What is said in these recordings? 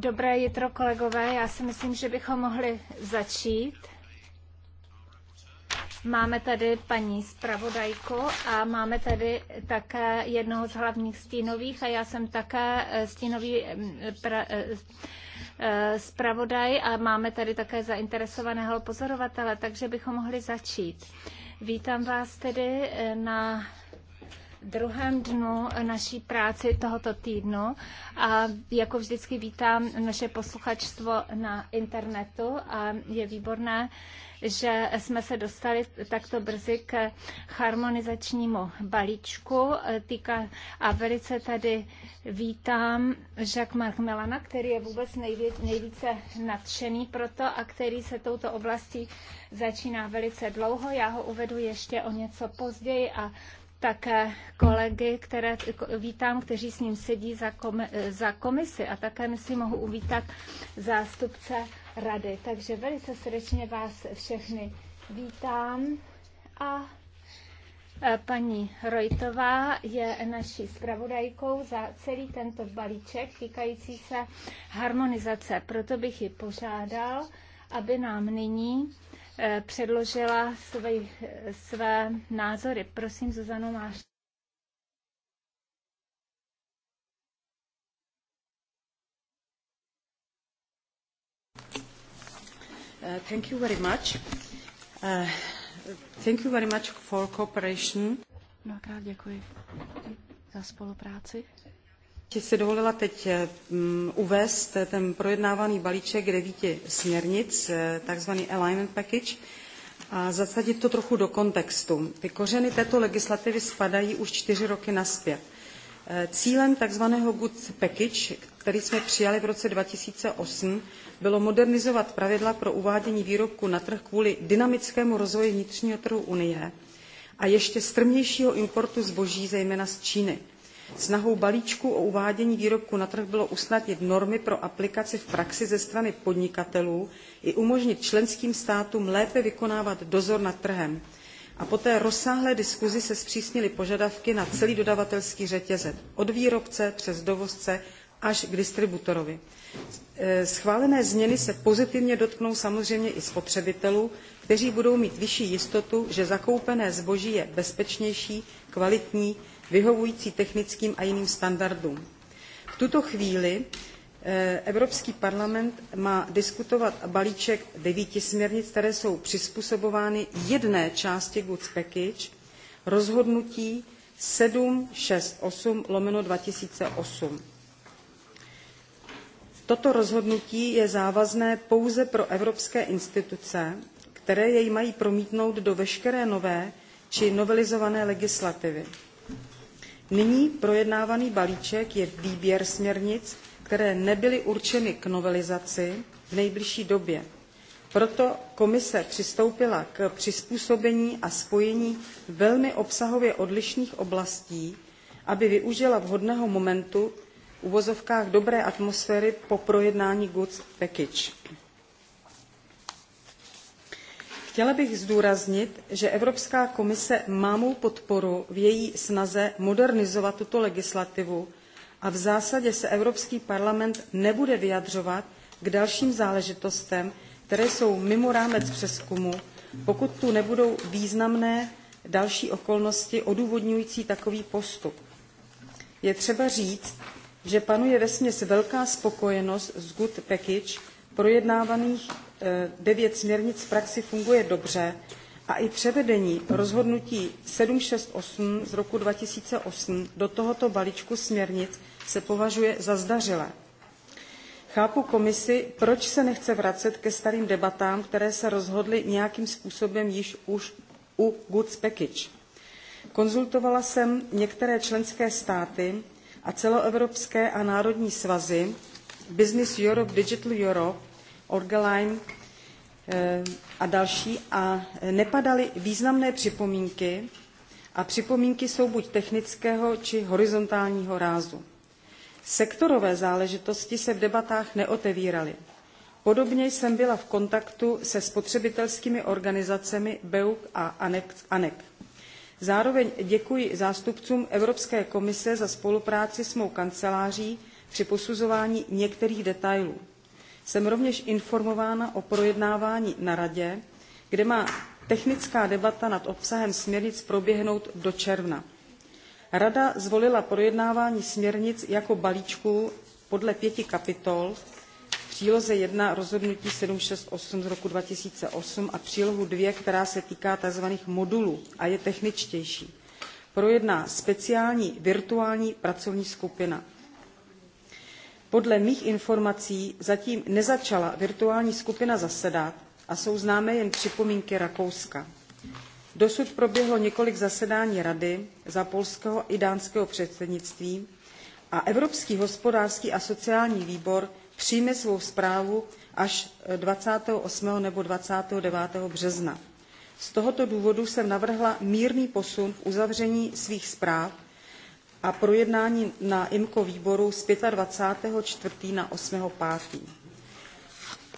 Dobré jitro, kolegové. Já si myslím, že bychom mohli začít. Máme tady paní zpravodajku a máme tady také jednoho z hlavních stínových a já jsem také eh, stínový mm, pra, eh, eh, zpravodaj a máme tady také zainteresovaného pozorovatele, takže bychom mohli začít. Vítám vás tedy na druhém dnu naší práci tohoto týdnu a jako vždycky vítám naše posluchačstvo na internetu a je výborné, že jsme se dostali takto brzy k harmonizačnímu balíčku. Týka, a velice tady vítám Jacques Marc Melana, který je vůbec nejvě, nejvíce nadšený proto a který se touto oblastí začíná velice dlouho. Já ho uvedu ještě o něco později a také kolegy, které vítám, kteří s ním sedí za, komi- za komisi a také myslím mohu uvítat zástupce rady. Takže velice srdečně vás všechny vítám a e, Paní Rojtová je naší zpravodajkou za celý tento balíček týkající se harmonizace. Proto bych ji požádal, aby nám nyní Eh, předložila své, své názory. Prosím, Zuzanu, máš. Eh, thank you very much. Uh, thank you very much for cooperation. Mnohokrát děkuji za spolupráci si dovolila teď eh, mm, uvést ten projednávaný balíček devíti směrnic, eh, takzvaný Alignment Package, a zasadit to trochu do kontextu. Ty kořeny této legislativy spadají už čtyři roky naspět. Eh, cílem tzv. Good Package, který jsme přijali v roce 2008, bylo modernizovat pravidla pro uvádění výrobků na trh kvůli dynamickému rozvoji vnitřního trhu Unie a ještě strmějšího importu zboží, zejména z Číny – snahou balíčku o uvádění výrobku na trh bylo usnadnit normy pro aplikaci v praxi ze strany podnikatelů i umožnit členským státům lépe vykonávat dozor nad trhem a po té rozsáhlé diskusi se zpřísnily požadavky na celý dodavatelský řetězec od výrobce přes dovozce až k distributorovi. E, schválené změny se pozitivně dotknou samozřejmě i spotřebitelů kteří budou mít vyšší jistotu že zakoupené zboží je bezpečnější kvalitní vyhovující technickým a jiným standardům. V tuto chvíli eh, Evropský parlament má diskutovat balíček devíti směrnic, které jsou přizpůsobovány jedné části Goods Package, rozhodnutí 768 lomeno 2008. Toto rozhodnutí je závazné pouze pro evropské instituce, které jej mají promítnout do veškeré nové či novelizované legislativy. Nyní projednávaný balíček je výběr směrnic, které nebyly určeny k novelizaci v nejbližší době. Proto komise přistoupila k přizpůsobení a spojení velmi obsahově odlišných oblastí, aby využila vhodného momentu v uvozovkách dobré atmosféry po projednání goods package. Chtěla bych zdůraznit, že Evropská komise má mou podporu v její snaze modernizovat tuto legislativu a v zásadě se Evropský parlament nebude vyjadřovat k dalším záležitostem, které jsou mimo rámec přeskumu, pokud tu nebudou významné další okolnosti odůvodňující takový postup. Je třeba říct, že panuje vesměs velká spokojenost s good package projednávaných Eh, devět směrnic v praxi funguje dobře a i převedení rozhodnutí 768 z roku 2008 do tohoto balíčku směrnic se považuje za zdařilé. Chápu komisi, proč se nechce vracet ke starým debatám, které se rozhodly nějakým způsobem již už u Goods Package. Konzultovala jsem některé členské státy a celoevropské a národní svazy, Business Europe, Digital Europe Orgelheim eh, a další a nepadaly významné připomínky a připomínky jsou buď technického či horizontálního rázu. Sektorové záležitosti se v debatách neotevíraly. Podobně jsem byla v kontaktu se spotřebitelskými organizacemi BEUK a Anec. Zároveň děkuji zástupcům Evropské komise za spolupráci s mou kanceláří při posuzování některých detailů. Jsem rovněž informována o projednávání na Radě, kde má technická debata nad obsahem směrnic proběhnout do června. Rada zvolila projednávání směrnic jako balíčku podle pěti kapitol v příloze 1 rozhodnutí 768 z roku 2008 a přílohu 2, která se týká tzv. modulů a je techničtější. Projedná speciální virtuální pracovní skupina. Podle mých informací zatím nezačala virtuální skupina zasedat a jsou známé jen připomínky Rakouska. Dosud proběhlo několik zasedání Rady za polského i dánského předsednictví a Evropský hospodářský a sociální výbor přijme svou zprávu až 28. nebo 29. března. Z tohoto důvodu jsem navrhla mírný posun v uzavření svých zpráv a projednání na IMKO výboru z 25.4. na 8.5.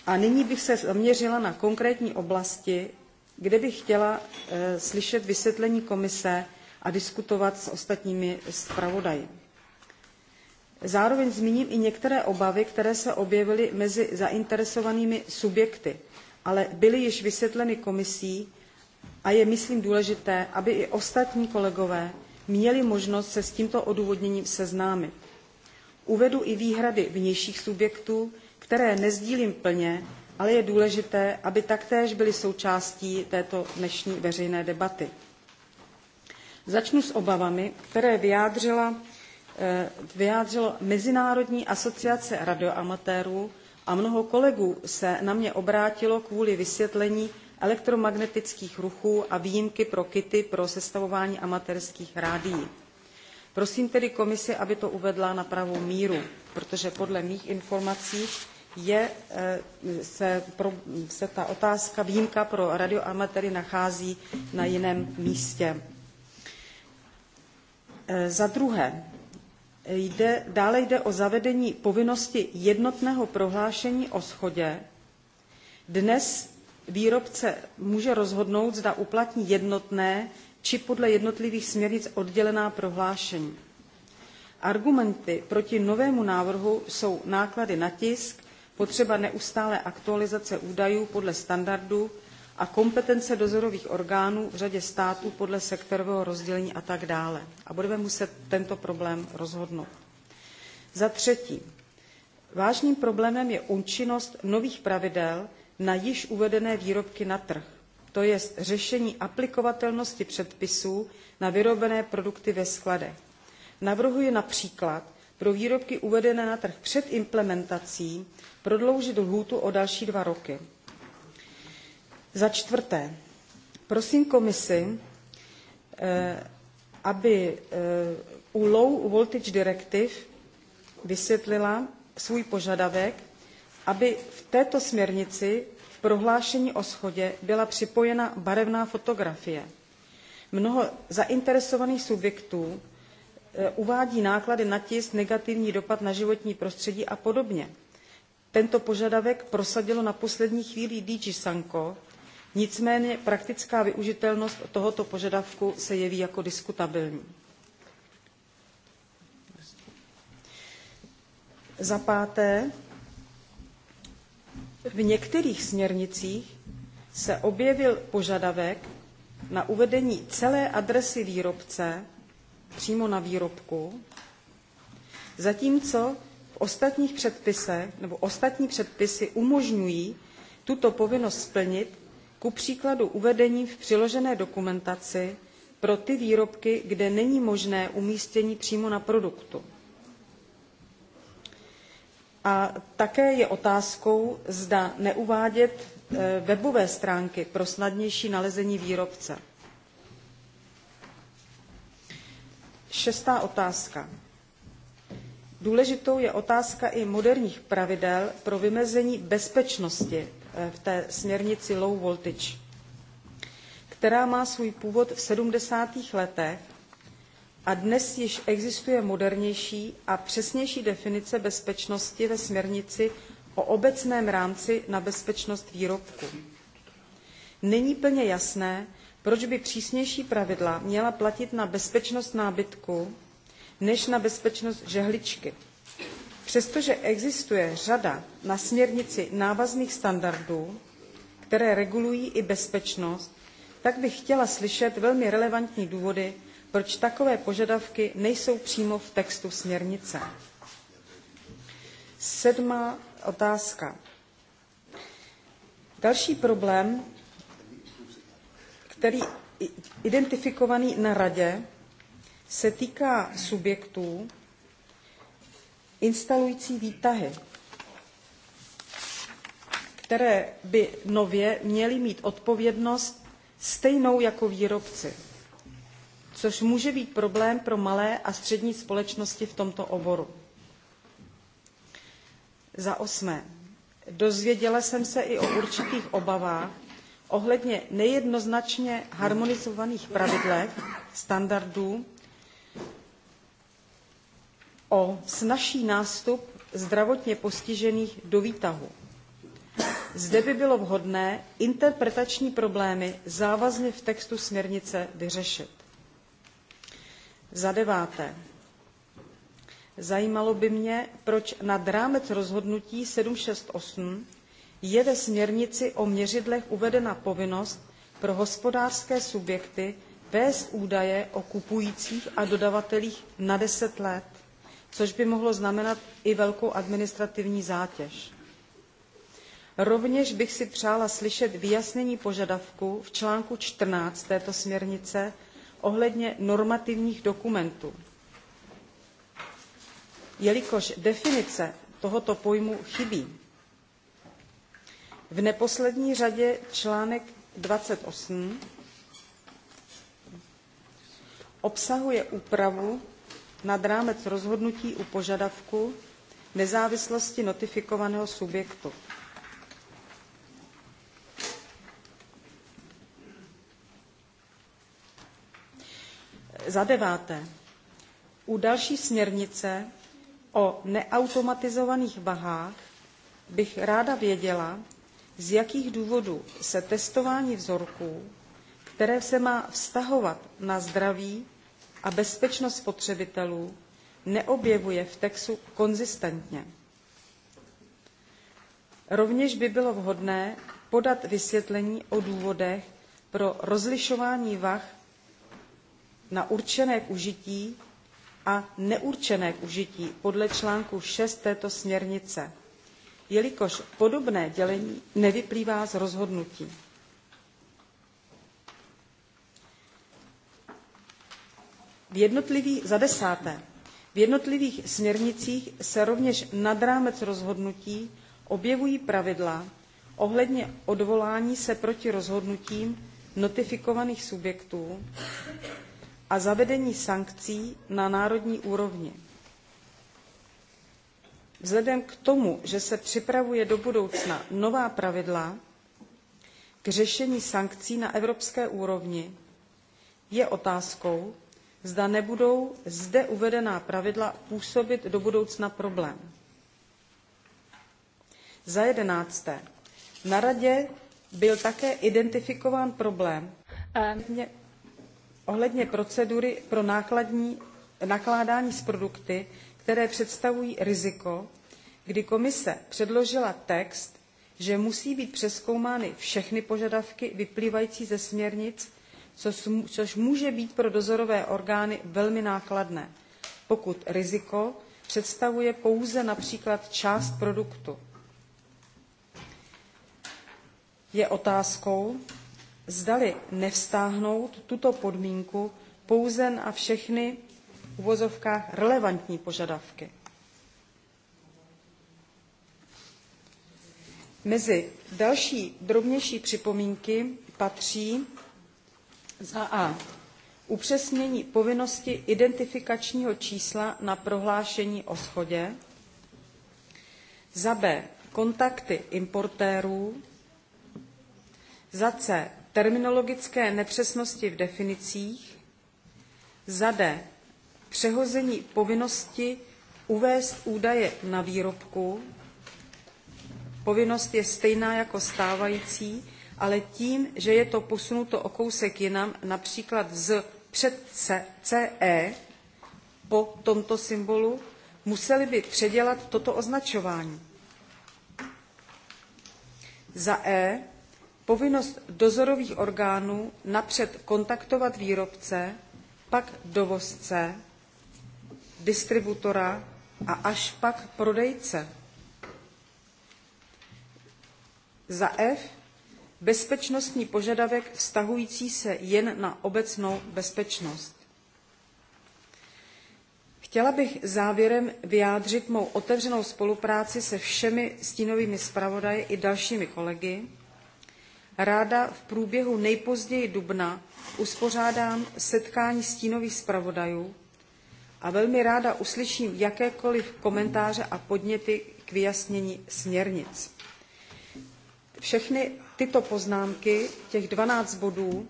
A nyní bych se zaměřila na konkrétní oblasti, kde bych chtěla e, slyšet vysvětlení komise a diskutovat s ostatními zpravodaji. Zároveň zmíním i některé obavy, které se objevily mezi zainteresovanými subjekty, ale byly již vysvětleny komisí a je, myslím, důležité, aby i ostatní kolegové měli možnost se s tímto odůvodněním seznámit. Uvedu i výhrady vnějších subjektů, které nezdílím plně, ale je důležité, aby taktéž byly součástí této dnešní veřejné debaty. Začnu s obavami, které vyjádřila, eh, vyjádřilo Mezinárodní asociace radioamatérů a mnoho kolegů se na mě obrátilo kvůli vysvětlení elektromagnetických ruchů a výjimky pro kity pro sestavování amatérských rádií. Prosím tedy komisi, aby to uvedla na pravou míru, protože podle mých informací je, eh, se, pro, se ta otázka výjimka pro radioamatéry nachází na jiném místě. Eh, za druhé, jde, dále jde o zavedení povinnosti jednotného prohlášení o schodě. Dnes výrobce může rozhodnout, zda uplatní jednotné či podle jednotlivých směrnic oddělená prohlášení. Argumenty proti novému návrhu jsou náklady na tisk, potřeba neustálé aktualizace údajů podle standardů a kompetence dozorových orgánů v řadě států podle sektorového rozdělení a tak dále. A budeme muset tento problém rozhodnout. Za třetí, vážným problémem je účinnost nových pravidel, na již uvedené výrobky na trh to je řešení aplikovatelnosti předpisů na vyrobené produkty ve skladech. navrhuji například pro výrobky uvedené na trh před implementací prodloužit lhůtu o další dva roky. za čtvrté prosím komisi eh, aby eh, u low voltage directive vysvětlila svůj požadavek aby této směrnici v prohlášení o shodě byla připojena barevná fotografie. mnoho zainteresovaných subjektů e, uvádí náklady na tisk negativní dopad na životní prostředí a podobně. tento požadavek prosadilo na poslední chvíli dg sanco nicméně praktická využitelnost tohoto požadavku se jeví jako diskutabilní. za páté v některých směrnicích se objevil požadavek na uvedení celé adresy výrobce přímo na výrobku, zatímco v ostatních předpisech nebo ostatní předpisy umožňují tuto povinnost splnit ku příkladu uvedením v přiložené dokumentaci pro ty výrobky, kde není možné umístění přímo na produktu. A také je otázkou, zda neuvádět eh, webové stránky pro snadnější nalezení výrobce. Šestá otázka. Důležitou je otázka i moderních pravidel pro vymezení bezpečnosti eh, v té směrnici low voltage, která má svůj původ v 70. letech a dnes již existuje modernější a přesnější definice bezpečnosti ve směrnici o obecném rámci na bezpečnost výrobků. Není plně jasné, proč by přísnější pravidla měla platit na bezpečnost nábytku než na bezpečnost žehličky. Přestože existuje řada na směrnici návazných standardů, které regulují i bezpečnost, tak bych chtěla slyšet velmi relevantní důvody proč takové požadavky nejsou přímo v textu směrnice. Sedmá otázka. Další problém, který identifikovaný na radě, se týká subjektů instalující výtahy, které by nově měly mít odpovědnost stejnou jako výrobci což může být problém pro malé a střední společnosti v tomto oboru. Za osmé. Dozvěděla jsem se i o určitých obavách ohledně nejednoznačně harmonizovaných pravidlech, standardů, o snažší nástup zdravotně postižených do výtahu. Zde by bylo vhodné interpretační problémy závazně v textu směrnice vyřešit. Za deváté. Zajímalo by mě, proč nad rámec rozhodnutí 768 je ve směrnici o měřidlech uvedena povinnost pro hospodářské subjekty vést údaje o kupujících a dodavatelích na deset let, což by mohlo znamenat i velkou administrativní zátěž. Rovněž bych si přála slyšet vyjasnění požadavku v článku 14 této směrnice ohledně normativních dokumentů. Jelikož definice tohoto pojmu chybí, v neposlední řadě článek 28 obsahuje úpravu nad rámec rozhodnutí u požadavku nezávislosti notifikovaného subjektu. Za deváté, u další směrnice o neautomatizovaných vahách bych ráda věděla, z jakých důvodů se testování vzorků, které se má vztahovat na zdraví a bezpečnost spotřebitelů, neobjevuje v textu konzistentně. Rovněž by bylo vhodné podat vysvětlení o důvodech pro rozlišování vah na určené k užití a neurčené k užití podle článku 6 této směrnice, jelikož podobné dělení nevyplývá z rozhodnutí. V jednotlivých, za desáté, v jednotlivých směrnicích se rovněž nad rámec rozhodnutí objevují pravidla ohledně odvolání se proti rozhodnutím notifikovaných subjektů a zavedení sankcí na národní úrovni. Vzhledem k tomu, že se připravuje do budoucna nová pravidla k řešení sankcí na evropské úrovni, je otázkou, zda nebudou zde uvedená pravidla působit do budoucna problém. Za jedenácté. Na radě byl také identifikován problém. Um ohledně procedury pro nakládání s produkty, které představují riziko, kdy komise předložila text, že musí být přeskoumány všechny požadavky vyplývající ze směrnic, což může být pro dozorové orgány velmi nákladné, pokud riziko představuje pouze například část produktu. Je otázkou, zdali nevztáhnout tuto podmínku pouze na všechny uvozovkách relevantní požadavky. Mezi další drobnější připomínky patří za A. Upřesnění povinnosti identifikačního čísla na prohlášení o schodě. Za B. Kontakty importérů. Za C terminologické nepřesnosti v definicích, za D přehození povinnosti uvést údaje na výrobku. Povinnost je stejná jako stávající, ale tím, že je to posunuto o kousek jinam, například z před CE po tomto symbolu, museli by předělat toto označování. Za E povinnost dozorových orgánů napřed kontaktovat výrobce, pak dovozce, distributora a až pak prodejce. Za F bezpečnostní požadavek vztahující se jen na obecnou bezpečnost. Chtěla bych závěrem vyjádřit mou otevřenou spolupráci se všemi stínovými zpravodaji i dalšími kolegy Ráda v průběhu nejpozději dubna uspořádám setkání stínových zpravodajů a velmi ráda uslyším jakékoliv komentáře a podněty k vyjasnění směrnic. Všechny tyto poznámky, těch 12 bodů,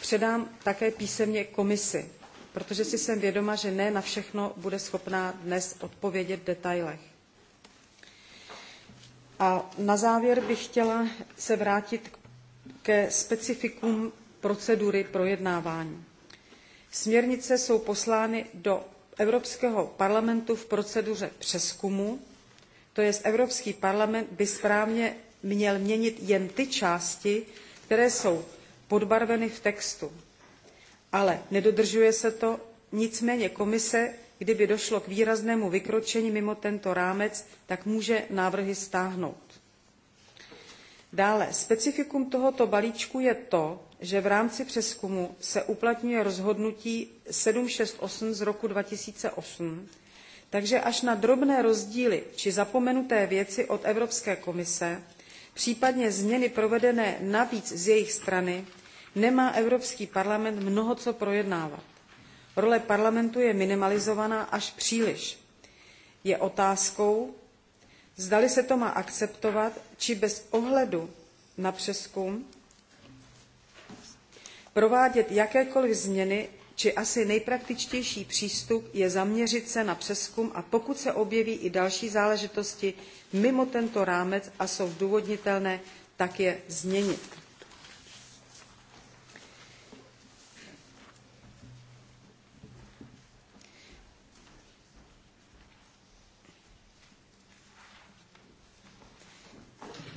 předám také písemně komisi, protože si jsem vědoma, že ne na všechno bude schopná dnes odpovědět v detailech. A na závěr bych chtěla se vrátit ke specifikům procedury projednávání. Směrnice jsou poslány do Evropského parlamentu v proceduře přeskumu, to je Evropský parlament by správně měl měnit jen ty části, které jsou podbarveny v textu. Ale nedodržuje se to, nicméně komise kdyby došlo k výraznému vykročení mimo tento rámec tak může návrhy stáhnout. dále specifikum tohoto balíčku je to že v rámci přezkumu se uplatňuje rozhodnutí seven hundred and sixty eight z roku two thousand and eight takže až na drobné rozdíly či zapomenuté věci od evropské komise případně změny provedené navíc z jejich strany nemá evropský parlament mnoho co projednávat. Role parlamentu je minimalizovaná až příliš. Je otázkou, zdali se to má akceptovat, či bez ohledu na přeskum provádět jakékoliv změny či asi nejpraktičtější přístup je zaměřit se na přeskum a pokud se objeví i další záležitosti mimo tento rámec a jsou zdůvodnitelné, tak je změnit.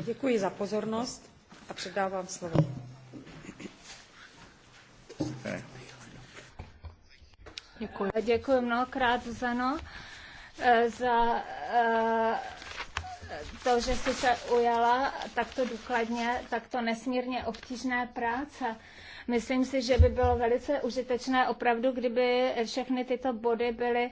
Děkuji za pozornost a předávám slovo. Děkuji. Děkuji mnohokrát, Zuzano, eh, za eh, to, že jsi se ujala takto důkladně, takto nesmírně obtížné práce. Myslím si, že by bylo velice užitečné opravdu, kdyby všechny tyto body byly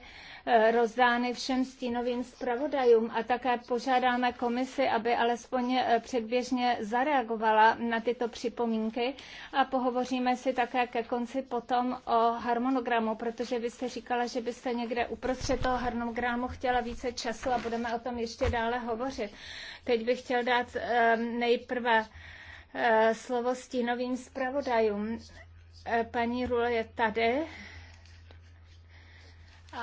Eh, rozdány všem stínovým zpravodajům a také požádáme komisi, aby alespoň eh, předběžně zareagovala na tyto připomínky a pohovoříme si také ke konci potom o harmonogramu, protože vy jste říkala, že byste někde uprostřed toho harmonogramu chtěla více času a budeme o tom ještě dále hovořit. Teď bych chtěl dát eh, nejprve slovo stínovým zpravodajům. Paní Rule je tady.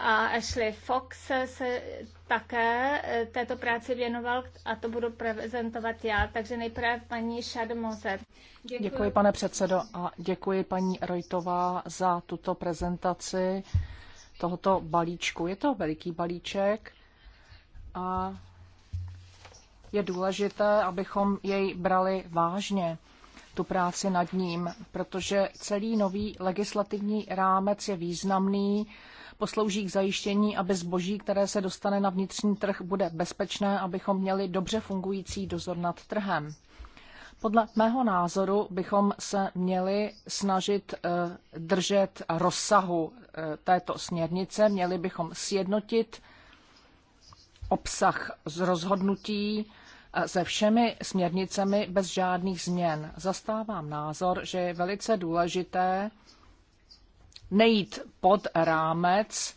A Ashley Fox se také eh, této práci věnoval a to budu prezentovat já. Takže nejprve paní Šadmoze. Děkuji. děkuji, pane předsedo, a děkuji paní Rojtová za tuto prezentaci tohoto balíčku. Je to veliký balíček a je důležité, abychom jej brali vážně tu práci nad ním, protože celý nový legislativní rámec je významný poslouží k zajištění, aby zboží, které se dostane na vnitřní trh, bude bezpečné, abychom měli dobře fungující dozor nad trhem. Podle mého názoru bychom se měli snažit eh, držet rozsahu eh, této směrnice, měli bychom sjednotit obsah z rozhodnutí eh, se všemi směrnicemi bez žádných změn. Zastávám názor, že je velice důležité nejít pod rámec,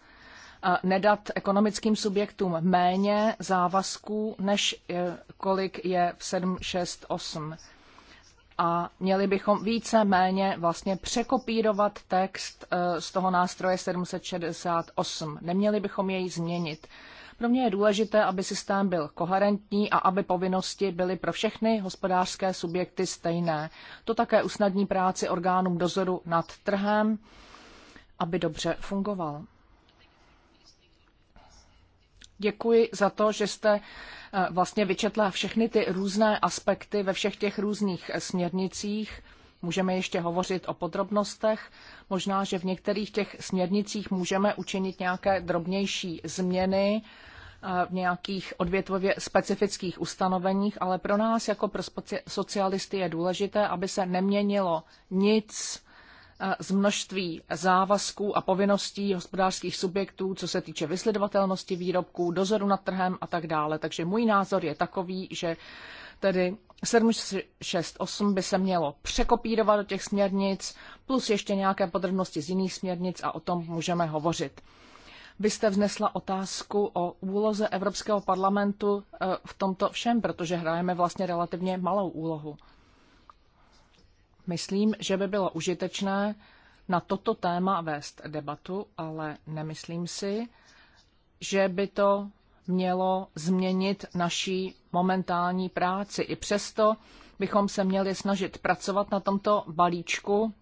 nedat ekonomickým subjektům méně závazků, než eh, kolik je v 7, 6, 8. A měli bychom více méně vlastně překopírovat text eh, z toho nástroje 768. Neměli bychom jej změnit. Pro mě je důležité, aby systém byl koherentní a aby povinnosti byly pro všechny hospodářské subjekty stejné. To také usnadní práci orgánům dozoru nad trhem aby dobře fungoval. Děkuji za to, že jste eh, vlastně vyčetla všechny ty různé aspekty ve všech těch různých eh, směrnicích. Můžeme ještě hovořit o podrobnostech. Možná, že v některých těch směrnicích můžeme učinit nějaké drobnější změny eh, v nějakých odvětvově specifických ustanoveních, ale pro nás jako pro socialisty je důležité, aby se neměnilo nic z množství závazků a povinností hospodářských subjektů, co se týče vysledovatelnosti výrobků, dozoru nad trhem a tak dále. Takže můj názor je takový, že tedy 768 by se mělo překopírovat do těch směrnic, plus ještě nějaké podrobnosti z jiných směrnic a o tom můžeme hovořit. Vy jste vznesla otázku o úloze Evropského parlamentu eh, v tomto všem, protože hrajeme vlastně relativně malou úlohu. Myslím, že by bylo užitečné na toto téma vést debatu, ale nemyslím si, že by to mělo změnit naší momentální práci. I přesto bychom se měli snažit pracovat na tomto balíčku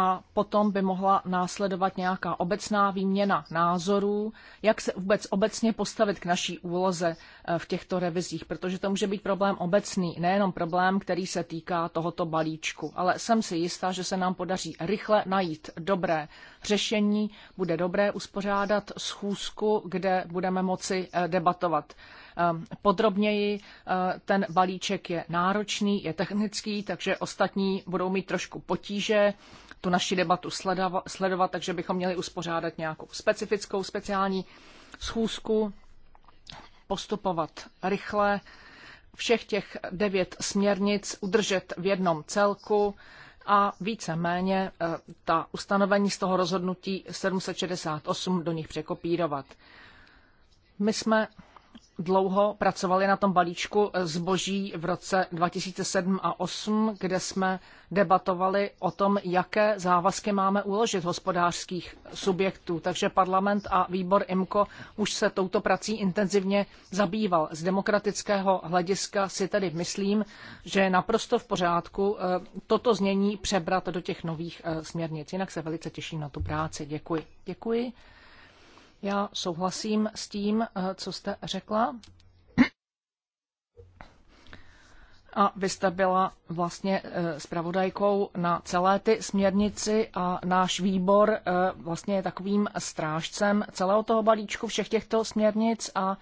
a potom by mohla následovat nějaká obecná výměna názorů, jak se vůbec obecně postavit k naší úloze eh, v těchto revizích, protože to může být problém obecný, nejenom problém, který se týká tohoto balíčku. Ale jsem si jistá, že se nám podaří rychle najít dobré řešení, bude dobré uspořádat schůzku, kde budeme moci eh, debatovat ehm, podrobněji. Eh, ten balíček je náročný, je technický, takže ostatní budou mít trošku potíže tu naši debatu sledava, sledovat, takže bychom měli uspořádat nějakou specifickou, speciální schůzku, postupovat rychle, všech těch devět směrnic udržet v jednom celku a více-méně e, ta ustanovení z toho rozhodnutí 768 do nich překopírovat. My jsme dlouho pracovali na tom balíčku zboží v roce 2007 a 2008, kde jsme debatovali o tom, jaké závazky máme uložit hospodářských subjektů. Takže parlament a výbor IMCO už se touto prací intenzivně zabýval. Z demokratického hlediska si tedy myslím, že je naprosto v pořádku eh, toto znění přebrat do těch nových eh, směrnic. Jinak se velice těším na tu práci. Děkuji. Děkuji. Já souhlasím s tím, eh, co jste řekla. A vy jste byla vlastně spravodajkou eh, na celé ty směrnici a náš výbor eh, vlastně je takovým strážcem celého toho balíčku všech těchto směrnic a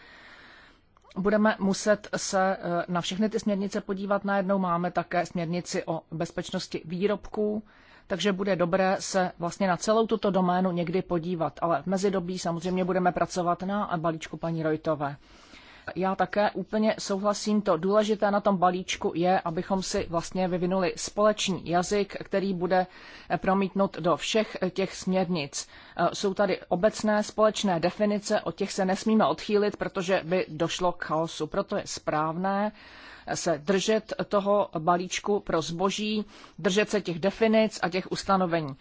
budeme muset se na všechny ty směrnice podívat. Najednou máme také směrnici o bezpečnosti výrobků takže bude dobré se vlastně na celou tuto doménu někdy podívat. Ale v mezidobí samozřejmě budeme pracovat na balíčku paní Rojtové. Já také úplně souhlasím, to důležité na tom balíčku je, abychom si vlastně vyvinuli společný jazyk, který bude promítnut do všech těch směrnic. Jsou tady obecné společné definice, o těch se nesmíme odchýlit, protože by došlo k chaosu. Proto je správné, se držet toho balíčku pro zboží, držet se těch definic a těch ustanovení. E,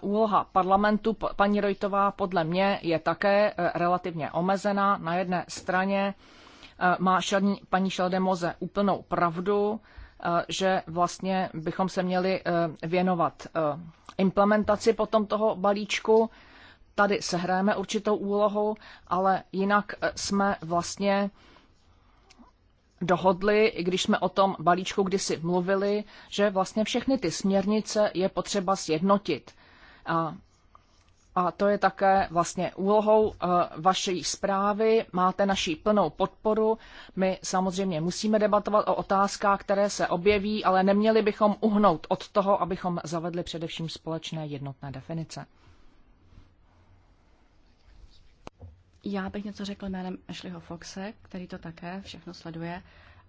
úloha parlamentu, paní Rojtová, podle mě je také e, relativně omezená. Na jedné straně e, má šalní, paní Šeldemoze úplnou pravdu, že vlastně bychom se měli věnovat implementaci potom toho balíčku. Tady sehráme určitou úlohu, ale jinak jsme vlastně dohodli, i když jsme o tom balíčku kdysi mluvili, že vlastně všechny ty směrnice je potřeba sjednotit. A, a to je také vlastně úlohou uh, vaší zprávy. Máte naší plnou podporu. My samozřejmě musíme debatovat o otázkách, které se objeví, ale neměli bychom uhnout od toho, abychom zavedli především společné jednotné definice. Já bych něco řekl jménem Ashleyho Foxe, který to také všechno sleduje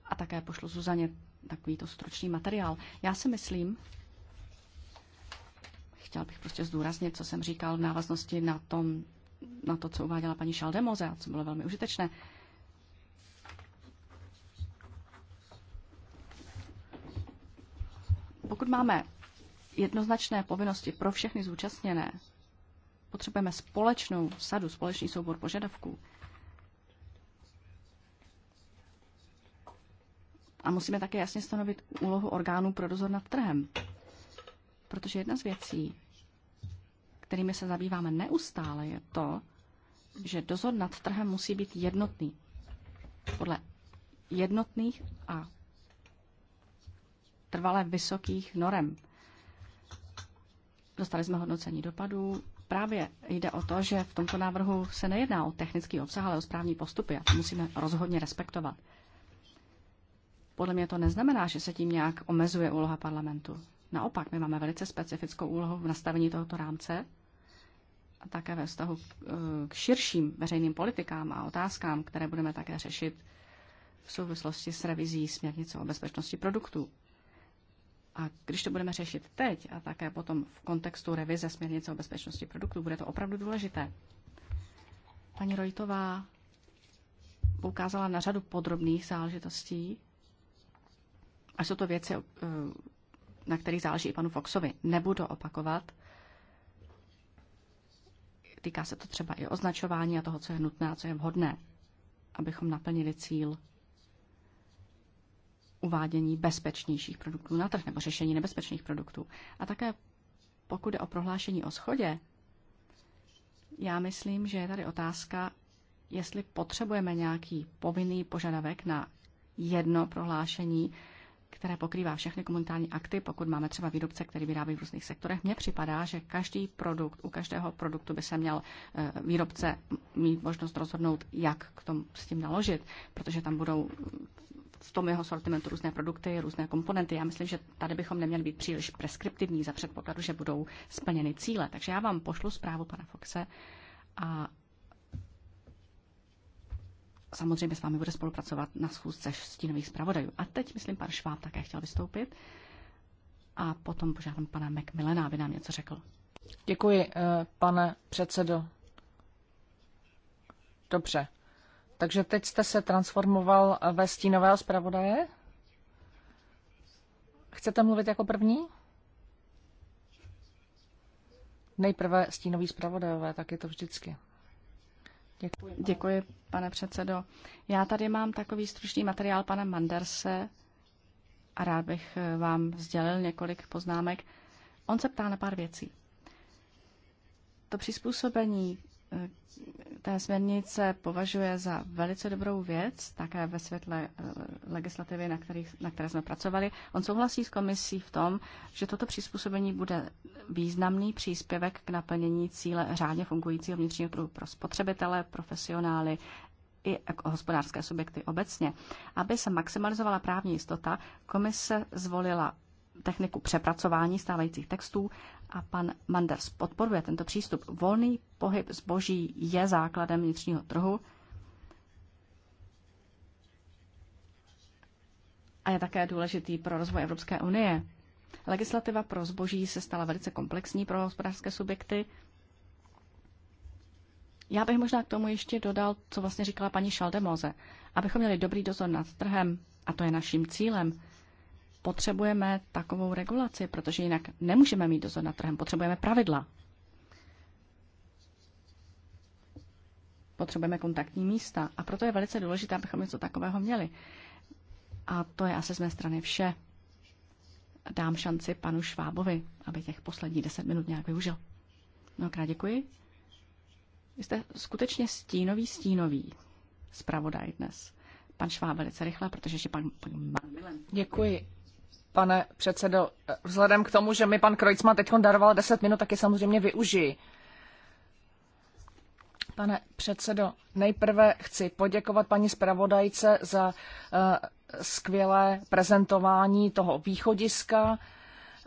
a také pošlu Zuzaně takovýto stručný materiál. Já si myslím, chtěl bych prostě zdůraznit, co jsem říkal v návaznosti na, tom, na to, co uváděla paní Šaldemoze a co bylo velmi užitečné. Pokud máme jednoznačné povinnosti pro všechny zúčastněné, Potřebujeme společnou sadu, společný soubor požadavků. A musíme také jasně stanovit úlohu orgánů pro dozor nad trhem. Protože jedna z věcí, kterými se zabýváme neustále, je to, že dozor nad trhem musí být jednotný. Podle jednotných a trvale vysokých norem. Dostali jsme hodnocení dopadů, právě jde o to, že v tomto návrhu se nejedná o technický obsah, ale o správní postupy a to musíme rozhodně respektovat. Podle mě to neznamená, že se tím nějak omezuje úloha parlamentu. Naopak, my máme velice specifickou úlohu v nastavení tohoto rámce a také ve vztahu eh, k širším veřejným politikám a otázkám, které budeme také řešit v souvislosti s revizí směrnice o bezpečnosti produktů. A když to budeme řešit teď a také potom v kontextu revize směrnice o bezpečnosti produktů, bude to opravdu důležité. Paní Rojtová poukázala na řadu podrobných záležitostí a jsou to věci, eh, na kterých záleží i panu Foxovi. Nebudu opakovat. Týká se to třeba i označování a toho, co je nutné a co je vhodné, abychom naplnili cíl uvádění bezpečnějších produktů na trh nebo řešení nebezpečných produktů. A také pokud je o prohlášení o schodě, já myslím, že je tady otázka, jestli potřebujeme nějaký povinný požadavek na jedno prohlášení, které pokrývá všechny komunitární akty, pokud máme třeba výrobce, který vyrábí v různých sektorech. Mně připadá, že každý produkt, u každého produktu by se měl eh, výrobce mít možnost rozhodnout, jak k tomu s tím naložit, protože tam budou v tom jeho sortimentu různé produkty, různé komponenty. Já myslím, že tady bychom neměli být příliš preskriptivní za předpokladu, že budou splněny cíle. Takže já vám pošlu zprávu pana Foxe a samozřejmě s vámi bude spolupracovat na schůzce stínových zpravodajů. A teď, myslím, pan Šváb také chtěl vystoupit a potom požádám pana Macmillana, aby nám něco řekl. Děkuji, eh, pane předsedo. Dobře, takže teď jste se transformoval eh, ve stínového zpravodaje? Chcete mluvit jako první? Nejprve stínový zpravodajové, tak je to vždycky. Děkuji, pane. Děkuji, pane předsedo. Já tady mám takový stručný materiál pana Manderse a rád bych eh, vám sdělil několik poznámek. On se ptá na pár věcí. To přizpůsobení té směrnice považuje za velice dobrou věc, také ve světle eh, legislativy, na, kterých, na které jsme pracovali. On souhlasí s komisí v tom, že toto přizpůsobení bude významný příspěvek k naplnění cíle řádně fungujícího vnitřního trhu pro spotřebitele, profesionály i jako hospodářské subjekty obecně. Aby se maximalizovala právní jistota, komise zvolila techniku přepracování stávajících textů a pan Manders podporuje tento přístup. Volný pohyb zboží je základem vnitřního trhu a je také důležitý pro rozvoj Evropské unie. Legislativa pro zboží se stala velice komplexní pro hospodářské subjekty. Já bych možná k tomu ještě dodal, co vlastně říkala paní Šaldemoze. Abychom měli dobrý dozor nad trhem, a to je naším cílem, potřebujeme takovou regulaci, protože jinak nemůžeme mít dozor nad trhem, potřebujeme pravidla. Potřebujeme kontaktní místa a proto je velice důležité, abychom něco takového měli. A to je asi z mé strany vše. Dám šanci panu Švábovi, aby těch posledních deset minut nějak využil. Mnohokrát děkuji. Vy jste skutečně stínový, stínový zpravodaj dnes. Pan Šváb velice rychle, protože ještě pan, pan Milen. Děkuji. Pane předsedo, vzhledem k tomu, že mi pan Krojcma teď daroval 10 minut, tak je samozřejmě využiji. Pane předsedo, nejprve chci poděkovat paní zpravodajce za eh, skvělé prezentování toho východiska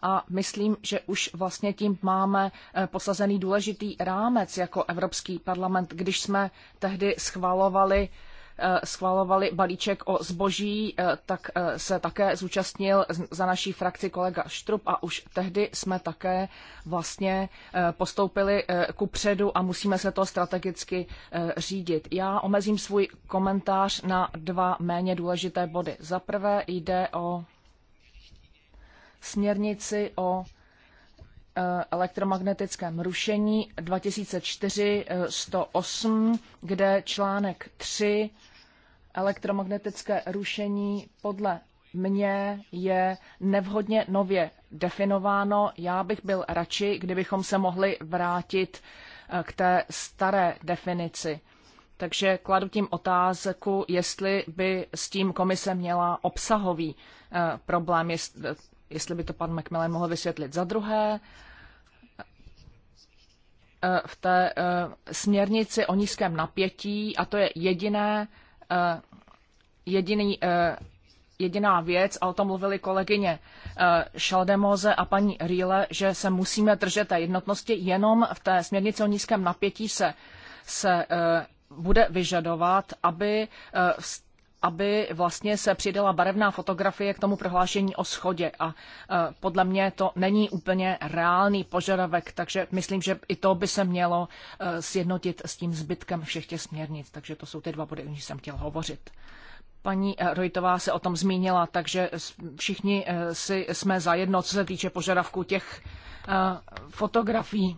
a myslím, že už vlastně tím máme eh, posazený důležitý rámec jako Evropský parlament, když jsme tehdy schvalovali uh, Eh, schvalovali balíček o zboží, eh, tak eh, se také zúčastnil za naší frakci kolega Štrup a už tehdy jsme také vlastně postoupili ku předu a musíme se to strategicky řídit. Já omezím svůj komentář na dva méně důležité body. Za prvé jde o směrnici o elektromagnetickém rušení 2004-108, kde článek 3 elektromagnetické rušení podle mě je nevhodně nově definováno. Já bych byl radši, kdybychom se mohli vrátit eh, k té staré definici. Takže kladu tím otázku, jestli by s tím komise měla obsahový eh, problém, jestli by to pan McMillan mohl vysvětlit. Za druhé, eh, v té směrnici o nízkém napětí, a to je jediné Eh, jediný, eh, jediná věc, a o tom mluvili kolegyně eh, Šaldemoze a paní Rýle, že se musíme držet té jednotnosti, jenom v té směrnici o nízkém napětí se, se bude vyžadovat, aby aby vlastně se přidala barevná fotografie k tomu prohlášení o schodě. A e, podle mě to není úplně reálný požadavek, takže myslím, že i to by se mělo e, sjednotit s tím zbytkem všech těch směrnic. Takže to jsou ty dva body, o nich jsem chtěl hovořit. Paní e, Rojtová se o tom zmínila, takže všichni si jsme zajedno, co se týče požadavku těch fotografií.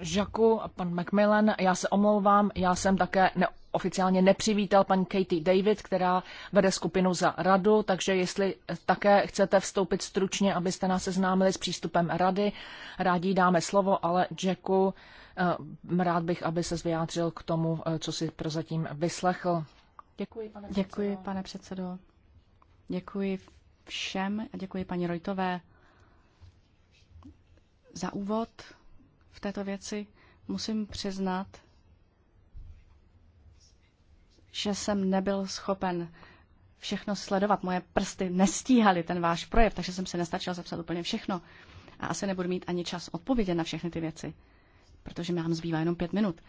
Žaku, pan McMillan, já se omlouvám, já jsem také ne, oficiálně nepřivítal paní Katie David, která vede skupinu za radu, takže jestli také chcete vstoupit stručně, abyste nás seznámili s přístupem rady, rádi dáme slovo, ale Jacku, eh, rád bych, aby se vyjádřil k tomu, eh, co si prozatím vyslechl. Děkuji, pane Děkuji, pane předsedo. Děkuji všem a děkuji paní Rojtové za úvod v této věci, musím přiznat, že jsem nebyl schopen všechno sledovat. Moje prsty nestíhaly ten váš projev, takže jsem se nestačil zapsat úplně všechno. A asi nebudu mít ani čas odpovědět na všechny ty věci, protože nám zbývá jenom pět minut.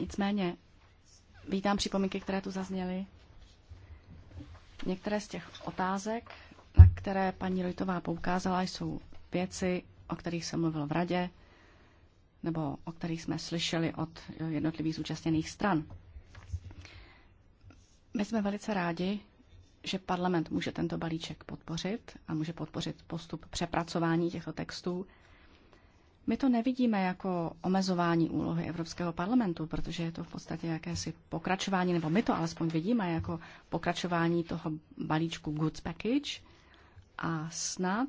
Nicméně vítám připomínky, které tu zazněly. Některé z těch otázek, na které paní Rojtová poukázala, jsou věci, o kterých jsem mluvil v radě, nebo o kterých jsme slyšeli od jednotlivých zúčastněných stran. My jsme velice rádi, že parlament může tento balíček podpořit a může podpořit postup přepracování těchto textů. My to nevidíme jako omezování úlohy Evropského parlamentu, protože je to v podstatě jakési pokračování, nebo my to alespoň vidíme jako pokračování toho balíčku Goods Package a snad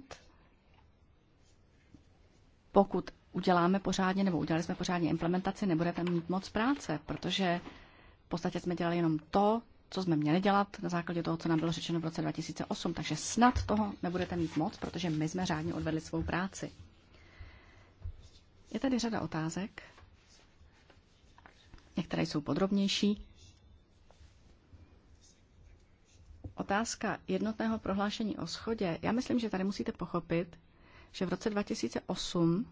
pokud uděláme pořádně, nebo udělali jsme pořádně implementaci, nebudete mít moc práce, protože v podstatě jsme dělali jenom to, co jsme měli dělat na základě toho, co nám bylo řečeno v roce 2008. Takže snad toho nebudete mít moc, protože my jsme řádně odvedli svou práci. Je tady řada otázek. Některé jsou podrobnější. Otázka jednotného prohlášení o schodě. Já myslím, že tady musíte pochopit, že v roce 2008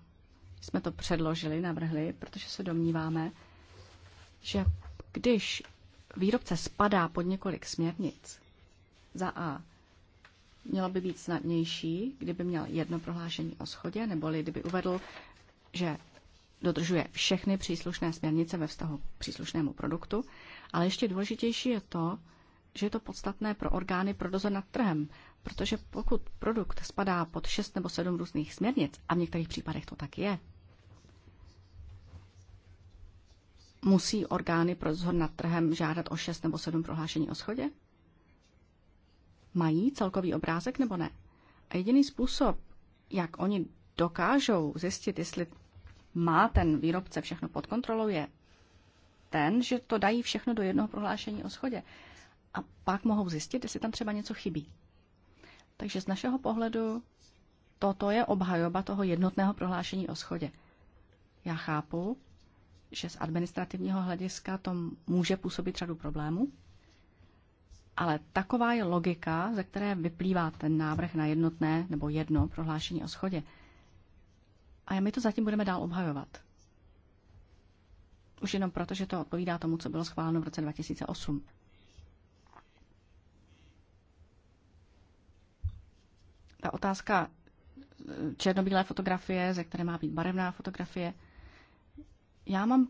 jsme to předložili, navrhli, protože se domníváme, že když výrobce spadá pod několik směrnic, za A mělo by být snadnější, kdyby měl jedno prohlášení o schodě, neboli kdyby uvedl, že dodržuje všechny příslušné směrnice ve vztahu k příslušnému produktu, ale ještě důležitější je to, že je to podstatné pro orgány pro dozor nad trhem, protože pokud produkt spadá pod 6 nebo 7 různých směrnic, a v některých případech to tak je, musí orgány pro dozor nad trhem žádat o 6 nebo 7 prohlášení o schodě? Mají celkový obrázek nebo ne? A jediný způsob, jak oni dokážou zjistit, jestli má ten výrobce všechno pod kontrolou, je ten, že to dají všechno do jednoho prohlášení o schodě. A pak mohou zjistit, jestli tam třeba něco chybí. Takže z našeho pohledu toto je obhajoba toho jednotného prohlášení o schodě. Já chápu, že z administrativního hlediska to může působit řadu problémů, ale taková je logika, ze které vyplývá ten návrh na jednotné nebo jedno prohlášení o schodě. A my to zatím budeme dál obhajovat. Už jenom proto, že to odpovídá tomu, co bylo schváleno v roce 2008. Ta otázka eh, černobílé fotografie, ze které má být barevná fotografie – já mám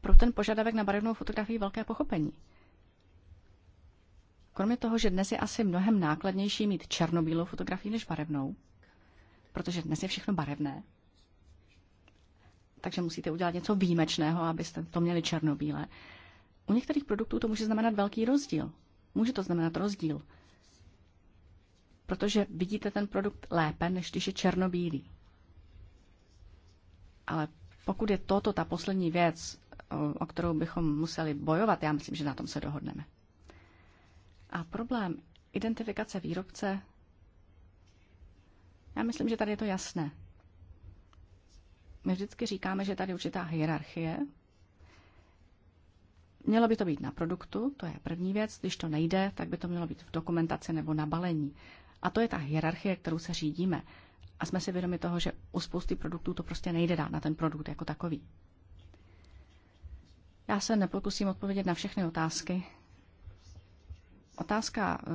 pro ten požadavek na barevnou fotografii velké pochopení. Kromě toho, že dnes je asi mnohem nákladnější mít černobílou fotografii než barevnou, protože dnes je všechno barevné, takže musíte udělat něco výjimečného, abyste to měli černobílé. U některých produktů to může znamenat velký rozdíl. Může to znamenat rozdíl, protože vidíte ten produkt lépe, než když je černobílý. Ale pokud je toto ta poslední věc, o kterou bychom museli bojovat, já myslím, že na tom se dohodneme. A problém identifikace výrobce, já myslím, že tady je to jasné. My vždycky říkáme, že tady je určitá hierarchie. Mělo by to být na produktu, to je první věc. Když to nejde, tak by to mělo být v dokumentaci nebo na balení. A to je ta hierarchie, kterou se řídíme. A jsme si vědomi toho, že u spousty produktů to prostě nejde dát na ten produkt jako takový. Já se nepokusím odpovědět na všechny otázky. Otázka eh,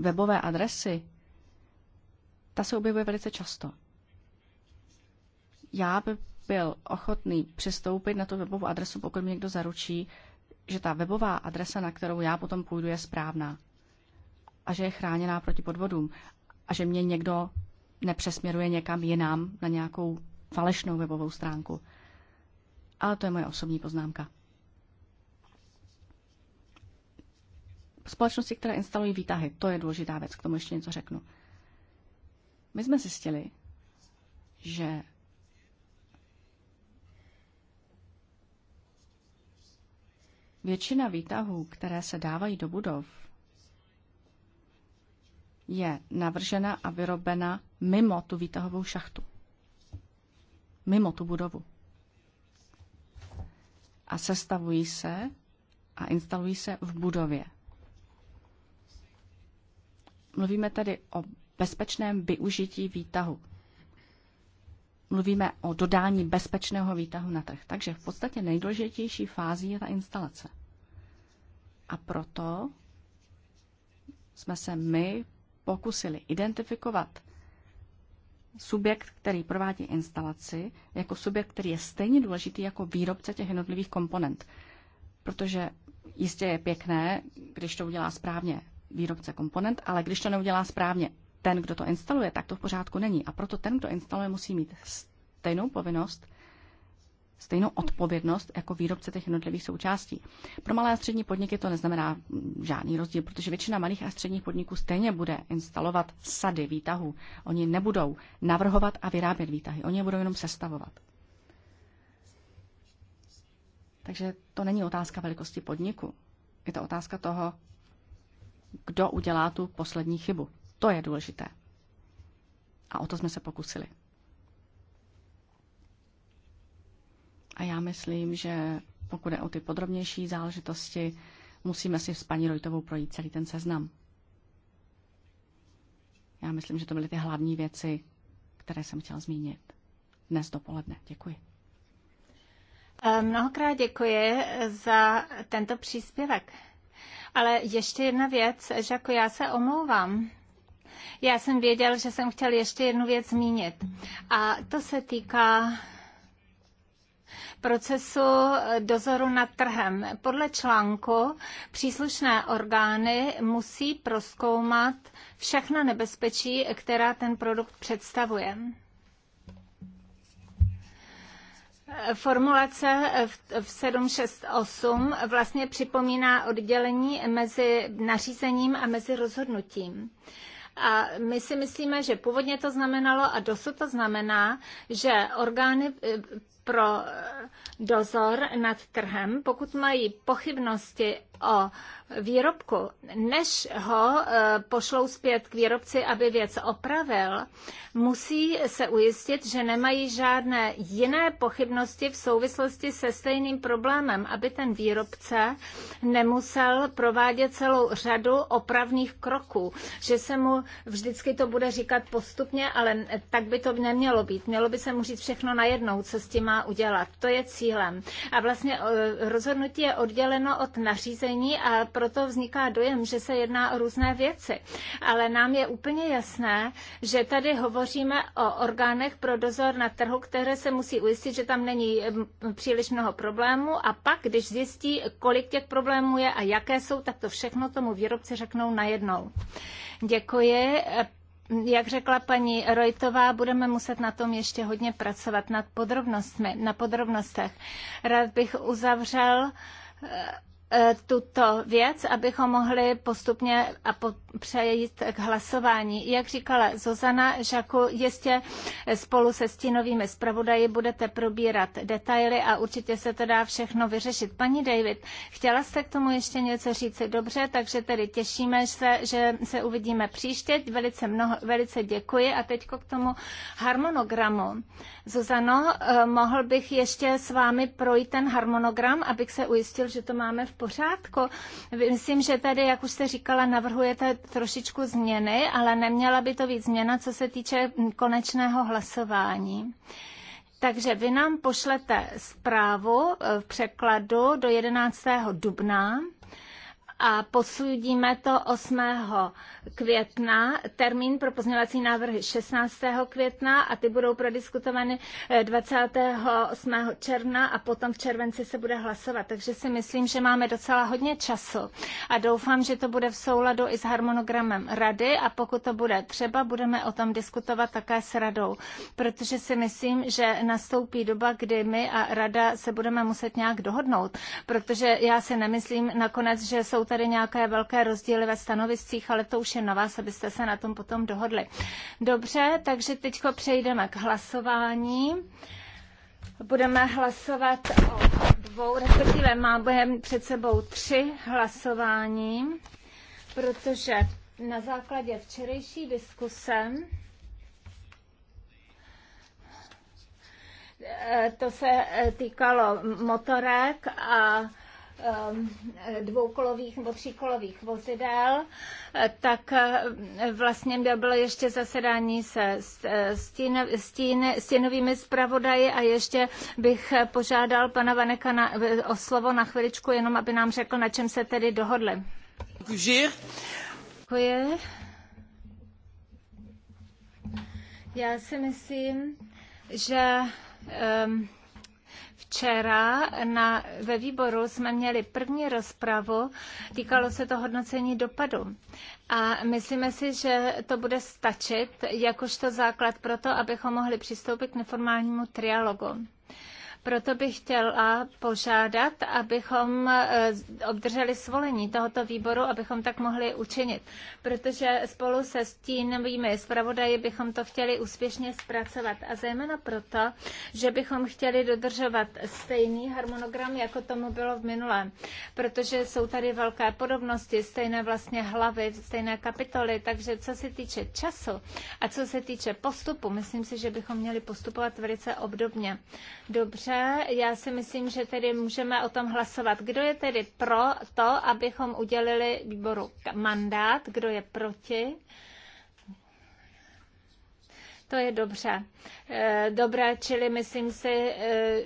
webové adresy, ta se objevuje velice často. Já by byl ochotný přistoupit na tu webovou adresu, pokud mi někdo zaručí, že ta webová adresa, na kterou já potom půjdu, je správná a že je chráněná proti podvodům a že mě někdo nepřesměruje někam jinam na nějakou falešnou webovou stránku. Ale to je moje osobní poznámka. Společnosti, které instalují výtahy, to je důležitá věc, k tomu ještě něco řeknu. My jsme zjistili, že většina výtahů, které se dávají do budov, je navržena a vyrobena mimo tu výtahovou šachtu. Mimo tu budovu. A sestavují se a instalují se v budově. Mluvíme tedy o bezpečném využití výtahu. Mluvíme o dodání bezpečného výtahu na trh. Takže v podstatě nejdůležitější fází je ta instalace. A proto jsme se my pokusili identifikovat subjekt, který provádí instalaci, jako subjekt, který je stejně důležitý jako výrobce těch jednotlivých komponent. Protože jistě je pěkné, když to udělá správně výrobce komponent, ale když to neudělá správně ten, kdo to instaluje, tak to v pořádku není. A proto ten, kdo instaluje, musí mít stejnou povinnost stejnou odpovědnost jako výrobce těch jednotlivých součástí. Pro malé a střední podniky to neznamená žádný rozdíl, protože většina malých a středních podniků stejně bude instalovat sady výtahů. Oni nebudou navrhovat a vyrábět výtahy, oni je budou jenom sestavovat. Takže to není otázka velikosti podniku. Je to otázka toho, kdo udělá tu poslední chybu. To je důležité. A o to jsme se pokusili. A já myslím, že pokud je o ty podrobnější záležitosti, musíme si s paní Rojtovou projít celý ten seznam. Já myslím, že to byly ty hlavní věci, které jsem chtěla zmínit dnes dopoledne. Děkuji. Eh, mnohokrát děkuji za tento příspěvek. Ale ještě jedna věc, že jako já se omlouvám. Já jsem věděl, že jsem chtěl ještě jednu věc zmínit. A to se týká procesu dozoru nad trhem. Podle článku příslušné orgány musí proskoumat všechna nebezpečí, která ten produkt představuje. Formulace v 768 vlastně připomíná oddělení mezi nařízením a mezi rozhodnutím. A my si myslíme, že původně to znamenalo a dosud to znamená, že orgány pro eh, dozor nad trhem, pokud mají pochybnosti o výrobku, než ho e, pošlou zpět k výrobci, aby věc opravil, musí se ujistit, že nemají žádné jiné pochybnosti v souvislosti se stejným problémem, aby ten výrobce nemusel provádět celou řadu opravných kroků, že se mu vždycky to bude říkat postupně, ale tak by to nemělo být. Mělo by se mu říct všechno najednou, co s tím má udělat. To je cílem. A vlastně e, rozhodnutí je odděleno od nařízení usnesení a proto vzniká dojem, že se jedná o různé věci. Ale nám je úplně jasné, že tady hovoříme o orgánech pro dozor na trhu, které se musí ujistit, že tam není příliš mnoho problémů a pak, když zjistí, kolik těch problémů je a jaké jsou, tak to všechno tomu výrobci řeknou najednou. Děkuji. Jak řekla paní Rojtová, budeme muset na tom ještě hodně pracovat nad podrobnostmi, na podrobnostech. Rád bych uzavřel Eh, tuto věc, abychom mohli postupně a po, přejít k hlasování. Jak říkala Zozana Žaku, jistě spolu se stínovými zpravodaji budete probírat detaily a určitě se to dá všechno vyřešit. Paní David, chtěla jste k tomu ještě něco říct? Dobře, takže tedy těšíme se, že se uvidíme příště. Velice, mnoho, velice děkuji a teď k tomu harmonogramu. Zozano, eh, mohl bych ještě s vámi projít ten harmonogram, abych se ujistil, že to máme v pořádku. Myslím, že tady, jak už jste říkala, navrhujete trošičku změny, ale neměla by to být změna, co se týče konečného hlasování. Takže vy nám pošlete zprávu v překladu do 11. dubna a posudíme to 8. května, termín pro pozměňovací návrhy 16. května a ty budou prodiskutovány 28. Eh, června a potom v červenci se bude hlasovat. Takže si myslím, že máme docela hodně času a doufám, že to bude v souladu i s harmonogramem rady a pokud to bude třeba, budeme o tom diskutovat také s radou, protože si myslím, že nastoupí doba, kdy my a rada se budeme muset nějak dohodnout, protože já si nemyslím nakonec, že jsou tady nějaké velké rozdíly ve stanoviscích, ale to už je na vás, abyste se na tom potom dohodli. Dobře, takže teď přejdeme k hlasování. Budeme hlasovat o dvou, respektive máme před sebou tři hlasování, protože na základě včerejší diskuse eh, to se eh, týkalo motorek a Um, dvoukolových nebo tříkolových vozidel, tak eh, vlastně bylo ještě zasedání se stín, stín, stínovými zpravodaji a ještě bych požádal pana Vaneka na, o slovo na chviličku, jenom aby nám řekl, na čem se tedy dohodli. Děkuji. Já si myslím, že um, Včera na, ve výboru jsme měli první rozpravu, týkalo se to hodnocení dopadu. A myslíme si, že to bude stačit jakožto základ pro to, abychom mohli přistoupit k neformálnímu trialogu. Proto bych chtěla požádat, abychom eh, obdrželi svolení tohoto výboru, abychom tak mohli učinit, protože spolu se stínovými zpravodaji bychom to chtěli úspěšně zpracovat a zejména proto, že bychom chtěli dodržovat stejný harmonogram, jako tomu bylo v minulém, protože jsou tady velké podobnosti, stejné vlastně hlavy, stejné kapitoly, takže co se týče času a co se týče postupu, myslím si, že bychom měli postupovat velice obdobně. Dobře, já si myslím, že tedy můžeme o tom hlasovat. Kdo je tedy pro to, abychom udělili výboru mandát, kdo je proti? To je dobře. Eh, dobré, čili myslím si, eh,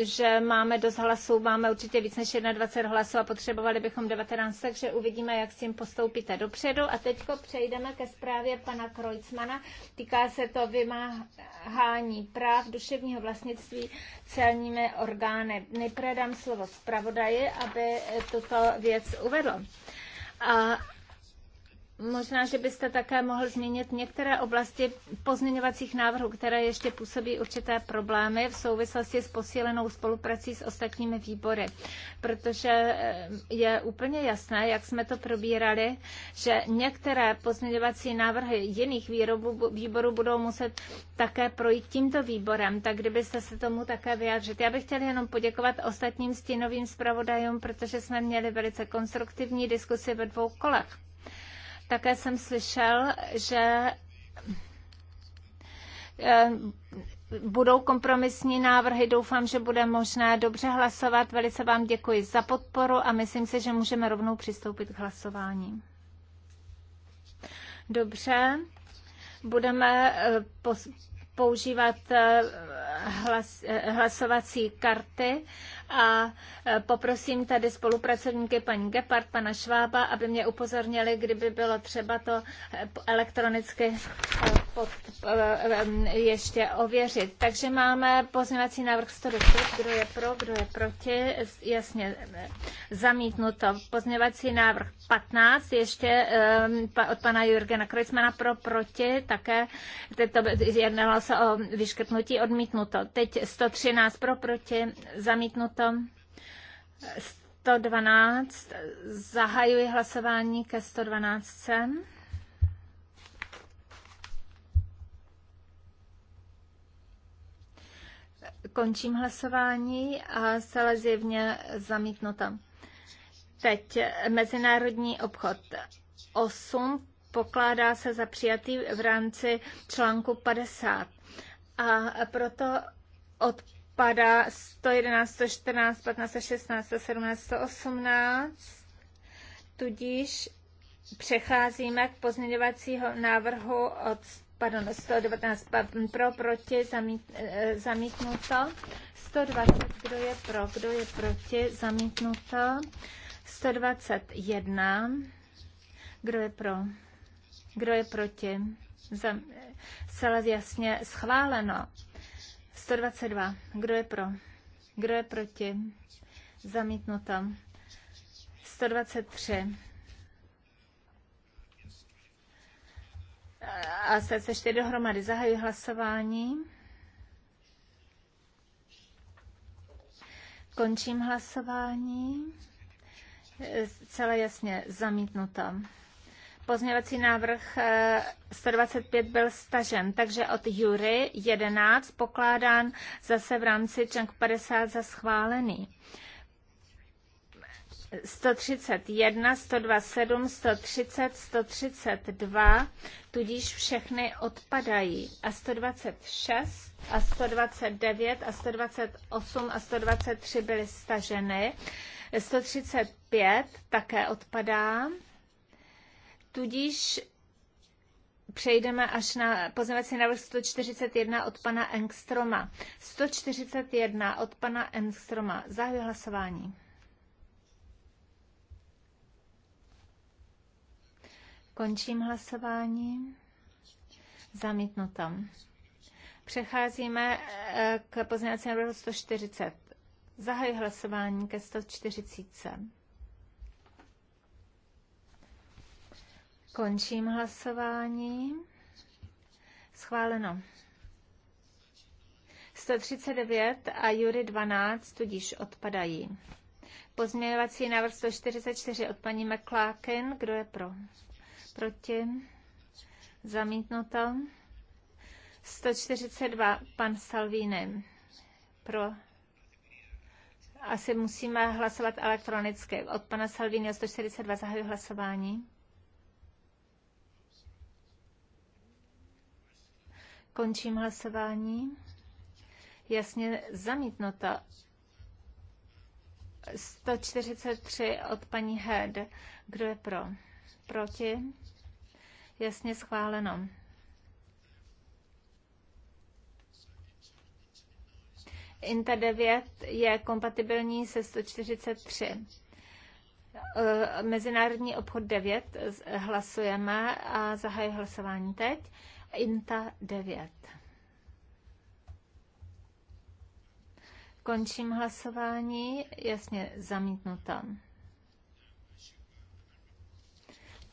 že máme dost hlasů, máme určitě víc než 21 hlasů a potřebovali bychom 19, takže uvidíme, jak s tím postoupíte dopředu. A teď přejdeme ke zprávě pana Krojcmana. Týká se to vymáhání práv duševního vlastnictví celními orgány. Nejprve dám slovo zpravodaji, aby tuto věc uvedl. A Možná, že byste také mohl změnit některé oblasti pozměňovacích návrhů, které ještě působí určité problémy v souvislosti s posílenou spoluprací s ostatními výbory, protože eh, je úplně jasné, jak jsme to probírali, že některé pozměňovací návrhy jiných výrobů, výborů budou muset také projít tímto výborem, tak kdybyste se tomu také vyjádřit. Já bych chtěl jenom poděkovat ostatním stínovým zpravodajům, protože jsme měli velice konstruktivní diskusi ve dvou kolech. Také jsem slyšel, že eh, budou kompromisní návrhy. Doufám, že bude možné dobře hlasovat. Velice vám děkuji za podporu a myslím si, že můžeme rovnou přistoupit k hlasování. Dobře, budeme eh, používat eh, hlas, hlasovací karty a e, poprosím tady spolupracovníky paní Gepard, pana Švába, aby mě upozornili, kdyby bylo třeba to e, elektronicky e, pod, ještě ověřit. Takže máme pozměňovací návrh 110, kdo je pro, kdo je proti, jasně zamítnuto. Pozměňovací návrh 15, ještě od pana Jurgena Krojcmana pro, proti, také teď to jednalo se o vyškrtnutí, odmítnuto. Teď 113 pro, proti, zamítnuto 112. Zahajuji hlasování ke 112. Končím hlasování a zcela zjevně zamítnuto. Teď mezinárodní obchod 8 pokládá se za přijatý v rámci článku 50. A proto od padá 111, 114, 15, 16, 17, 118. Tudíž přecházíme k pozměňovacího návrhu od pardon, 119 pro, proti, zamít, eh, zamítnuto. 120, kdo je pro, kdo je proti, zamítnuto. 121, kdo je pro, kdo je proti, zam, eh, zcela jasně schváleno. 122. Kdo je pro? Kdo je proti? Zamítnuto. 123. A se, ještě dohromady zahajuji hlasování. Končím hlasování. Celé jasně zamítnuto. Pozměňovací návrh 125 eh, byl stažen, takže od Jury 11 pokládán zase v rámci čank 50 za schválený. 131, 127, 130, 132, tudíž všechny odpadají. A 126 a 129 a 128 a 123 byly staženy. 135 také odpadá. Tudíž přejdeme až na pozměňovací návrh 141 od pana Engstroma. 141 od pana Engstroma. Zahajuji hlasování. Končím hlasování. Zamítnuto. Přecházíme eh, k pozměňovacímu návrhu 140. Zahajuji hlasování ke 140. Končím hlasování. Schváleno. 139 a Jury 12 tudíž odpadají. Pozměňovací návrh 144 od paní McClarkin. Kdo je pro? Proti? Zamítnuto. 142 pan Salvini. Pro. Asi musíme hlasovat elektronicky. Od pana Salvini 142 zahajuji hlasování. Končím hlasování. Jasně zamítnuto. 143 od paní Head. Kdo je pro? Proti? Jasně schváleno. INTA 9 je kompatibilní se 143. Eh, Mezinárodní obchod 9 hlasujeme a zahajuji hlasování teď. INTA 9. Končím hlasování, jasně zamítnuta.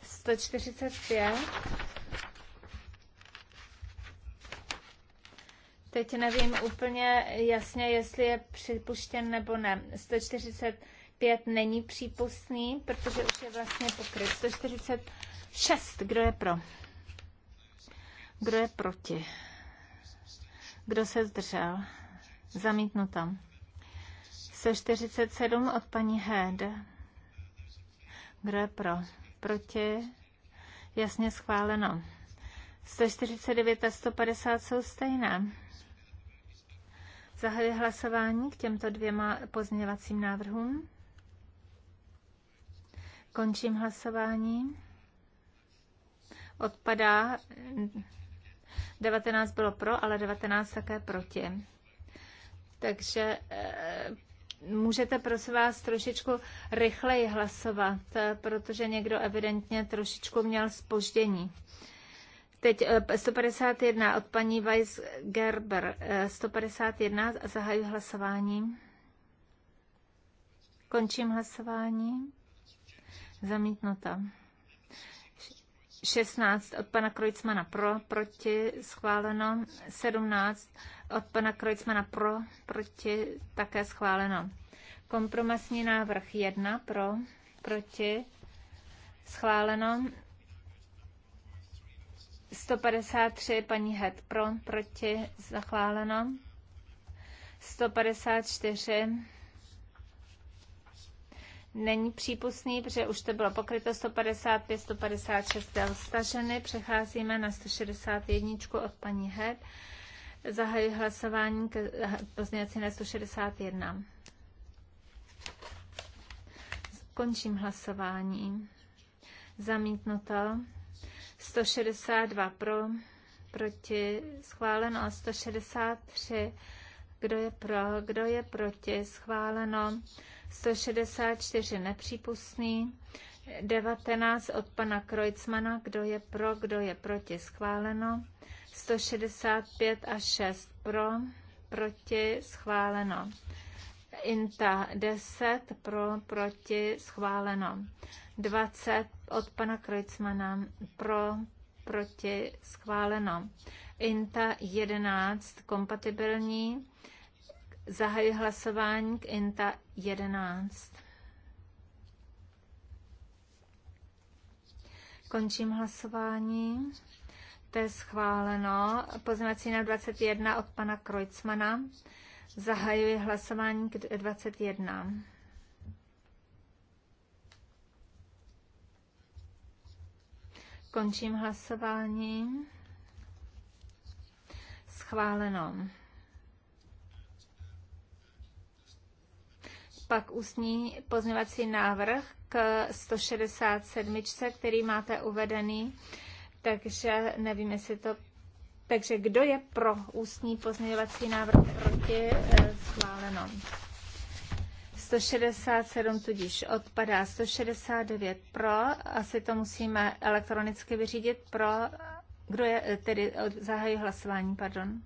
145. Teď nevím úplně jasně, jestli je připuštěn nebo ne. 145 není přípustný, protože už je vlastně pokryt. 146, kdo je pro? Kdo je proti? Kdo se zdržel? Zamítnuto. Se 47 od paní Hed. Kdo je pro? Proti? Jasně schváleno. 149 a 150 jsou stejné. Zahajuji hlasování k těmto dvěma pozměňovacím návrhům. Končím hlasování. Odpadá 19 bylo pro, ale 19 také proti. Takže eh, můžete prosím vás trošičku rychleji hlasovat, protože někdo evidentně trošičku měl spoždění. Teď 151 eh, od paní Weiss Gerber. 151 zahajuji hlasování. Končím hlasování. Zamítnuta. 16 od pana Krojcmana pro, proti, schváleno. 17 od pana Krojcmana pro, proti, také schváleno. Kompromisní návrh 1 pro, proti, schváleno. 153 paní Het pro, proti, zachváleno. 154 není přípustný, protože už to bylo pokryto 155, 156 byl staženy. Přecházíme na 161 od paní Head. Zahajuji hlasování k eh, pozměňovací na 161. Končím hlasování. Zamítnuto. 162 pro, proti, schváleno 163. Kdo je pro, kdo je proti, schváleno 164 nepřípustný, 19 od pana Krojcmana, kdo je pro, kdo je proti, schváleno, 165 a 6 pro, proti, schváleno. Inta 10 pro, proti, schváleno. 20 od pana Krojcmana pro, proti, schváleno. Inta 11 kompatibilní Zahajuji hlasování k INTA 11. Končím hlasování. To je schváleno. Poznací na 21 od pana Krojcmana. Zahajuji hlasování k 21. Končím hlasování. Schváleno. pak ústní pozměvací návrh k 167, který máte uvedený, takže nevím, jestli to takže kdo je pro ústní pozměňovací návrh proti eh, schváleno? 167 tudíž odpadá, 169 pro, asi to musíme elektronicky vyřídit pro, kdo je, eh, tedy zahají hlasování, pardon,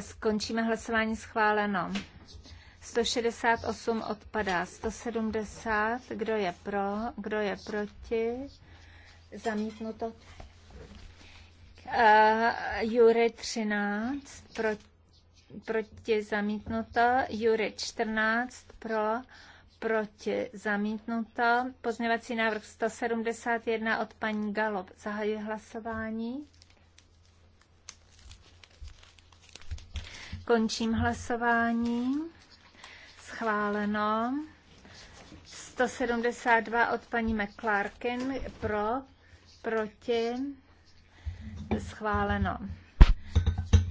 Skončíme hlasování schváleno. 168 odpadá. 170, kdo je pro, kdo je proti? Zamítnuto. Uh, Jury 13, pro, proti zamítnuto. Jury 14, pro, proti zamítnuto. Pozměvací návrh 171 od paní Galop. Zahajuji hlasování. Končím hlasování. Schváleno. 172 od paní McClarkin pro, proti, schváleno.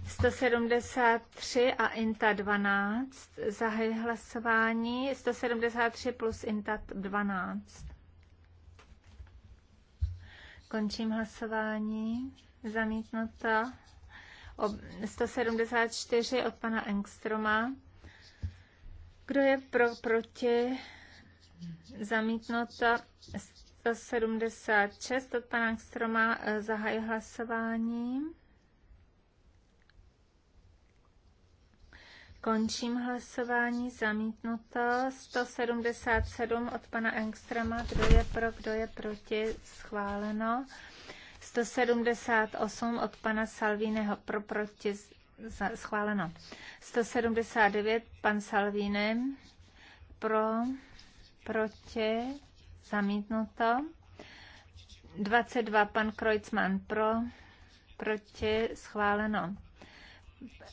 173 a INTA 12. zahaj hlasování. 173 plus INTA 12. Končím hlasování. Zamítnuto. 174 od pana Engstroma. Kdo je pro, proti? Zamítnuto 176 od pana Engstroma. Eh, Zahaj hlasování. Končím hlasování, zamítnuto 177 od pana Engstrama, kdo je pro, kdo je proti, schváleno. 178 od pana Salvíneho pro proti za, schváleno. 179 pan Salvíne pro proti zamítnuto. 22 pan Kreuzmann pro proti schváleno.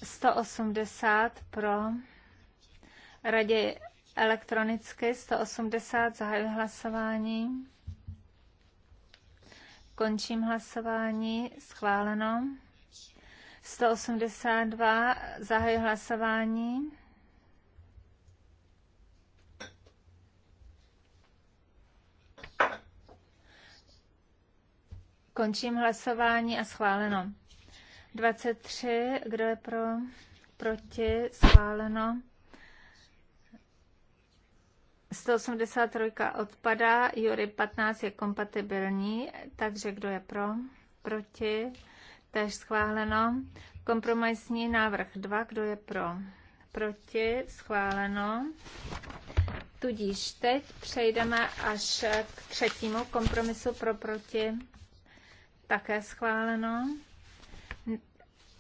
180 pro radě elektronicky 180 zahajuje hlasování. Končím hlasování. Schváleno. 182. Zahajuji hlasování. Končím hlasování a schváleno. 23. Kdo je pro? Proti? Schváleno. 183 odpadá, Jury 15 je kompatibilní, takže kdo je pro? Proti? Tež schváleno. Kompromisní návrh 2, kdo je pro? Proti? Schváleno. Tudíž teď přejdeme až k třetímu kompromisu pro proti. Také schváleno.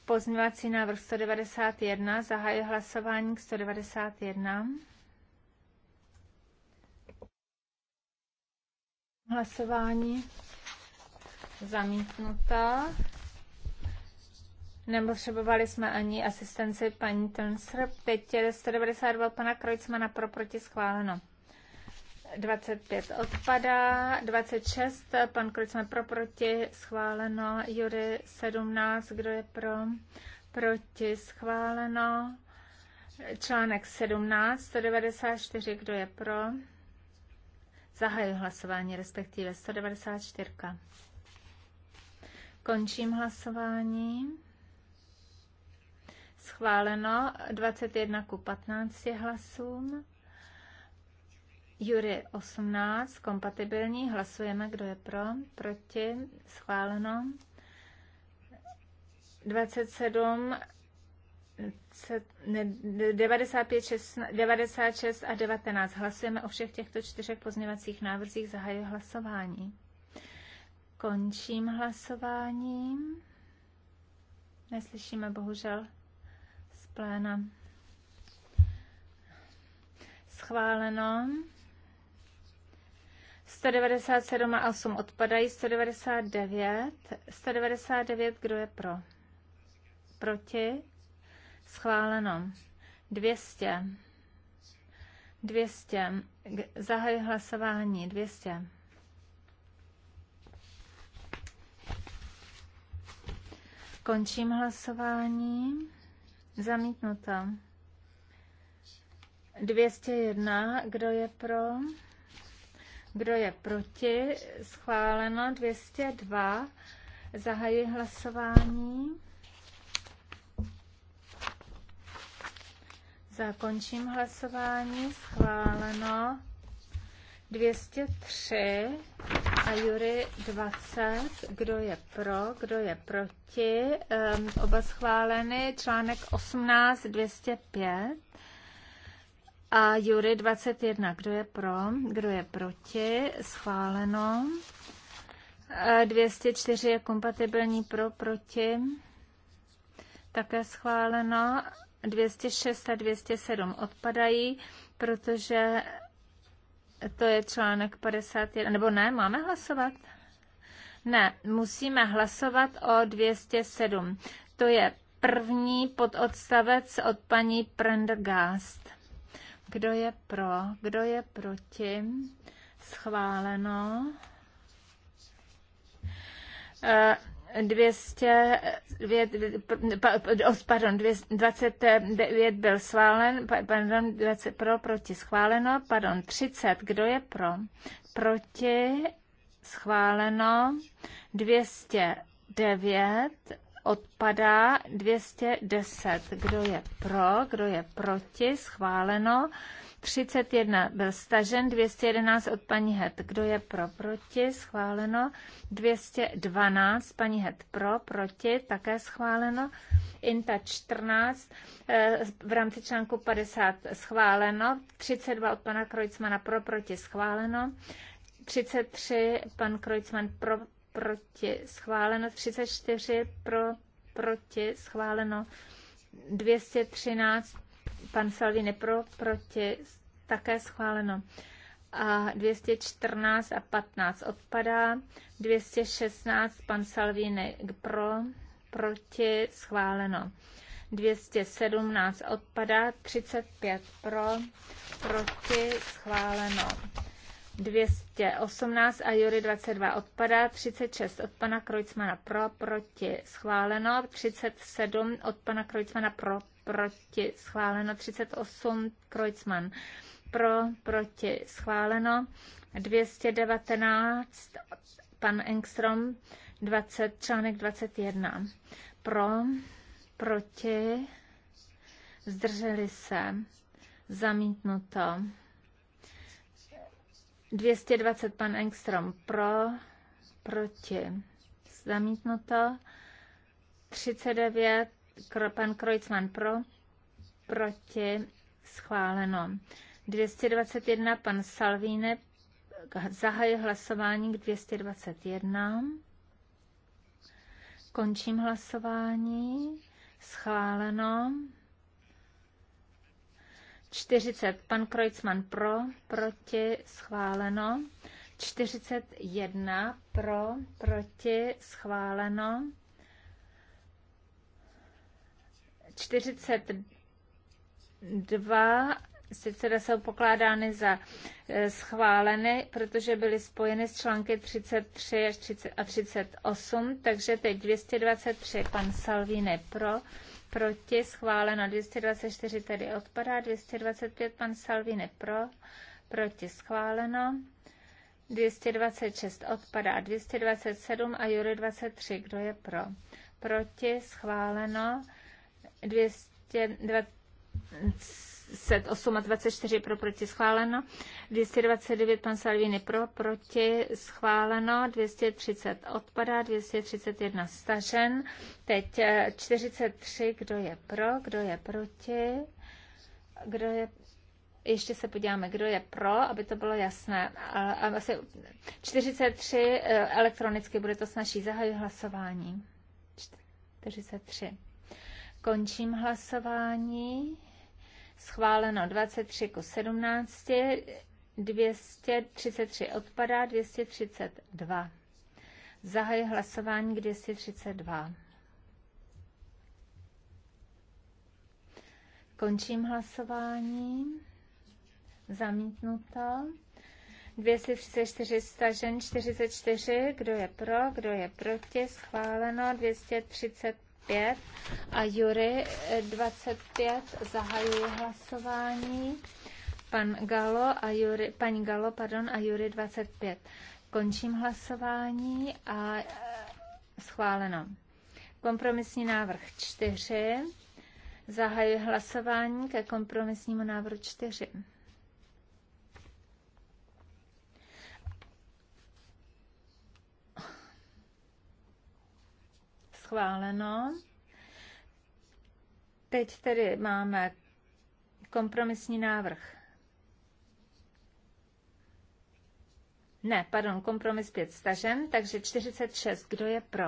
Pozměňovací návrh 191. Zahajuji hlasování k 191. Hlasování zamítnuta. Nepotřebovali jsme ani asistenci paní Tonsr. Teď je 192 pana Krojcmana pro proti schváleno. 25 odpadá, 26, pan Krojcman pro proti schváleno, Jury 17, kdo je pro, proti schváleno, článek 17, 194, kdo je pro, Zahajuji hlasování, respektive 194. Končím hlasování. Schváleno 21 ku 15 hlasům. Jury 18, kompatibilní. Hlasujeme, kdo je pro, proti, schváleno. 27 95, 16, 96 a 19. Hlasujeme o všech těchto čtyřech pozměvacích návrzích. Zahajuji hlasování. Končím hlasováním. Neslyšíme bohužel z pléna. Schváleno. 197 a 8 odpadají, 199. 199, kdo je pro? Proti? Schváleno. 200. 200. Zahaj hlasování. 200. Končím hlasování. Zamítnuto. 201. Kdo je pro? Kdo je proti? Schváleno. 202. Zahajuji hlasování. Zakončím hlasování. Schváleno 203 a Jury 20. Kdo je pro, kdo je proti? Um, oba schváleny. Článek 18 205 a Jury 21. Kdo je pro, kdo je proti? Schváleno. 204 ehm, je kompatibilní pro, proti. Také schváleno. 206 a 207 odpadají, protože to je článek 51, nebo ne, máme hlasovat? Ne, musíme hlasovat o 207. To je první pododstavec od paní Prendergast. Kdo je pro, kdo je proti? Schváleno. Eh, 200, pardon, 29 byl schválen, pardon, 20 pro, proti schváleno, pardon, 30, kdo je pro, proti schváleno, 209 odpadá, 210, kdo je pro, kdo je proti schváleno, 31 byl stažen, 211 od paní Het. Kdo je pro, proti, schváleno. 212 paní Het pro, proti, také schváleno. Inta 14 eh, v rámci článku 50 schváleno. 32 od pana Krojcmana pro, proti, schváleno. 33 pan Krojcman pro, proti, schváleno. 34 pro, proti, schváleno. 213 pan Salvini pro, proti, také schváleno. A 214 a 15 odpadá. 216 pan Salvini pro, proti, schváleno. 217 odpadá, 35 pro, proti, schváleno. 218 a Jury 22 odpadá, 36 od pana Krojcmana pro, proti schváleno, 37 od pana Krojcmana pro, proti, schváleno 38, Kreuzmann pro, proti, schváleno 219, pan Engstrom 20, článek 21, pro, proti, zdrželi se, zamítnuto. 220 pan Engstrom pro, proti, zamítnuto. 39 pan Krojcman pro, proti, schváleno. 221 pan Salvíne zahajil hlasování k 221. Končím hlasování. Schváleno. 40. Pan Krojcman pro, proti, schváleno. 41 pro, proti, schváleno. 42 sice jsou pokládány za e, schváleny, protože byly spojeny s články 33 až 30 a 38, takže teď 223 pan Salvini pro, proti schváleno 224 tedy odpadá, 225 pan Salvini pro, proti schváleno, 226 odpadá, 227 a Jury 23, kdo je pro, proti schváleno, 228 24 pro proti schváleno, 229 pan Salvini pro proti schváleno, 230 odpadá, 231 stažen, teď 43, eh, kdo je pro, kdo je proti, kdo je ještě se podíváme, kdo je pro, aby to bylo jasné. A, a asi 43 eh, elektronicky bude to snaží zahájit hlasování. 43. Končím hlasování. Schváleno 23 ku 17, 233 odpadá, 232. Zahaj hlasování k 232. Končím hlasování. Zamítnuto. 234 stažen, 44, kdo je pro, kdo je proti, schváleno, 230. 25 a Jury 25 zahajuje hlasování. Pan Galo a Jury, paní Galo, pardon, a Jury 25. Končím hlasování a e, schváleno. Kompromisní návrh 4. Zahajuji hlasování ke kompromisnímu návrhu 4. schváleno. Teď tedy máme kompromisní návrh. Ne, pardon, kompromis 5 stažen, takže 46. Kdo je pro?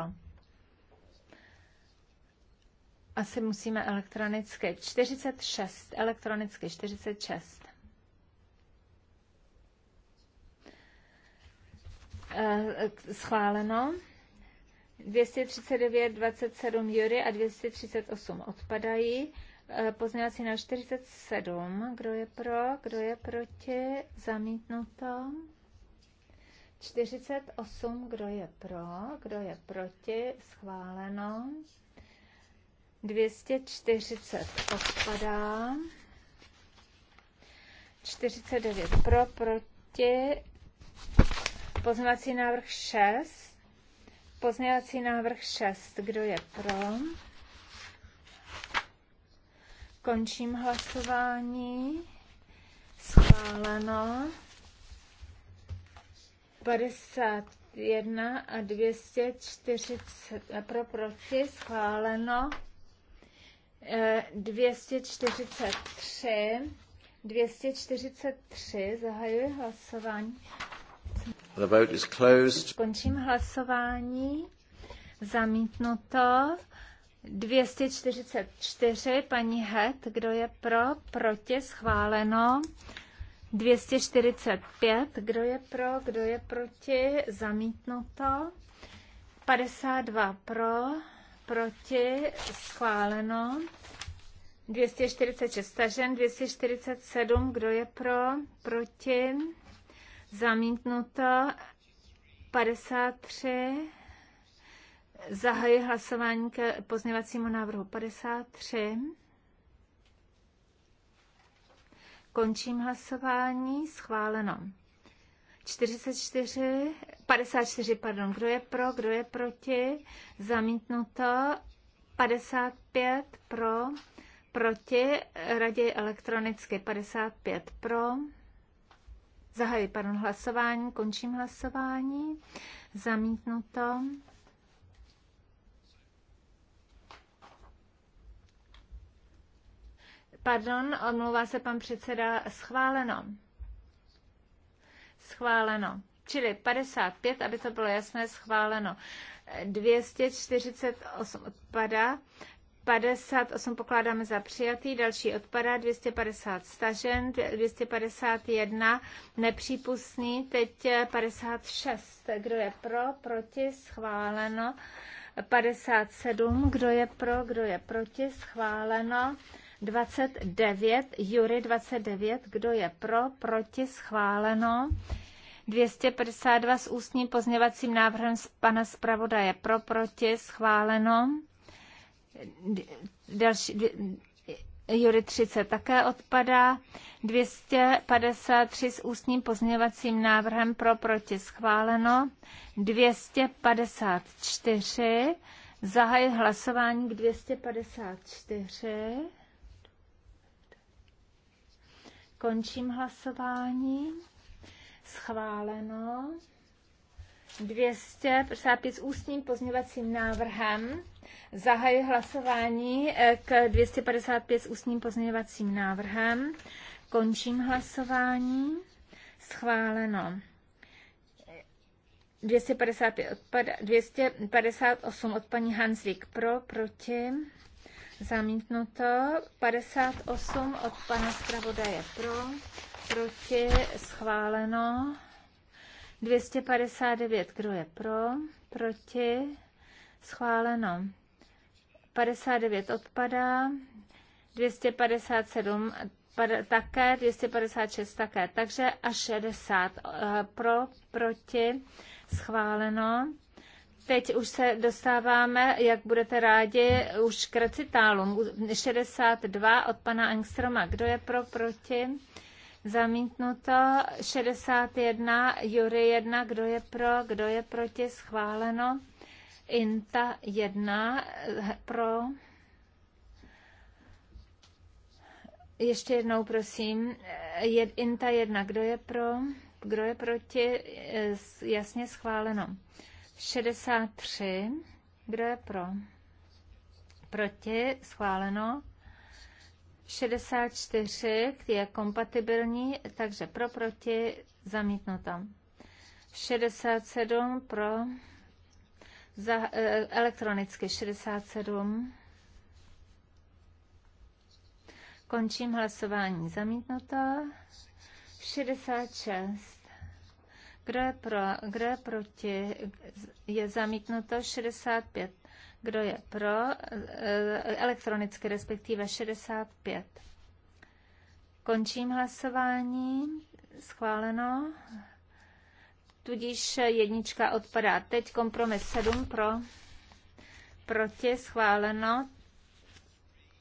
Asi musíme elektronicky. 46, elektronicky 46. Eh, schváleno. 239, 27 jury a 238 odpadají. E, pozměňovací na 47. Kdo je pro? Kdo je proti? Zamítnuto. 48. Kdo je pro? Kdo je proti? Schváleno. 240 odpadá. 49 pro, proti. Pozměňovací návrh 6 Pozměňovací návrh 6. Kdo je pro? Končím hlasování. Schváleno. 51 a 240 pro proti schváleno. 243. Eh, 243 Zahajuji hlasování. The vote is closed. Končím hlasování. Zamítnuto. 244, paní Het, kdo je pro, proti, schváleno. 245, kdo je pro, kdo je proti, zamítnuto. 52 pro, proti, schváleno. 246 stažen, 247, kdo je pro, proti, Zamítnuto 53. Zahajuji hlasování k pozněvacímu návrhu 53. Končím hlasování. Schváleno. 44, 54, pardon. Kdo je pro, kdo je proti? Zamítnuto. 55 pro, proti, raději elektronicky 55 pro. Zahají, pardon, hlasování, končím hlasování. Zamítnuto. Pardon, omlouvá se pan předseda, schváleno. Schváleno. Čili 55, aby to bylo jasné, schváleno. 248 odpada, 58 pokládáme za přijatý, další odpadá, 250 stažen, 251 nepřípustný, teď 56. Kdo je pro, proti, schváleno. 57, kdo je pro, kdo je proti, schváleno. 29, Jury 29, kdo je pro, proti, schváleno. 252 s ústním pozněvacím návrhem pana zpravodaje pro, proti, schváleno další, Jury 30 také odpadá. 253 s ústním pozměňovacím návrhem pro proti schváleno. 254. Zahaj hlasování k 254. Končím hlasování. Schváleno. 255 s ústním pozměvacím návrhem. Zahajuji hlasování eh, k 255 s ústním pozměvacím návrhem. Končím hlasování. Schváleno. 255 odpad, 258 od paní Hanzvik pro, proti. Zamítnuto. 58 od pana zpravodaje pro, proti. Schváleno. 259, kdo je pro, proti, schváleno. 59 odpadá, 257 také, 256 také, takže až 60 eh, pro, proti, schváleno. Teď už se dostáváme, jak budete rádi, už k recitálům. 62 od pana Angstroma. Kdo je pro, proti? Zamítnuto 61, Jury 1, kdo je pro, kdo je proti, schváleno. Inta 1, pro. Ještě jednou, prosím. Je, Inta 1, kdo je pro, kdo je proti, e, jasně schváleno. 63, kdo je pro, proti, schváleno. 64 je kompatibilní, takže pro, proti, zamítnuto. 67 pro, za, eh, elektronicky 67. Končím hlasování zamítnuto. 66. Kdo je pro, kdo je proti, je zamítnuto 65 kdo je pro? Eh, eh, elektronicky, respektive 65. Končím hlasování. Schváleno. Tudíž jednička odpadá. Teď kompromis 7 pro. Proti schváleno.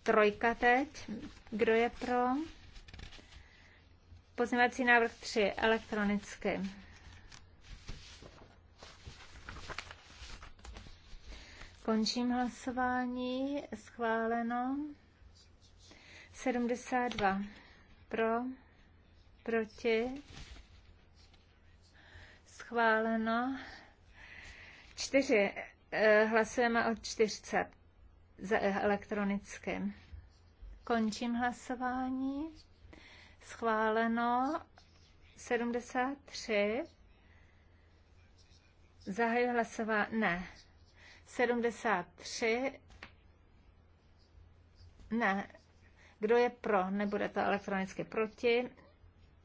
Trojka teď. Kdo je pro? Pozměňovací návrh 3 elektronicky. Končím hlasování. Schváleno. 72 pro, proti. Schváleno. 4. Eh, hlasujeme o čtyřce eh, elektronicky. Končím hlasování. Schváleno 73. Zahajuji hlasování. Ne. 73. Ne. Kdo je pro? Nebude to elektronicky proti.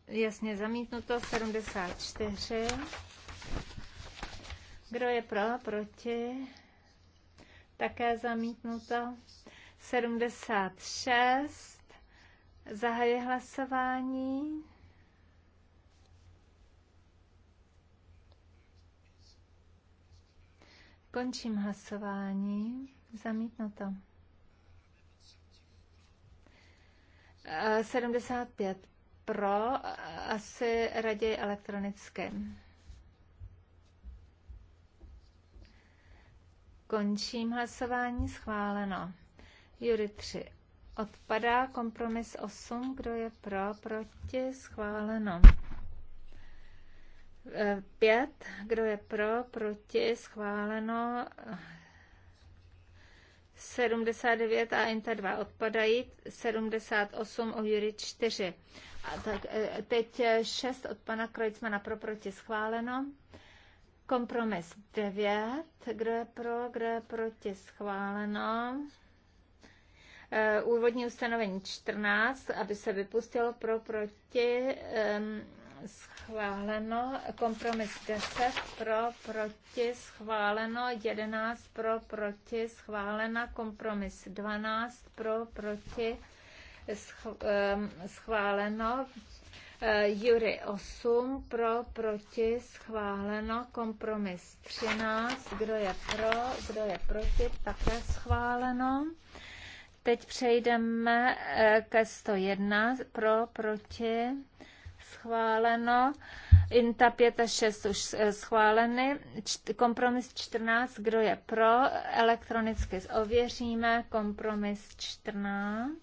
Jasně zamítnuto. 74. Kdo je pro? Proti. Také zamítnuto. 76. Zahajuji hlasování. Končím hlasování. Zamítnuto. 75 pro, asi raději elektronicky. Končím hlasování, schváleno. Jury 3 odpadá, kompromis 8, kdo je pro, proti, schváleno. Pět, Kdo je pro? Proti? Schváleno. 79 a Inter 2 odpadají, 78 o Jury 4. A tak e, teď 6 od pana Krojcmana pro proti schváleno. Kompromis 9, kdo je pro, kdo je proti schváleno. E, úvodní ustanovení 14, aby se vypustilo pro proti schváleno, kompromis 10 pro, proti, schváleno, 11 pro, proti, schválena, kompromis 12 pro, proti, sch, schváleno, eh, Jury 8 pro, proti, schváleno, kompromis 13, kdo je pro, kdo je proti, také schváleno. Teď přejdeme eh, ke 101 pro, proti, schváleno, INTA 5 a 6 už eh, schváleny, kompromis 14, kdo je pro, elektronicky ověříme, kompromis 14.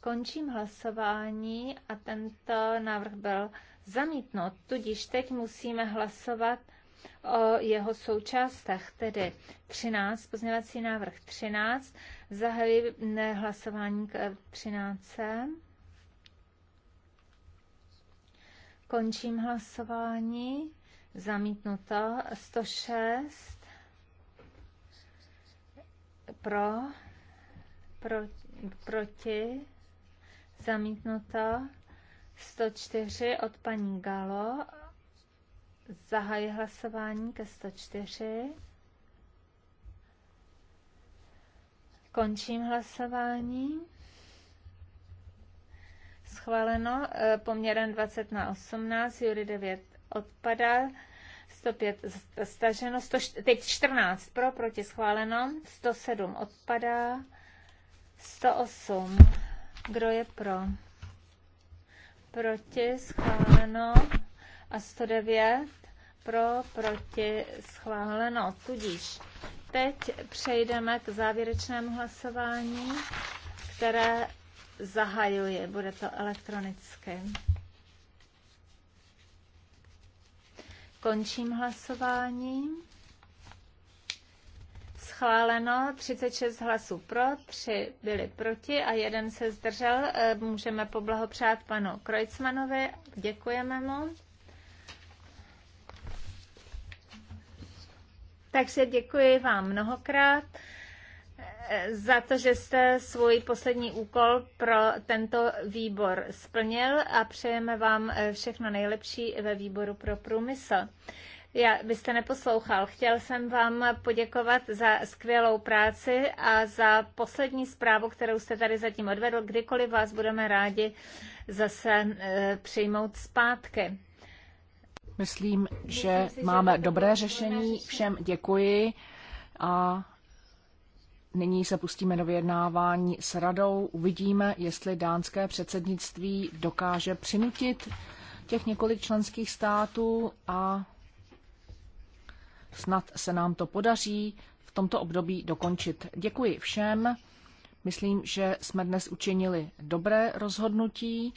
Končím hlasování a tento návrh byl zamítnut, tudíž teď musíme hlasovat o jeho součástech, tedy 13, pozměvací návrh 13, zahajuji hlasování k 13. Eh, Končím hlasování. Zamítnuto 106 pro, pro proti, zamítnuto 104 od paní Galo. Zahají hlasování ke 104. Končím hlasování schváleno eh, poměrem 20 na 18, Jury 9 odpadá, 105 staženo, 100, teď 14 pro, proti schváleno, 107 odpadá, 108, kdo je pro? Proti schváleno a 109 pro, proti schváleno. Tudíž teď přejdeme k závěrečnému hlasování, které zahajuje, bude to elektronické. Končím hlasování. Schváleno 36 hlasů pro, 3 byli proti a jeden se zdržel. Eh, můžeme poblahopřát panu Krojcmanovi. Děkujeme mu. Takže děkuji vám mnohokrát za to, že jste svůj poslední úkol pro tento výbor splnil a přejeme vám eh, všechno nejlepší ve výboru pro průmysl. Já byste neposlouchal. Chtěl jsem vám poděkovat za skvělou práci a za poslední zprávu, kterou jste tady zatím odvedl. Kdykoliv vás budeme rádi zase eh, přijmout zpátky. Myslím, že máme dobré řešení. Všem děkuji a nyní se pustíme do vyjednávání s radou. Uvidíme, jestli dánské předsednictví dokáže přinutit těch několik členských států a snad se nám to podaří v tomto období dokončit. Děkuji všem. Myslím, že jsme dnes učinili dobré rozhodnutí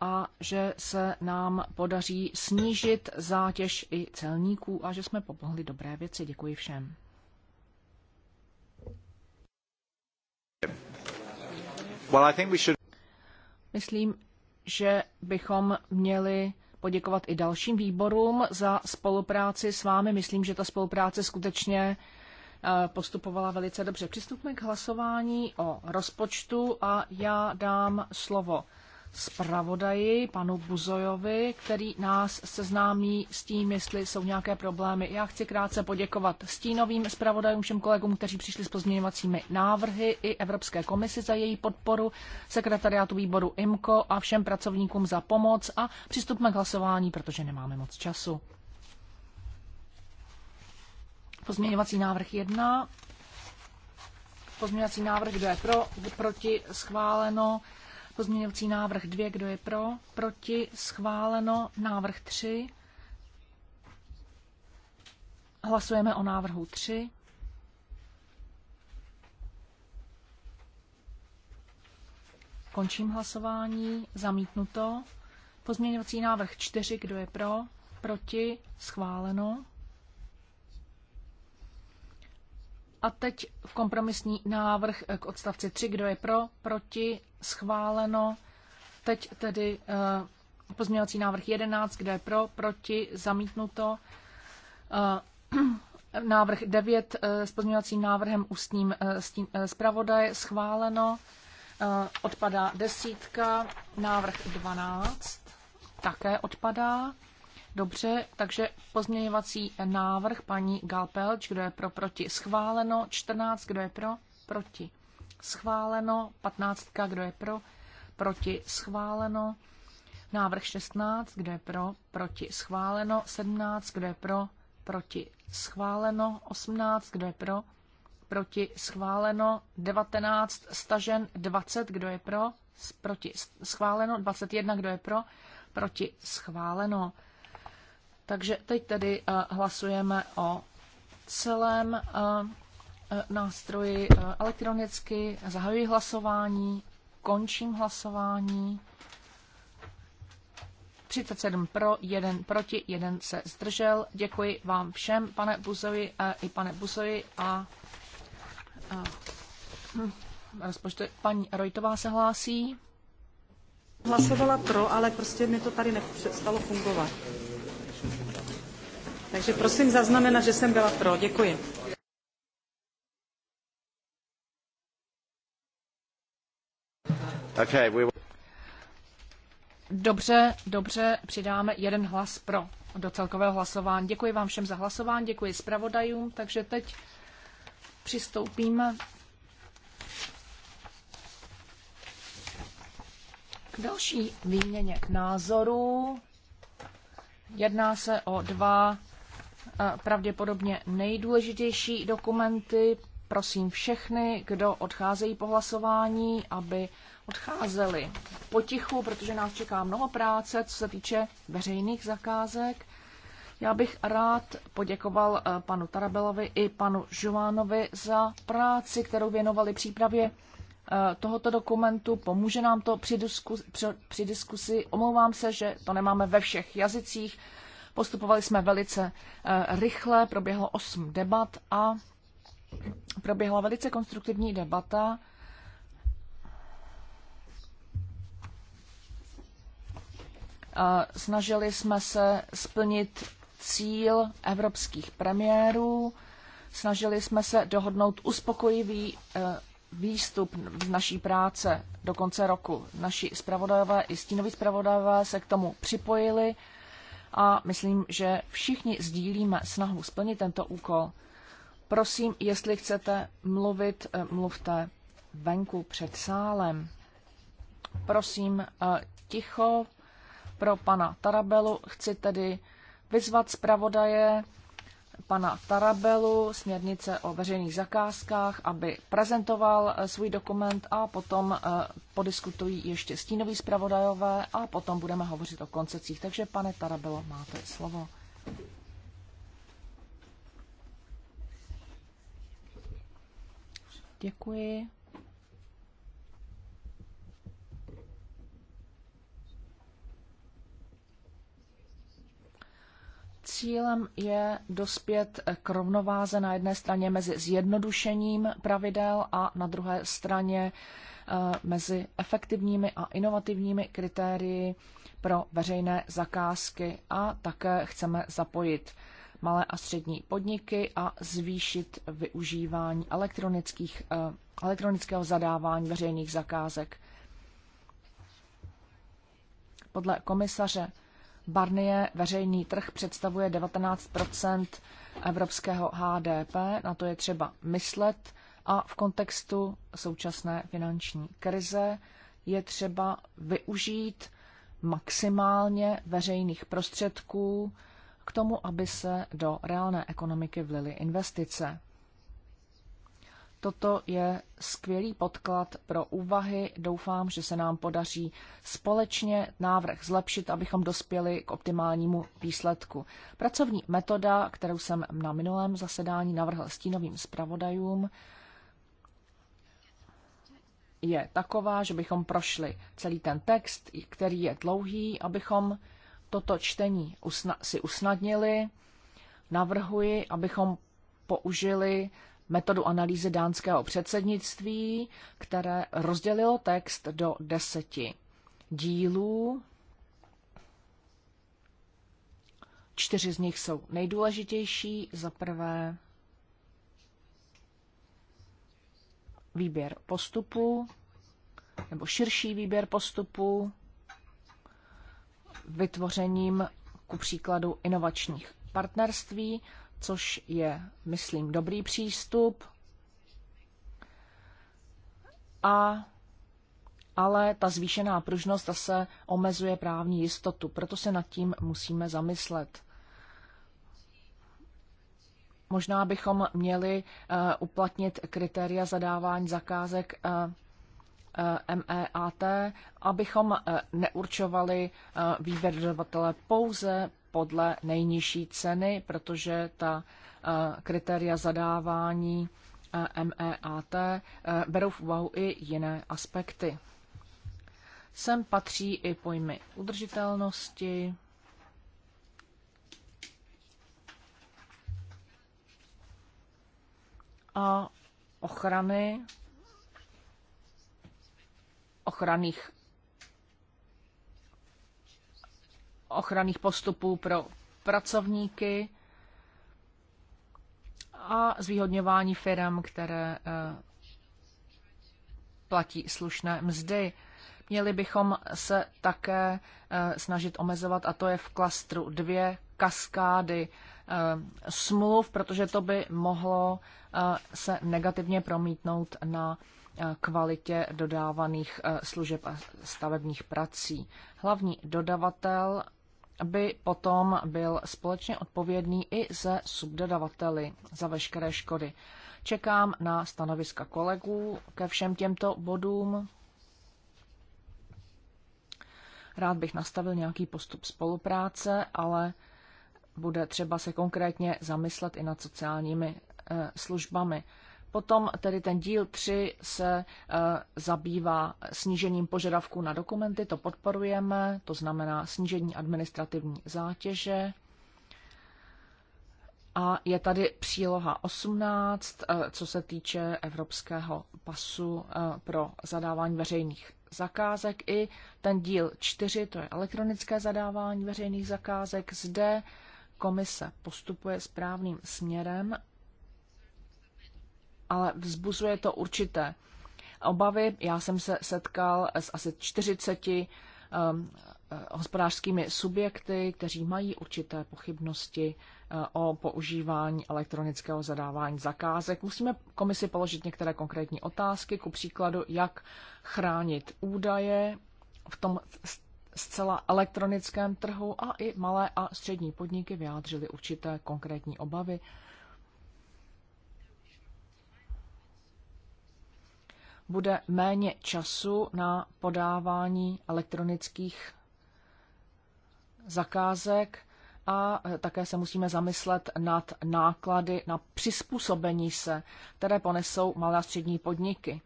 a že se nám podaří snížit zátěž i celníků a že jsme pomohli dobré věci. Děkuji všem. Myslím, že bychom měli poděkovat i dalším výborům za spolupráci s vámi. Myslím, že ta spolupráce skutečně eh, postupovala velice dobře. Přistupme k hlasování o rozpočtu a já dám slovo zpravodaji, panu Buzojovi, který nás seznámí s tím, jestli jsou nějaké problémy. Já chci krátce poděkovat stínovým zpravodajům, všem kolegům, kteří přišli s pozměňovacími návrhy i Evropské komisi za její podporu, sekretariátu výboru IMCO a všem pracovníkům za pomoc a přistupme k hlasování, protože nemáme moc času. Pozměňovací návrh 1. Pozměňovací návrh, kdo je pro, proti, schváleno. Pozměňovací návrh 2, kdo je pro? Proti? Schváleno. Návrh 3. Hlasujeme o návrhu 3. Končím hlasování. Zamítnuto. Pozměňovací návrh 4, kdo je pro? Proti? Schváleno. A teď v kompromisní návrh k odstavci 3, kdo je pro, proti, schváleno. Teď tedy eh, pozměňovací návrh 11, kde je pro, proti, zamítnuto. Eh, návrh 9 eh, s pozměňovacím návrhem ústním zpravodaje schváleno. Odpadá desítka, návrh 12 také odpadá. Dobře, takže pozměňovací návrh paní Galpelč, kdo je pro, proti, schváleno. 14, kdo je pro, proti, schváleno, 15, kdo je pro, proti schváleno, návrh 16, kdo je pro, proti schváleno, 17, kdo je pro, proti schváleno, 18, kdo je pro, proti schváleno, 19, stažen, 20, kdo je pro, proti schváleno, 21, kdo je pro, proti schváleno. Takže teď tedy eh, hlasujeme o celém eh, nástroji eh, elektronicky. Zahajuji hlasování, končím hlasování. 37 pro, 1 proti, 1 se zdržel. Děkuji vám všem, pane Buzovi a eh, i pane Buzovi a, a eh, hm, rozpočtu. Paní Rojtová se hlásí. Hlasovala pro, ale prostě mi to tady nepřestalo fungovat. Takže prosím zaznamenat, že jsem byla pro. Děkuji. Okay, we... Dobře, dobře, přidáme jeden hlas pro do celkového hlasování. Děkuji vám všem za hlasování, děkuji zpravodajům, takže teď přistoupíme k další výměně názorů. Jedná se o dva eh, pravděpodobně nejdůležitější dokumenty. Prosím všechny, kdo odcházejí po hlasování, aby odcházeli potichu, protože nás čeká mnoho práce, co se týče veřejných zakázek. Já bych rád poděkoval eh, panu Tarabelovi i panu Žovánovi za práci, kterou věnovali přípravě eh, tohoto dokumentu. Pomůže nám to při, diskus, při, při diskusi. Omlouvám se, že to nemáme ve všech jazycích. Postupovali jsme velice eh, rychle, proběhlo osm debat a proběhla velice konstruktivní debata Snažili jsme se splnit cíl evropských premiérů, snažili jsme se dohodnout uspokojivý eh, výstup z naší práce do konce roku. Naši zpravodajové i stínoví zpravodajové se k tomu připojili a myslím, že všichni sdílíme snahu splnit tento úkol. Prosím, jestli chcete mluvit, eh, mluvte venku před sálem. Prosím, eh, ticho, pro pana Tarabelu. Chci tedy vyzvat zpravodaje pana Tarabelu, směrnice o veřejných zakázkách, aby prezentoval eh, svůj dokument a potom eh, podiskutují ještě stínoví zpravodajové a potom budeme hovořit o koncecích. Takže pane Tarabelo, máte slovo. Děkuji. Cílem je dospět k rovnováze na jedné straně mezi zjednodušením pravidel a na druhé straně eh, mezi efektivními a inovativními kritérii pro veřejné zakázky a také chceme zapojit malé a střední podniky a zvýšit využívání elektronických, eh, elektronického zadávání veřejných zakázek. Podle komisaře Barnie veřejný trh představuje 19 evropského HDP, na to je třeba myslet a v kontextu současné finanční krize je třeba využít maximálně veřejných prostředků k tomu, aby se do reálné ekonomiky vlily investice. Toto je skvělý podklad pro úvahy. Doufám, že se nám podaří společně návrh zlepšit, abychom dospěli k optimálnímu výsledku. Pracovní metoda, kterou jsem na minulém zasedání navrhl stínovým zpravodajům, je taková, že bychom prošli celý ten text, který je dlouhý, abychom toto čtení si usnadnili. Navrhuji, abychom použili metodu analýzy dánského předsednictví, které rozdělilo text do deseti dílů. Čtyři z nich jsou nejdůležitější. Za prvé výběr postupu, nebo širší výběr postupu, vytvořením ku příkladu inovačních partnerství, což je, myslím, dobrý přístup. A, ale ta zvýšená pružnost zase omezuje právní jistotu, proto se nad tím musíme zamyslet. Možná bychom měli uh, uplatnit kritéria zadávání zakázek uh, eh, eh, MEAT, abychom neurčovali výběr dodavatele pouze podle nejnižší ceny, protože ta eh, kritéria zadávání eh, MEAT eh, berou v úvahu i jiné aspekty. Sem patří i pojmy udržitelnosti, a ochrany ochranných ochranných postupů pro pracovníky a zvýhodňování firm, které eh, platí slušné mzdy. Měli bychom se také eh, snažit omezovat, a to je v klastru dvě kaskády eh, smluv, protože to by mohlo se negativně promítnout na kvalitě dodávaných služeb a stavebních prací. Hlavní dodavatel by potom byl společně odpovědný i ze subdodavateli za veškeré škody. Čekám na stanoviska kolegů ke všem těmto bodům. Rád bych nastavil nějaký postup spolupráce, ale bude třeba se konkrétně zamyslet i nad sociálními eh, službami. Potom tedy ten díl 3 se eh, zabývá snížením požadavků na dokumenty, to podporujeme, to znamená snížení administrativní zátěže. A je tady příloha 18, eh, co se týče evropského pasu eh, pro zadávání veřejných zakázek. I ten díl 4, to je elektronické zadávání veřejných zakázek. Zde komise postupuje správným směrem ale vzbuzuje to určité obavy. Já jsem se setkal s asi 40 um, eh, hospodářskými subjekty, kteří mají určité pochybnosti eh, o používání elektronického zadávání zakázek. Musíme komisi položit některé konkrétní otázky, ku příkladu, jak chránit údaje v tom zcela elektronickém trhu a i malé a střední podniky vyjádřily určité konkrétní obavy bude méně času na podávání elektronických zakázek a eh, také se musíme zamyslet nad náklady na přizpůsobení se, které ponesou malé a střední podniky.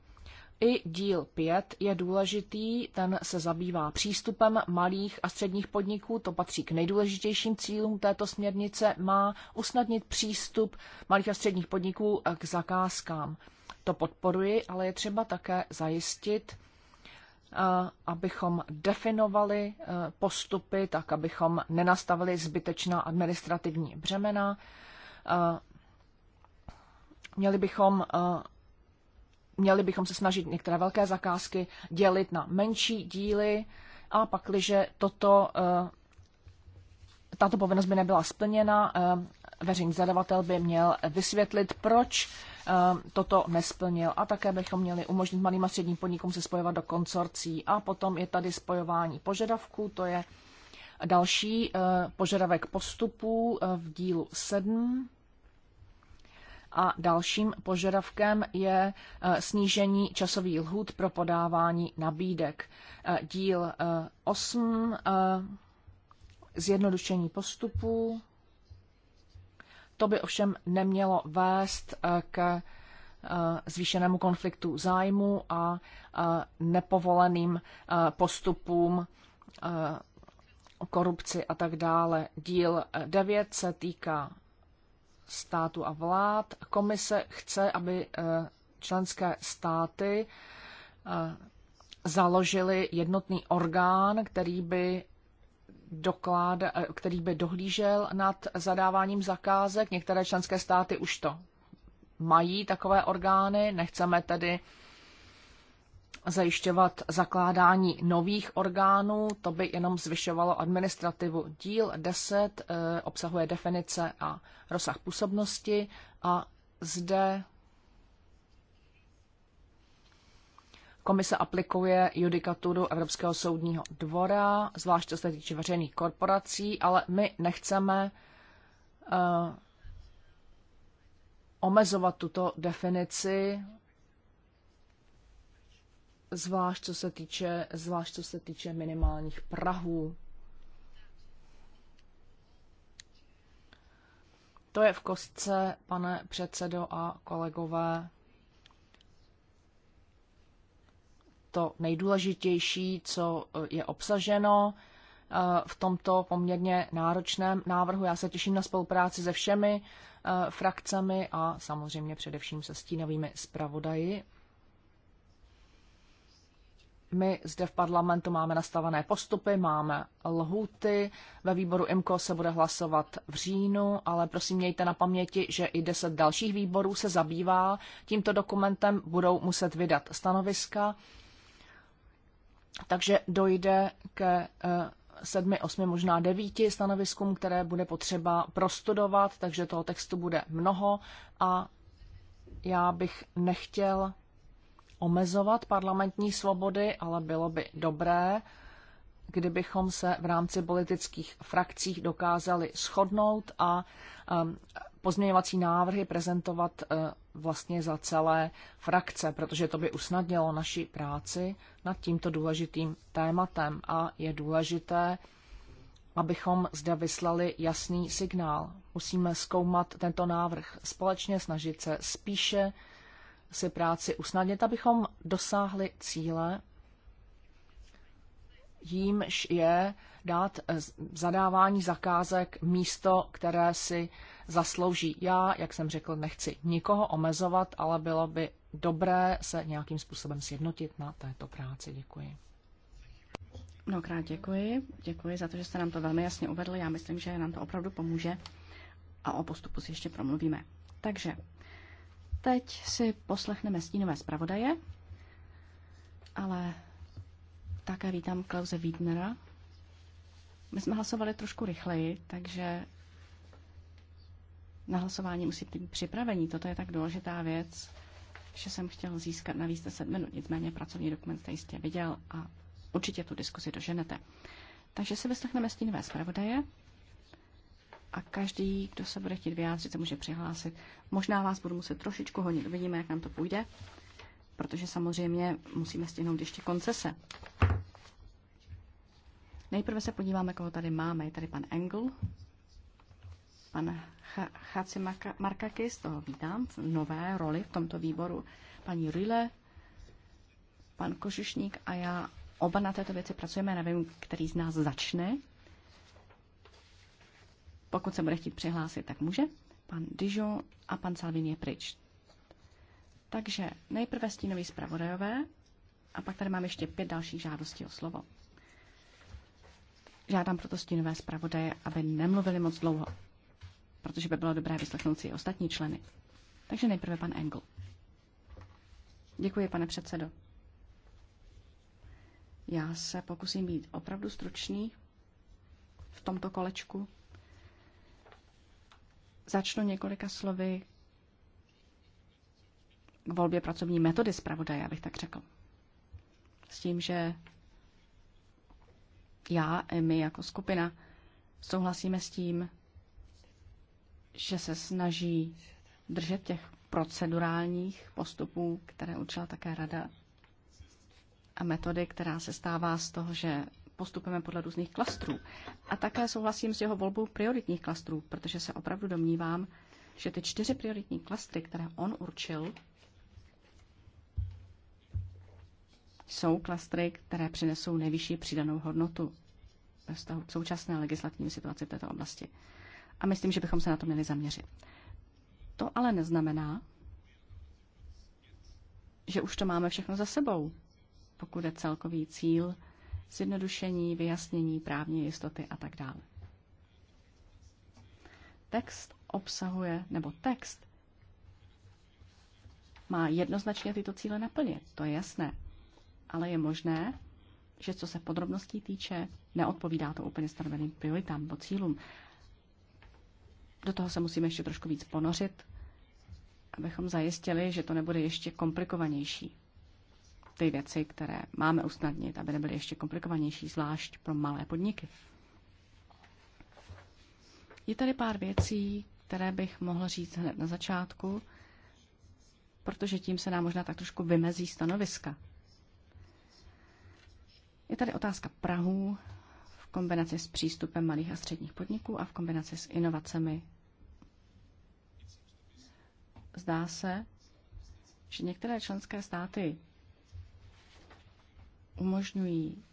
I díl 5 je důležitý, ten se zabývá přístupem malých a středních podniků, to patří k nejdůležitějším cílům této směrnice, má usnadnit přístup malých a středních podniků eh, k zakázkám to podporuji, ale je třeba také zajistit, eh, abychom definovali eh, postupy tak, abychom nenastavili zbytečná administrativní břemena. Eh, měli bychom měli bychom se snažit některé velké zakázky dělit na menší díly a pakliže toto, tato povinnost by nebyla splněna, veřejný zadavatel by měl vysvětlit, proč Eh, toto nesplnil. A také bychom měli umožnit malým a středním podnikům se spojovat do konsorcí. A potom je tady spojování požadavků, to je další eh, požadavek postupů eh, v dílu 7. A dalším požadavkem je snížení časových lhůt pro podávání nabídek. Díl 8 zjednodušení postupů to by ovšem nemělo vést eh, k eh, zvýšenému konfliktu zájmu a eh, nepovoleným postupům korupci a tak dále. Díl 9 se týká státu a vlád. Komise chce, aby členské státy založili jednotný orgán, který by doklad, eh, který by dohlížel nad zadáváním zakázek. Některé členské státy už to mají takové orgány, nechceme tedy zajišťovat zakládání nových orgánů, to by jenom zvyšovalo administrativu. Díl 10 eh, obsahuje definice a rozsah působnosti a zde Komise aplikuje judikaturu Evropského soudního dvora, zvlášť co se týče veřejných korporací, ale my nechceme uh, omezovat tuto definici, zvlášť co se týče, zvlášť co se týče minimálních prahů. To je v kostce, pane předsedo a kolegové, to nejdůležitější, co eh, je obsaženo eh, v tomto poměrně náročném návrhu. Já se těším na spolupráci se všemi eh, frakcemi a samozřejmě především se stínovými zpravodaji. My zde v parlamentu máme nastavené postupy, máme lhuty. Ve výboru IMCO se bude hlasovat v říjnu, ale prosím mějte na paměti, že i deset dalších výborů se zabývá tímto dokumentem, budou muset vydat stanoviska takže dojde ke eh, sedmi, osmi, možná devíti stanoviskům, které bude potřeba prostudovat, takže toho textu bude mnoho a já bych nechtěl omezovat parlamentní svobody, ale bylo by dobré, kdybychom se v rámci politických frakcích dokázali shodnout a eh, pozměňovací návrhy prezentovat eh, vlastně za celé frakce, protože to by usnadnilo naši práci nad tímto důležitým tématem a je důležité, abychom zde vyslali jasný signál. Musíme zkoumat tento návrh společně, snažit se spíše si práci usnadnit, abychom dosáhli cíle, jímž je dát eh, zadávání zakázek místo, které si zaslouží. Já, jak jsem řekl, nechci nikoho omezovat, ale bylo by dobré se nějakým způsobem sjednotit na této práci. Děkuji. Mnohokrát děkuji. Děkuji za to, že jste nám to velmi jasně uvedli. Já myslím, že nám to opravdu pomůže a o postupu si ještě promluvíme. Takže teď si poslechneme stínové zpravodaje, ale tak a vítám Klauze Wiednera. My jsme hlasovali trošku rychleji, takže na hlasování musíte být připravení. Toto je tak důležitá věc, že jsem chtěl získat navíc 10 minut. Nicméně pracovní dokument jste jistě viděl a určitě tu diskusi doženete. Takže si vyslechneme stínové zpravodaje a každý, kdo se bude chtít vyjádřit, se může přihlásit. Možná vás budu muset trošičku honit, uvidíme, jak nám to půjde, protože samozřejmě musíme stihnout ještě koncese. Nejprve se podíváme, koho tady máme. Je tady pan Engel, pan Chaci Markakis, toho vítám v nové roli v tomto výboru, paní Rile, pan Kožišník a já oba na této věci pracujeme, nevím, který z nás začne. Pokud se bude chtít přihlásit, tak může. Pan Dijon a pan Salvin je pryč. Takže nejprve stínový zpravodajové a pak tady mám ještě pět dalších žádostí o slovo. Žádám proto stínové zpravodaje, aby nemluvili moc dlouho, protože by bylo dobré vyslechnout si i ostatní členy. Takže nejprve pan Engel. Děkuji, pane předsedo. Já se pokusím být opravdu stručný v tomto kolečku. Začnu několika slovy k volbě pracovní metody zpravodaje, abych tak řekl. S tím, že já i my jako skupina souhlasíme s tím, že se snaží držet těch procedurálních postupů, které učila také rada a metody, která se stává z toho, že postupujeme podle různých klastrů. A také souhlasím s jeho volbou prioritních klastrů, protože se opravdu domnívám, že ty čtyři prioritní klastry, které on určil, jsou klastry, které přinesou nejvyšší přidanou hodnotu ve vztahu k současné legislativní situaci v této oblasti. A myslím, že bychom se na to měli zaměřit. To ale neznamená, že už to máme všechno za sebou, pokud je celkový cíl zjednodušení, vyjasnění právní jistoty a tak dále. Text obsahuje, nebo text má jednoznačně tyto cíle naplnit, to je jasné ale je možné, že co se podrobností týče, neodpovídá to úplně stanoveným prioritám nebo cílům. Do toho se musíme ještě trošku víc ponořit, abychom zajistili, že to nebude ještě komplikovanější. Ty věci, které máme usnadnit, aby nebyly ještě komplikovanější, zvlášť pro malé podniky. Je tady pár věcí, které bych mohl říct hned na začátku, protože tím se nám možná tak trošku vymezí stanoviska. Je tady otázka Prahu v kombinaci s přístupem malých a středních podniků a v kombinaci s inovacemi. Zdá se, že některé členské státy umožňují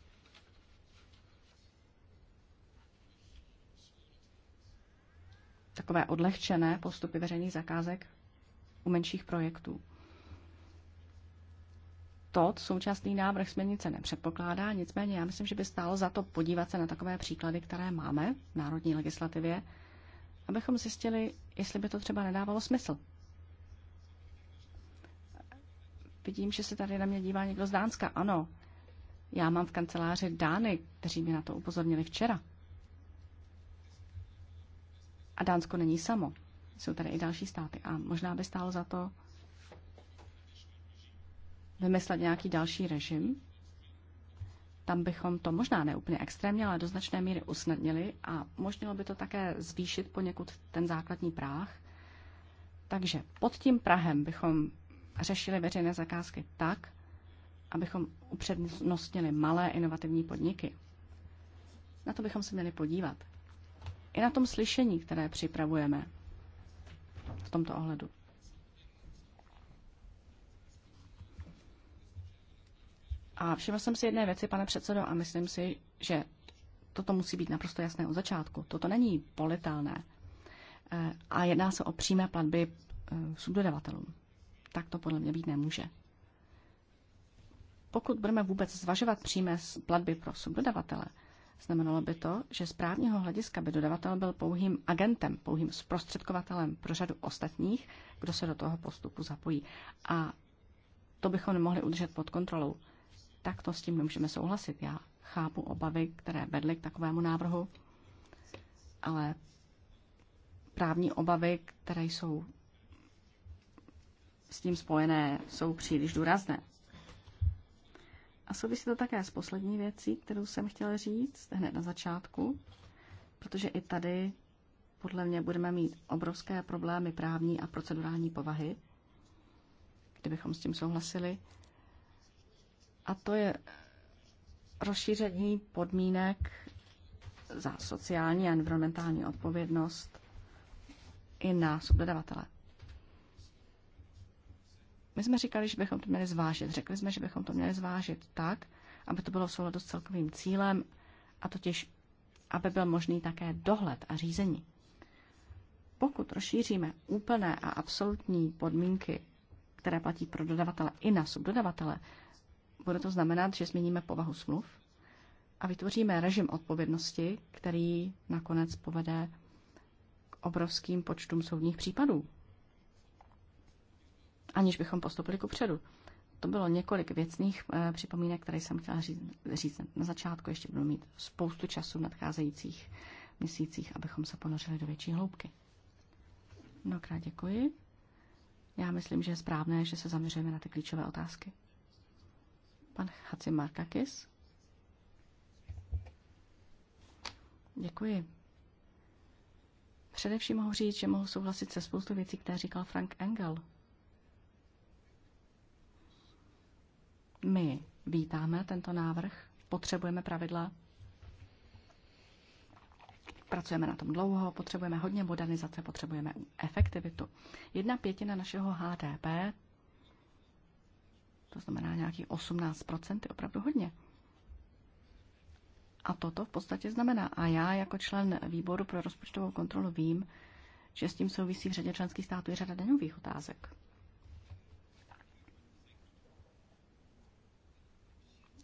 takové odlehčené postupy veřejných zakázek u menších projektů to současný návrh směrnice nepředpokládá, nicméně já myslím, že by stálo za to podívat se na takové příklady, které máme v národní legislativě, abychom zjistili, jestli by to třeba nedávalo smysl. Vidím, že se tady na mě dívá někdo z Dánska. Ano, já mám v kanceláři Dány, kteří mě na to upozornili včera. A Dánsko není samo. Jsou tady i další státy. A možná by stálo za to vymyslet nějaký další režim. Tam bychom to možná neúplně extrémně, ale do značné míry usnadnili a možnilo by to také zvýšit poněkud ten základní práh. Takže pod tím Prahem bychom řešili veřejné zakázky tak, abychom upřednostnili malé inovativní podniky. Na to bychom se měli podívat. I na tom slyšení, které připravujeme v tomto ohledu. A všiml jsem si jedné věci, pane předsedo, a myslím si, že toto musí být naprosto jasné od začátku. Toto není politelné. Eh, a jedná se o přímé platby eh, subdodavatelům. Tak to podle mě být nemůže. Pokud budeme vůbec zvažovat přímé platby pro subdodavatele, znamenalo by to, že z právního hlediska by dodavatel byl pouhým agentem, pouhým zprostředkovatelem pro řadu ostatních, kdo se do toho postupu zapojí. A to bychom nemohli udržet pod kontrolou tak to s tím nemůžeme souhlasit. Já chápu obavy, které vedly k takovému návrhu, ale právní obavy, které jsou s tím spojené, jsou příliš důrazné. A souvisí to také s poslední věcí, kterou jsem chtěla říct hned na začátku, protože i tady podle mě budeme mít obrovské problémy právní a procedurální povahy, kdybychom s tím souhlasili, a to je rozšíření podmínek za sociální a environmentální odpovědnost i na subdodavatele. My jsme říkali, že bychom to měli zvážit. Řekli jsme, že bychom to měli zvážit tak, aby to bylo v souladu s celkovým cílem, a totiž, aby byl možný také dohled a řízení. Pokud rozšíříme úplné a absolutní podmínky, které platí pro dodavatele i na subdodavatele, bude to znamenat, že změníme povahu smluv a vytvoříme režim odpovědnosti, který nakonec povede k obrovským počtům soudních případů, aniž bychom postupili ku předu. To bylo několik věcných e, připomínek, které jsem chtěla říct, říct na začátku. Ještě budu mít spoustu času v nadcházejících měsících, abychom se ponořili do větší hloubky. Mnohokrát děkuji. Já myslím, že je správné, že se zaměřujeme na ty klíčové otázky. Pan Chaci Markakis. Děkuji. Především mohu říct, že mohu souhlasit se spoustu věcí, které říkal Frank Engel. My vítáme tento návrh, potřebujeme pravidla, pracujeme na tom dlouho, potřebujeme hodně modernizace, potřebujeme efektivitu. Jedna pětina našeho HDP to znamená nějakých 18%, je opravdu hodně. A toto v podstatě znamená. A já jako člen výboru pro rozpočtovou kontrolu vím, že s tím souvisí v řadě členských států i řada daňových otázek.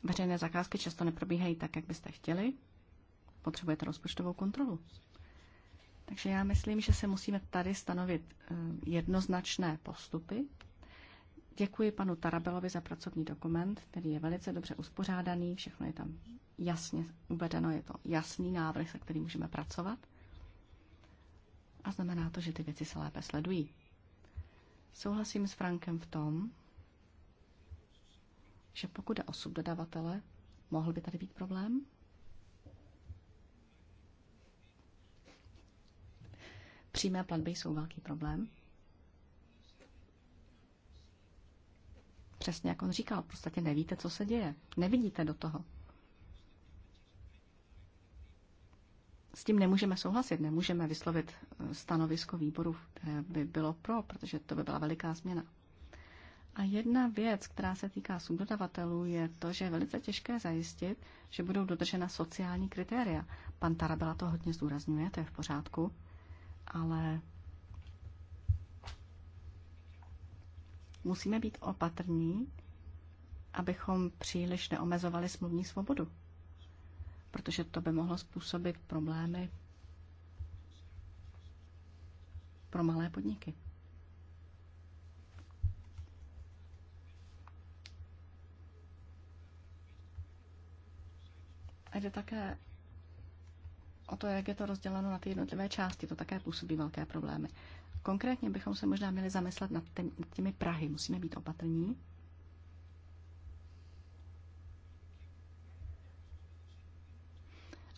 Veřejné zakázky často neprobíhají tak, jak byste chtěli. Potřebujete rozpočtovou kontrolu. Takže já myslím, že se musíme tady stanovit eh, jednoznačné postupy, Děkuji panu Tarabelovi za pracovní dokument, který je velice dobře uspořádaný, všechno je tam jasně uvedeno, je to jasný návrh, se kterým můžeme pracovat. A znamená to, že ty věci se lépe sledují. Souhlasím s Frankem v tom, že pokud je o subdodavatele, mohl by tady být problém? Přímé platby jsou velký problém. přesně jak on říkal, v podstatě nevíte, co se děje. Nevidíte do toho. S tím nemůžeme souhlasit, nemůžeme vyslovit eh, stanovisko výboru, které by bylo pro, protože to by byla veliká změna. A jedna věc, která se týká subdodavatelů, je to, že je velice těžké zajistit, že budou dodržena sociální kritéria. Pan Tarabela to hodně zdůrazňuje, to je v pořádku, ale musíme být opatrní, abychom příliš neomezovali smluvní svobodu, protože to by mohlo způsobit problémy pro malé podniky. A jde také o to, jak je to rozděleno na ty jednotlivé části. To také působí velké problémy. Konkrétně bychom se možná měli zamyslet nad těmi Prahy. Musíme být opatrní.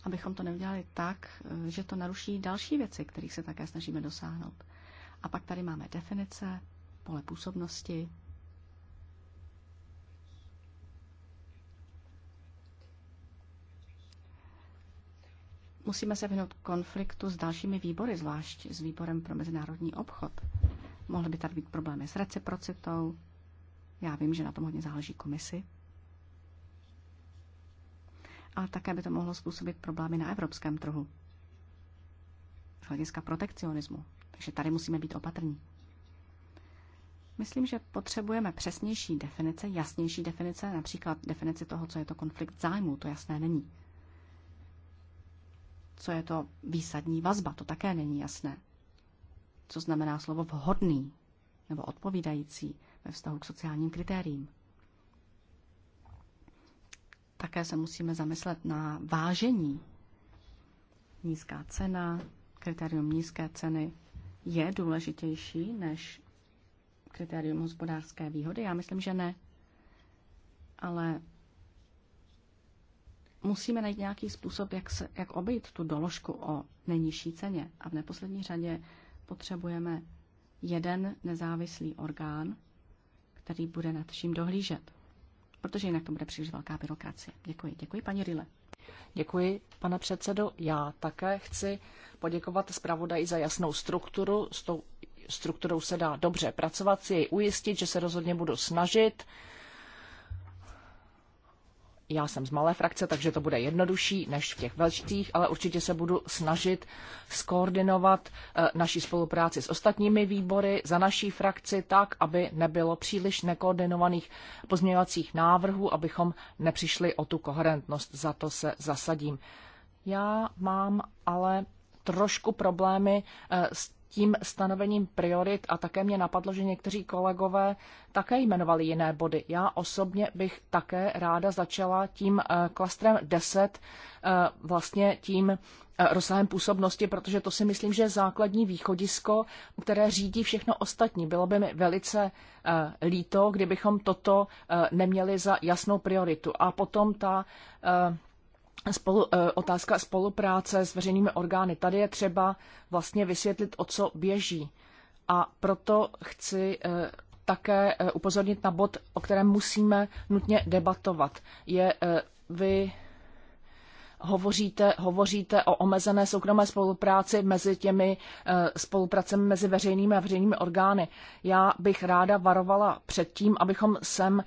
Abychom to neudělali tak, eh, že to naruší další věci, kterých se také snažíme dosáhnout. A pak tady máme definice, pole působnosti, Musíme se vyhnout konfliktu s dalšími výbory, zvlášť s výborem pro mezinárodní obchod. Mohly by tady být problémy s reciprocitou. Já vím, že na tom hodně záleží komisi. Ale také by to mohlo způsobit problémy na evropském trhu. Z hlediska protekcionismu. Takže tady musíme být opatrní. Myslím, že potřebujeme přesnější definice, jasnější definice, například definici toho, co je to konflikt zájmů, to jasné není co je to výsadní vazba, to také není jasné. Co znamená slovo vhodný nebo odpovídající ve vztahu k sociálním kritériím. Také se musíme zamyslet na vážení. Nízká cena, kritérium nízké ceny je důležitější než kritérium hospodářské výhody? Já myslím, že ne. Ale musíme najít nějaký způsob, jak, se, jak obejít tu doložku o nejnižší ceně. A v neposlední řadě potřebujeme jeden nezávislý orgán, který bude nad vším dohlížet. Protože jinak to bude příliš velká byrokracie. Děkuji. Děkuji, paní Rile. Děkuji, pane předsedo. Já také chci poděkovat zpravodaji za jasnou strukturu. S tou strukturou se dá dobře pracovat, si jej ujistit, že se rozhodně budu snažit já jsem z malé frakce, takže to bude jednodušší než v těch velčcích, ale určitě se budu snažit skoordinovat eh, naši spolupráci s ostatními výbory za naší frakci tak, aby nebylo příliš nekoordinovaných pozměňovacích návrhů, abychom nepřišli o tu koherentnost. Za to se zasadím. Já mám ale trošku problémy eh, s tím stanovením priorit a také mě napadlo, že někteří kolegové také jmenovali jiné body. Já osobně bych také ráda začala tím eh, klastrem 10, eh, vlastně tím eh, rozsahem působnosti, protože to si myslím, že je základní východisko, které řídí všechno ostatní. Bylo by mi velice líto, kdybychom toto neměli za jasnou prioritu. A potom ta Spolu, eh, otázka spolupráce s veřejnými orgány. Tady je třeba vlastně vysvětlit, o co běží. A proto chci eh, také eh, upozornit na bod, o kterém musíme nutně debatovat. Je vy hovoříte, hovoříte o omezené soukromé spolupráci mezi těmi eh, spolupracemi mezi veřejnými a veřejnými orgány. Já bych ráda varovala před tím, abychom sem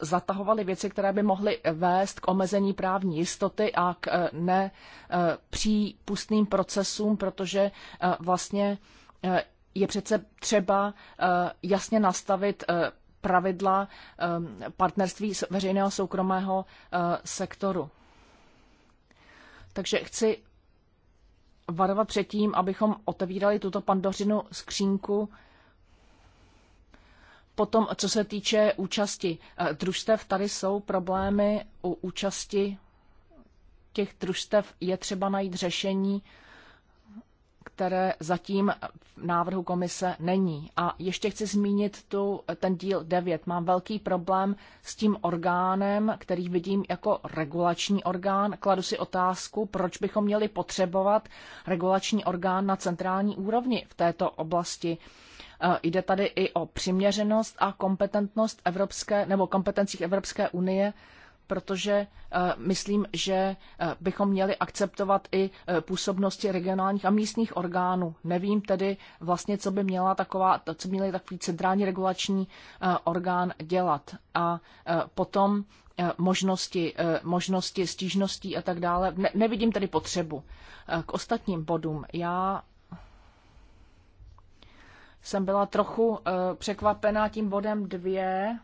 zatahovali věci, které by mohly vést k omezení právní jistoty a k eh, nepřípustným eh, procesům, protože vlastně je přece třeba jasně nastavit pravidla partnerství veřejného soukromého sektoru. Takže chci varovat před tím, abychom otevírali tuto pandořinu skřínku Potom, co se týče účasti eh, družstev, tady jsou problémy u účasti těch družstev. Je třeba najít řešení které zatím v návrhu komise není. A ještě chci zmínit tu, ten díl 9. Mám velký problém s tím orgánem, který vidím jako regulační orgán. Kladu si otázku, proč bychom měli potřebovat regulační orgán na centrální úrovni v této oblasti. E, jde tady i o přiměřenost a kompetentnost evropské nebo kompetencích Evropské unie protože eh, myslím, že eh, bychom měli akceptovat i eh, působnosti regionálních a místních orgánů. Nevím tedy vlastně, co by měla taková, co měli takový centrální regulační orgán dělat. A potom možnosti, možnosti stížností a tak dále. Ne, nevidím tedy potřebu. K ostatním bodům. Já jsem byla trochu překvapená tím bodem dvě,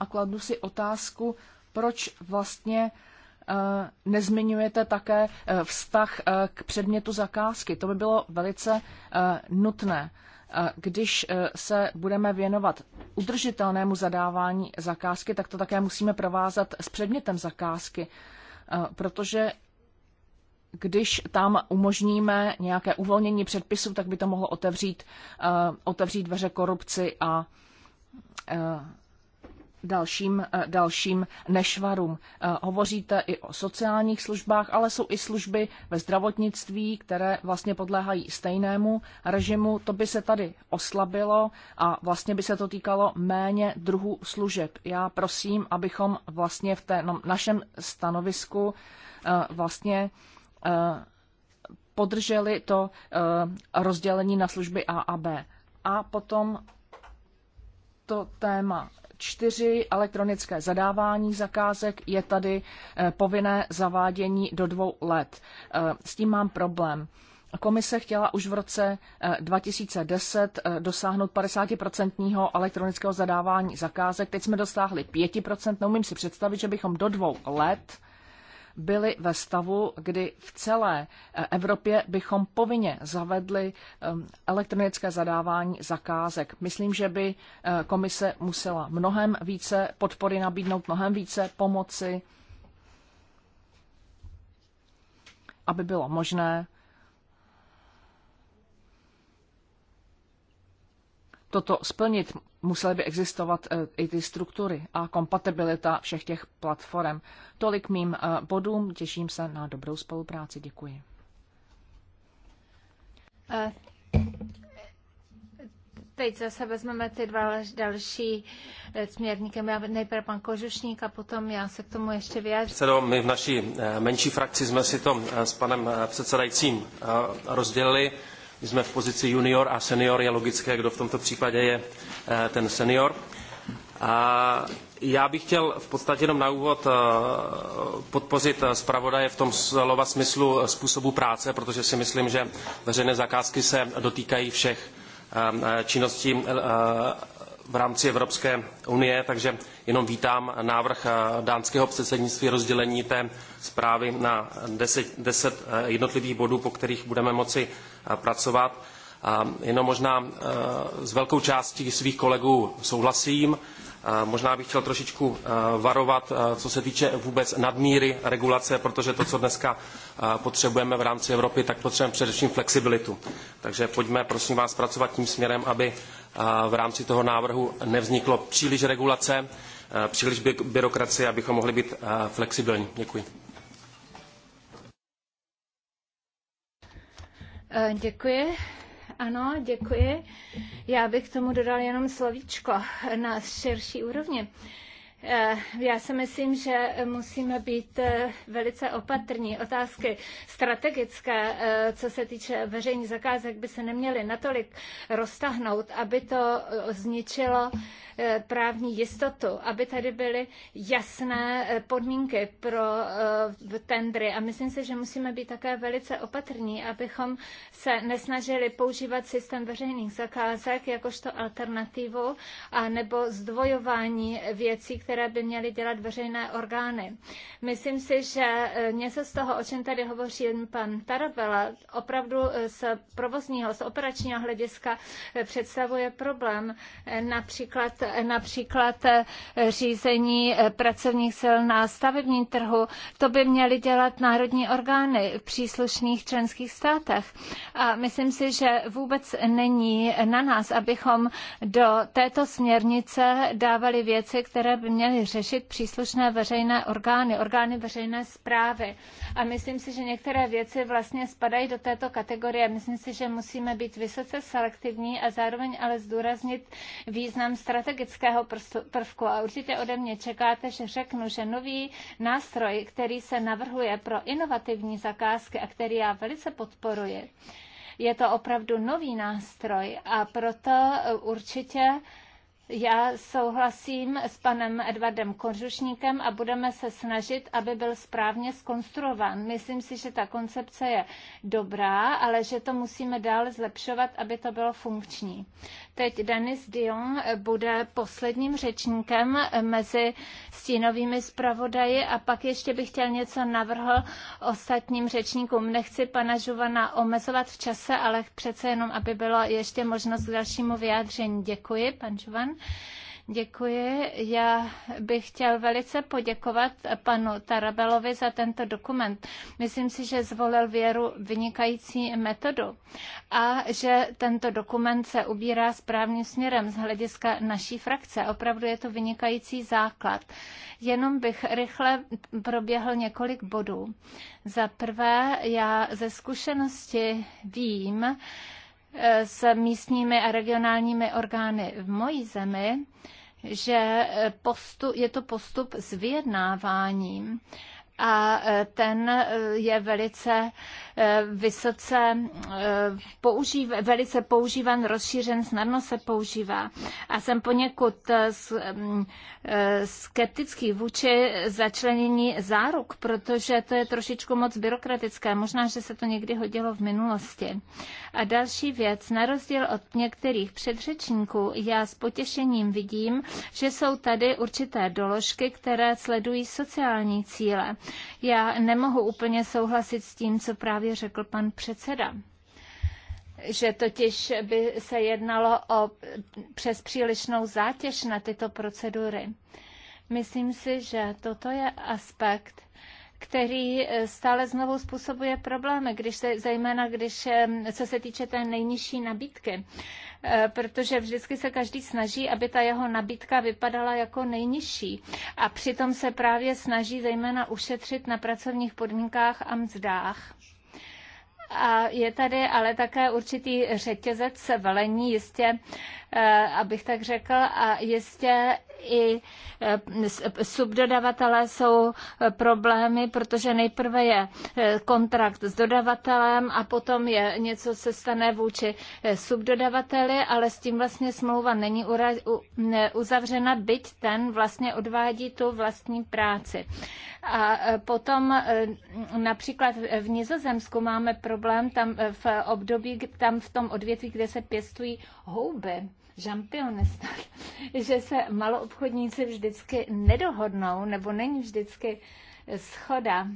a kladu si otázku, proč vlastně eh, nezmiňujete také eh, vztah eh, k předmětu zakázky. To by bylo velice nutné. Když se budeme věnovat udržitelnému zadávání zakázky, tak to také musíme provázat s předmětem zakázky, protože když tam umožníme nějaké uvolnění předpisů, tak by to mohlo otevřít, otevřít dveře korupci a dalším, eh, dalším nešvarům. Eh, hovoříte i o sociálních službách, ale jsou i služby ve zdravotnictví, které vlastně podléhají stejnému režimu. To by se tady oslabilo a vlastně by se to týkalo méně druhů služeb. Já prosím, abychom vlastně v té no, našem stanovisku eh, vlastně podrželi to rozdělení na služby A a B. A potom to téma čtyři elektronické zadávání zakázek je tady eh, povinné zavádění do dvou let. Eh, s tím mám problém. Komise chtěla už v roce 2010 eh, dosáhnout 50% elektronického zadávání zakázek. Teď jsme dosáhli 5%. Neumím si představit, že bychom do dvou let byli ve stavu, kdy v celé eh, Evropě bychom povinně zavedli ehm, elektronické zadávání zakázek. Myslím, že by eh, komise musela mnohem více podpory nabídnout, mnohem více pomoci, aby bylo možné toto splnit musely by existovat eh, i ty struktury a kompatibilita všech těch platform. Tolik mým eh, bodům, těším se na dobrou spolupráci, děkuji. Eh, teď zase vezmeme ty dva další směrníky. Nejprve pan Kožušník a potom já se k tomu ještě vyjádřím. Předsedo, my v naší menší frakci jsme si to s panem předsedajícím rozdělili jsme v pozici junior a senior, je logické, kdo v tomto případě je eh, ten senior. A já bych chtěl v podstatě jenom na úvod eh, podpořit eh, zpravodaje v tom slova smyslu způsobu práce, protože si myslím, že veřejné zakázky se dotýkají všech činností v rámci Evropské unie, takže jenom vítám návrh dánského předsednictví rozdělení té zprávy na deset jednotlivých bodů, po kterých budeme moci pracovat. jenom možná eh, s velkou částí svých kolegů souhlasím. Eh, možná bych chtěl trošičku eh, varovat, co se týče vůbec nadmíry regulace, protože to, co dneska potřebujeme v rámci Evropy, tak potřebujeme především flexibilitu. Takže pojďme, prosím vás, pracovat tím směrem, aby v rámci toho návrhu nevzniklo příliš regulace, příliš byrokracie, abychom mohli být flexibilní. Děkuji. Eh, děkuji. Ano, děkuji. Já bych k tomu dodal jenom slovíčko na širší úrovni. Eh, já si myslím, že musíme být eh, velice opatrní. Otázky strategické, co se týče veřejných zakázek, by se neměly natolik roztahnout, aby to zničilo Eh, právní jistotu, aby tady byly jasné eh, podmínky pro eh, tendry. A myslím si, že musíme být také velice opatrní, abychom se nesnažili používat systém veřejných zakázek jakožto alternativu a nebo zdvojování věcí, které by měly dělat veřejné orgány. Myslím si, že něco z toho, o čem tady hovoří pan Tarabela, opravdu z provozního, z operačního hlediska představuje problém. Například například eh, řízení eh, pracovních sil na stavebním trhu. To by měly dělat národní orgány v příslušných členských státech. A myslím si, že vůbec není na nás, abychom do této směrnice dávali věci, které by měly řešit příslušné veřejné orgány, orgány veřejné zprávy. A myslím si, že některé věci vlastně spadají do této kategorie. Myslím si, že musíme být vysoce selektivní a zároveň ale zdůraznit význam strategie strategického prvku a určitě ode mě čekáte, že řeknu, že nový nástroj, který se navrhuje pro inovativní zakázky a který já velice podporuji, je to opravdu nový nástroj a proto uh, určitě já souhlasím s panem Edvardem Konžušníkem a budeme se snažit, aby byl správně skonstruován. Myslím si, že ta koncepce je dobrá, ale že to musíme dále zlepšovat, aby to bylo funkční. Teď Denis Dion bude posledním řečníkem mezi stínovými zpravodaji a pak ještě bych chtěl něco navrhl ostatním řečníkům. Nechci pana Žuvana omezovat v čase, ale přece jenom, aby bylo ještě možnost k dalšímu vyjádření. Děkuji, pan Žuvan. Děkuji. Já bych chtěl velice poděkovat panu Tarabelovi za tento dokument. Myslím si, že zvolil věru vynikající metodu a že tento dokument se ubírá správným směrem z hlediska naší frakce. Opravdu je to vynikající základ. Jenom bych rychle proběhl několik bodů. Za prvé, já ze zkušenosti vím, s místními a regionálními orgány v mojí zemi, že postup, je to postup s vyjednáváním a e, ten e, je velice e, vysoce použív, velice používan, rozšířen, snadno se používá. A jsem poněkud skeptický vůči začlenění záruk, protože to je trošičku moc byrokratické. Možná, že se to někdy hodilo v minulosti. A další věc, na rozdíl od některých předřečníků, já s potěšením vidím, že jsou tady určité doložky, které sledují sociální cíle. Já nemohu úplně souhlasit s tím, co právě řekl pan předseda že totiž by se jednalo o přes přílišnou zátěž na tyto procedury. Myslím si, že toto je aspekt, který stále znovu způsobuje problémy, když se, zejména když, eh, co se týče té nejnižší nabídky. Eh, protože vždycky se každý snaží, aby ta jeho nabídka vypadala jako nejnižší. A přitom se právě snaží zejména ušetřit na pracovních podmínkách a mzdách. A je tady ale také určitý řetězec velení, jistě, eh, abych tak řekl, a jistě i eh, subdodavatelé jsou eh, problémy, protože nejprve je kontrakt s dodavatelem a potom je něco se stane vůči subdodavateli, ale s tím vlastně smlouva není uzavřena, byť ten vlastně odvádí tu vlastní práci. A potom například v Nizozemsku máme problém, problém tam eh, v období, tam v tom odvětví, kde se pěstují houby, žampiony, že se maloobchodníci vždycky nedohodnou, nebo není vždycky eh, schoda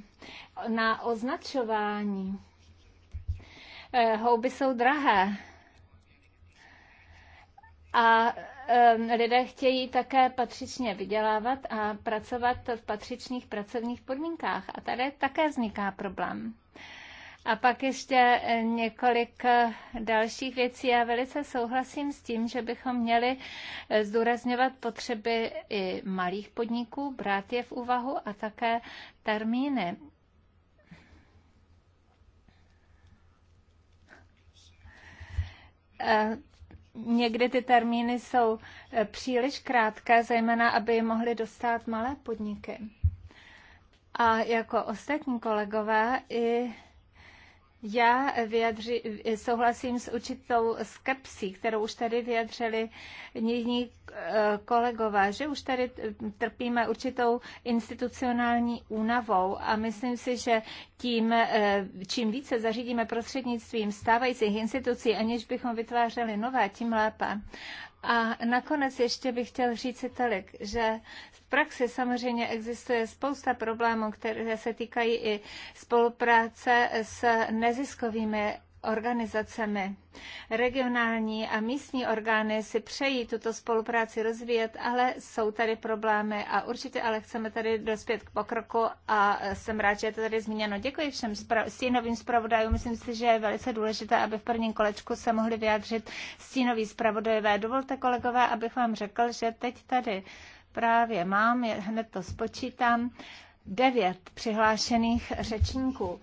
na označování. Eh, houby jsou drahé. A ehm, lidé chtějí také patřičně vydělávat a pracovat v patřičných pracovních podmínkách. A tady také vzniká problém. A pak ještě eh, několik eh, dalších věcí. Já velice souhlasím s tím, že bychom měli eh, zdůrazňovat potřeby i malých podniků, brát je v úvahu a také termíny. Někdy ty termíny jsou příliš krátké, zejména aby je mohly dostat malé podniky. A jako ostatní kolegové i já vyjadři, souhlasím s určitou skepsí, kterou už tady vyjadřili jiní eh, kolegové, že už tady trpíme určitou institucionální únavou a myslím si, že tím, eh, čím více zařídíme prostřednictvím stávajících institucí, aniž bychom vytvářeli nové, tím lépe. A nakonec ještě bych chtěl si tolik, že v praxi samozřejmě existuje spousta problémů, které se týkají i spolupráce s neziskovými organizacemi. Regionální a místní orgány si přejí tuto spolupráci rozvíjet, ale jsou tady problémy a určitě ale chceme tady dospět k pokroku a jsem rád, že je to tady zmíněno. Děkuji všem stínovým zpravodajům. Myslím si, že je velice důležité, aby v prvním kolečku se mohli vyjádřit stínoví zpravodajové. Dovolte, kolegové, abych vám řekl, že teď tady právě mám, hned to spočítám, devět přihlášených řečníků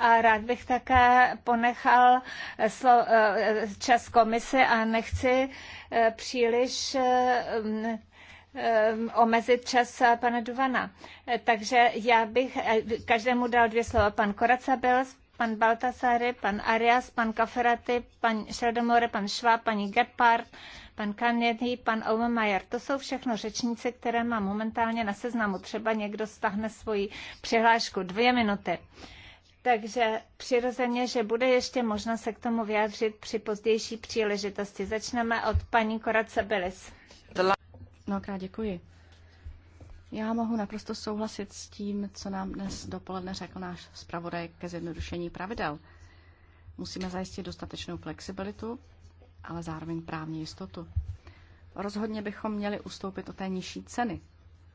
a rád bych také ponechal eh, čas komisi a nechci eh, příliš eh, omezit čas pana Duvana. Takže já bych každému dal dvě slova. Pan Koraca byl, pan Baltasary, pan Arias, pan Kaferaty, pan Šeldomore, pan Schwab, paní Gepard, pan Kanědý, pan Obermeier. To jsou všechno řečníci, které mám momentálně na seznamu. Třeba někdo stahne svoji přihlášku. Dvě minuty. Uh, takže přirozeně, že bude ještě možno se k tomu vyjádřit při pozdější příležitosti. Začneme od paní Korace Belis. No, krát děkuji. Já mohu naprosto souhlasit s tím, co nám dnes dopoledne řekl náš zpravodaj ke zjednodušení pravidel. Musíme zajistit dostatečnou flexibilitu, ale zároveň právní jistotu. Rozhodně bychom měli ustoupit o té nižší ceny,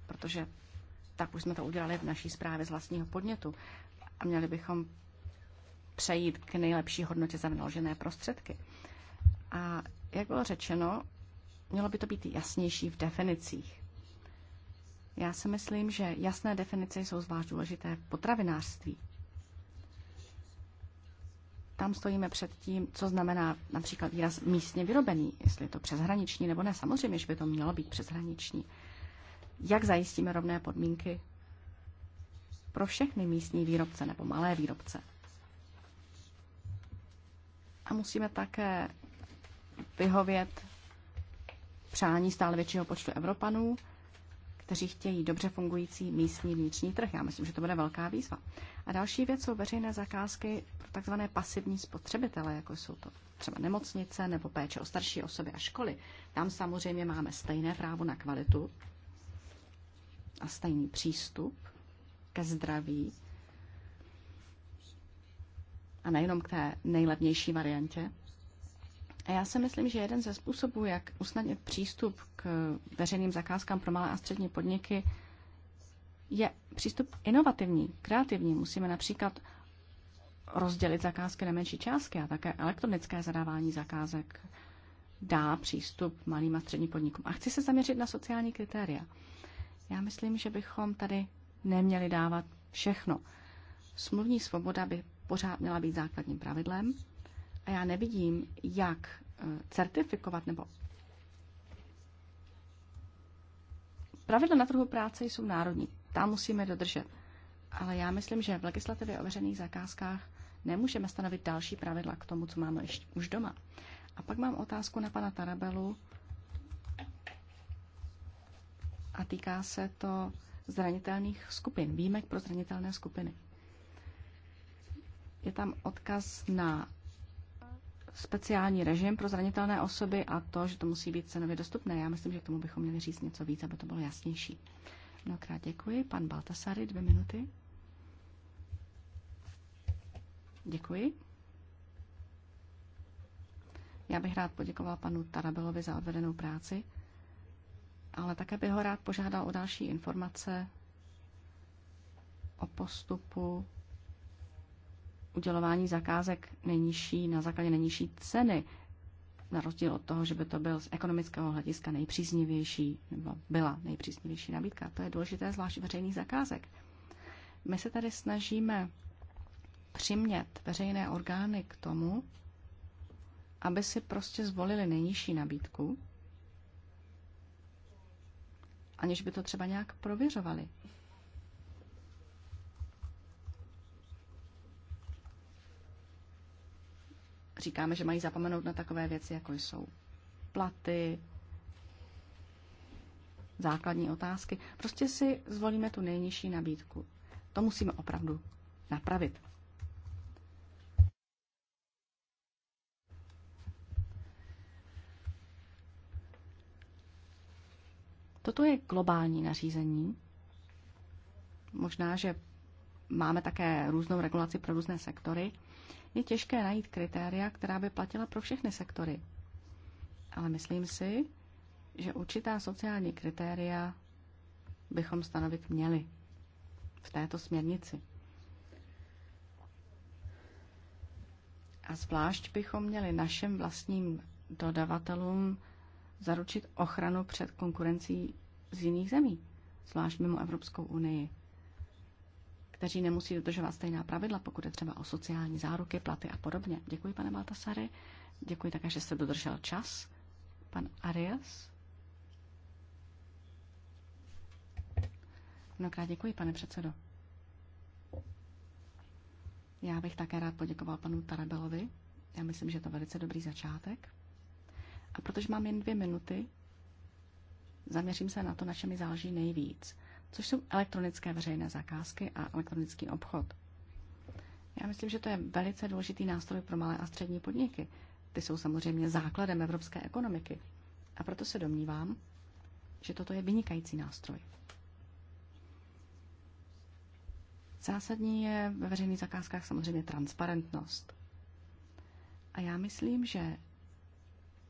protože tak už jsme to udělali v naší zprávě z vlastního podnětu a měli bychom přejít k nejlepší hodnotě za vynaložené prostředky. A jak bylo řečeno, mělo by to být jasnější v definicích. Já si myslím, že jasné definice jsou zvlášť důležité v potravinářství. Tam stojíme před tím, co znamená například výraz místně vyrobený, jestli je to přeshraniční nebo ne. Samozřejmě, že by to mělo být přeshraniční. Jak zajistíme rovné podmínky pro všechny místní výrobce nebo malé výrobce. A musíme také vyhovět přání stále většího počtu Evropanů, kteří chtějí dobře fungující místní vnitřní trh. Já myslím, že to bude velká výzva. A další věc jsou veřejné zakázky pro takzvané pasivní spotřebitele, jako jsou to třeba nemocnice nebo péče o starší osoby a školy. Tam samozřejmě máme stejné právo na kvalitu a stejný přístup ke zdraví a nejenom k té nejlevnější variantě. A já si myslím, že jeden ze způsobů, jak usnadnit přístup k veřejným zakázkám pro malé a střední podniky, je přístup inovativní, kreativní. Musíme například rozdělit zakázky na menší částky a také elektronické zadávání zakázek dá přístup malým a středním podnikům. A chci se zaměřit na sociální kritéria. Já myslím, že bychom tady neměli dávat všechno. Smluvní svoboda by pořád měla být základním pravidlem a já nevidím, jak eh, certifikovat nebo Pravidla na trhu práce jsou národní, tam musíme dodržet. Ale já myslím, že v legislativě o veřejných zakázkách nemůžeme stanovit další pravidla k tomu, co máme ještě, už doma. A pak mám otázku na pana Tarabelu a týká se to zranitelných skupin, výjimek pro zranitelné skupiny. Je tam odkaz na speciální režim pro zranitelné osoby a to, že to musí být cenově dostupné. Já myslím, že k tomu bychom měli říct něco víc, aby to bylo jasnější. Mnohokrát děkuji. Pan Baltasary, dvě minuty. Děkuji. Já bych rád poděkoval panu Tarabelovi za odvedenou práci ale také bych ho rád požádal o další informace o postupu udělování zakázek nejnižší, na základě nejnižší ceny, na rozdíl od toho, že by to byl z ekonomického hlediska nejpříznivější, nebo byla nejpříznivější nabídka. To je důležité, zvlášť veřejných zakázek. My se tady snažíme přimět veřejné orgány k tomu, aby si prostě zvolili nejnižší nabídku, aniž by to třeba nějak prověřovali. Říkáme, že mají zapomenout na takové věci, jako jsou platy, základní otázky. Prostě si zvolíme tu nejnižší nabídku. To musíme opravdu napravit. To je globální nařízení. Možná, že máme také různou regulaci pro různé sektory. Je těžké najít kritéria, která by platila pro všechny sektory. Ale myslím si, že určitá sociální kritéria bychom stanovit měli v této směrnici. A zvlášť bychom měli našim vlastním dodavatelům zaručit ochranu před konkurencí z jiných zemí, zvlášť mimo Evropskou unii, kteří nemusí dodržovat stejná pravidla, pokud je třeba o sociální záruky, platy a podobně. Děkuji, pane Baltasary. Děkuji také, že jste dodržel čas. Pan Arias. Mnohokrát děkuji, pane předsedo. Já bych také rád poděkoval panu Tarabelovi. Já myslím, že je to velice dobrý začátek. A protože mám jen dvě minuty, zaměřím se na to, na čem mi záleží nejvíc, což jsou elektronické veřejné zakázky a elektronický obchod. Já myslím, že to je velice důležitý nástroj pro malé a střední podniky. Ty jsou samozřejmě základem evropské ekonomiky. A proto se domnívám, že toto je vynikající nástroj. Zásadní je ve veřejných zakázkách samozřejmě transparentnost. A já myslím, že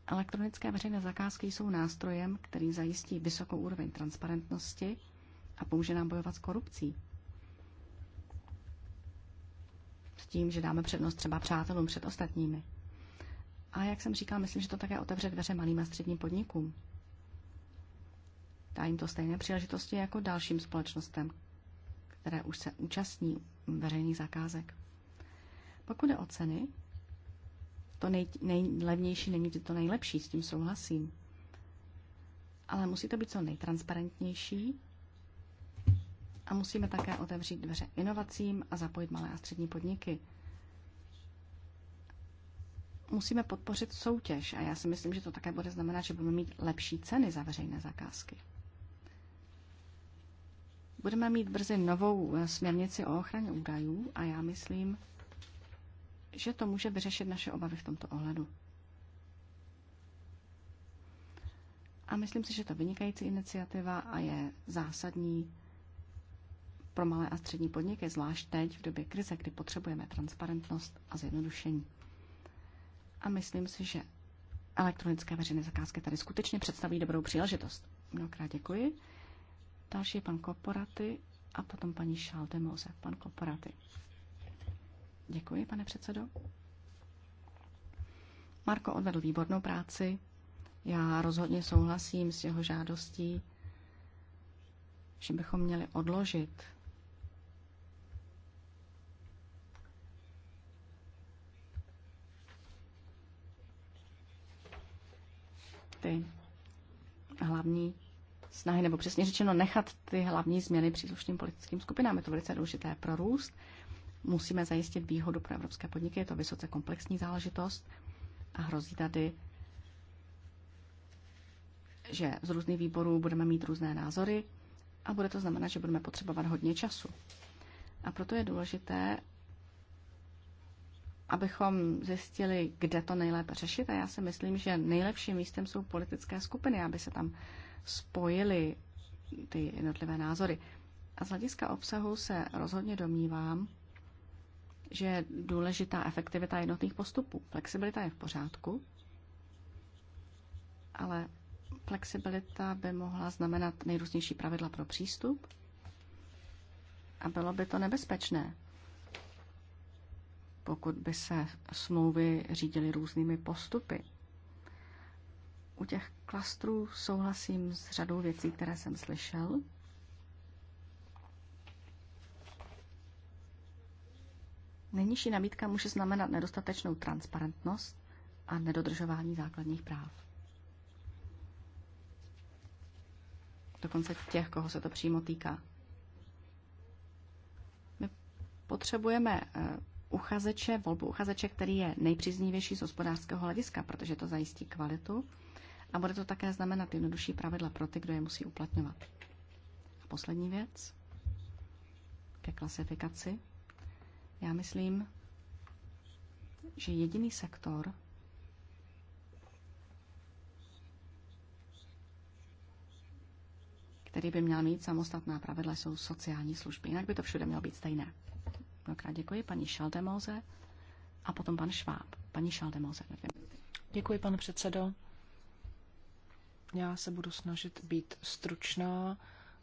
Elektronické veřejné zakázky jsou nástrojem, který zajistí vysokou úroveň transparentnosti a pomůže nám bojovat s korupcí. S tím, že dáme přednost třeba přátelům před ostatními. A jak jsem říkal, myslím, že to také otevře dveře malým a středním podnikům. Dá jim to stejné příležitosti jako dalším společnostem, které už se účastní veřejných zakázek. Pokud je o ceny, to nej, nejlevnější není to nejlepší, s tím souhlasím. Ale musí to být co nejtransparentnější a musíme také otevřít dveře inovacím a zapojit malé a střední podniky. Musíme podpořit soutěž a já si myslím, že to také bude znamenat, že budeme mít lepší ceny za veřejné zakázky. Budeme mít brzy novou eh, směrnici o ochraně údajů a já myslím, že to může vyřešit naše obavy v tomto ohledu. A myslím si, že to vynikající iniciativa a je zásadní pro malé a střední podniky, zvlášť teď v době krize, kdy potřebujeme transparentnost a zjednodušení. A myslím si, že elektronické veřejné zakázky tady skutečně představí dobrou příležitost. Mnohokrát děkuji. Další je pan Koporaty a potom paní Šaldemose. Pan Koporaty. Děkuji, pane předsedo. Marko odvedl výbornou práci. Já rozhodně souhlasím s jeho žádostí, že bychom měli odložit ty hlavní snahy, nebo přesně řečeno nechat ty hlavní změny příslušným politickým skupinám. Je to velice důležité pro růst, Musíme zajistit výhodu pro evropské podniky, je to vysoce komplexní záležitost a hrozí tady, že z různých výborů budeme mít různé názory a bude to znamenat, že budeme potřebovat hodně času. A proto je důležité, abychom zjistili, kde to nejlépe řešit. A já si myslím, že nejlepším místem jsou politické skupiny, aby se tam spojily ty jednotlivé názory. A z hlediska obsahu se rozhodně domnívám, že je důležitá efektivita jednotných postupů. Flexibilita je v pořádku, ale flexibilita by mohla znamenat nejrůznější pravidla pro přístup a bylo by to nebezpečné, pokud by se smlouvy řídily různými postupy. U těch klastrů souhlasím s řadou věcí, které jsem slyšel. Nejnižší nabídka může znamenat nedostatečnou transparentnost a nedodržování základních práv. Dokonce těch, koho se to přímo týká. My potřebujeme eh, uchazeče, volbu uchazeče, který je nejpříznivější z hospodářského hlediska, protože to zajistí kvalitu a bude to také znamenat jednodušší pravidla pro ty, kdo je musí uplatňovat. A poslední věc ke klasifikaci já myslím, že jediný sektor, který by měl mít samostatná pravidla, jsou sociální služby. Jinak by to všude mělo být stejné. Mnohokrát děkuji paní Šaldemoze a potom pan Šváb. Paní Šaldemoze. Děkuji, pane předsedo. Já se budu snažit být stručná.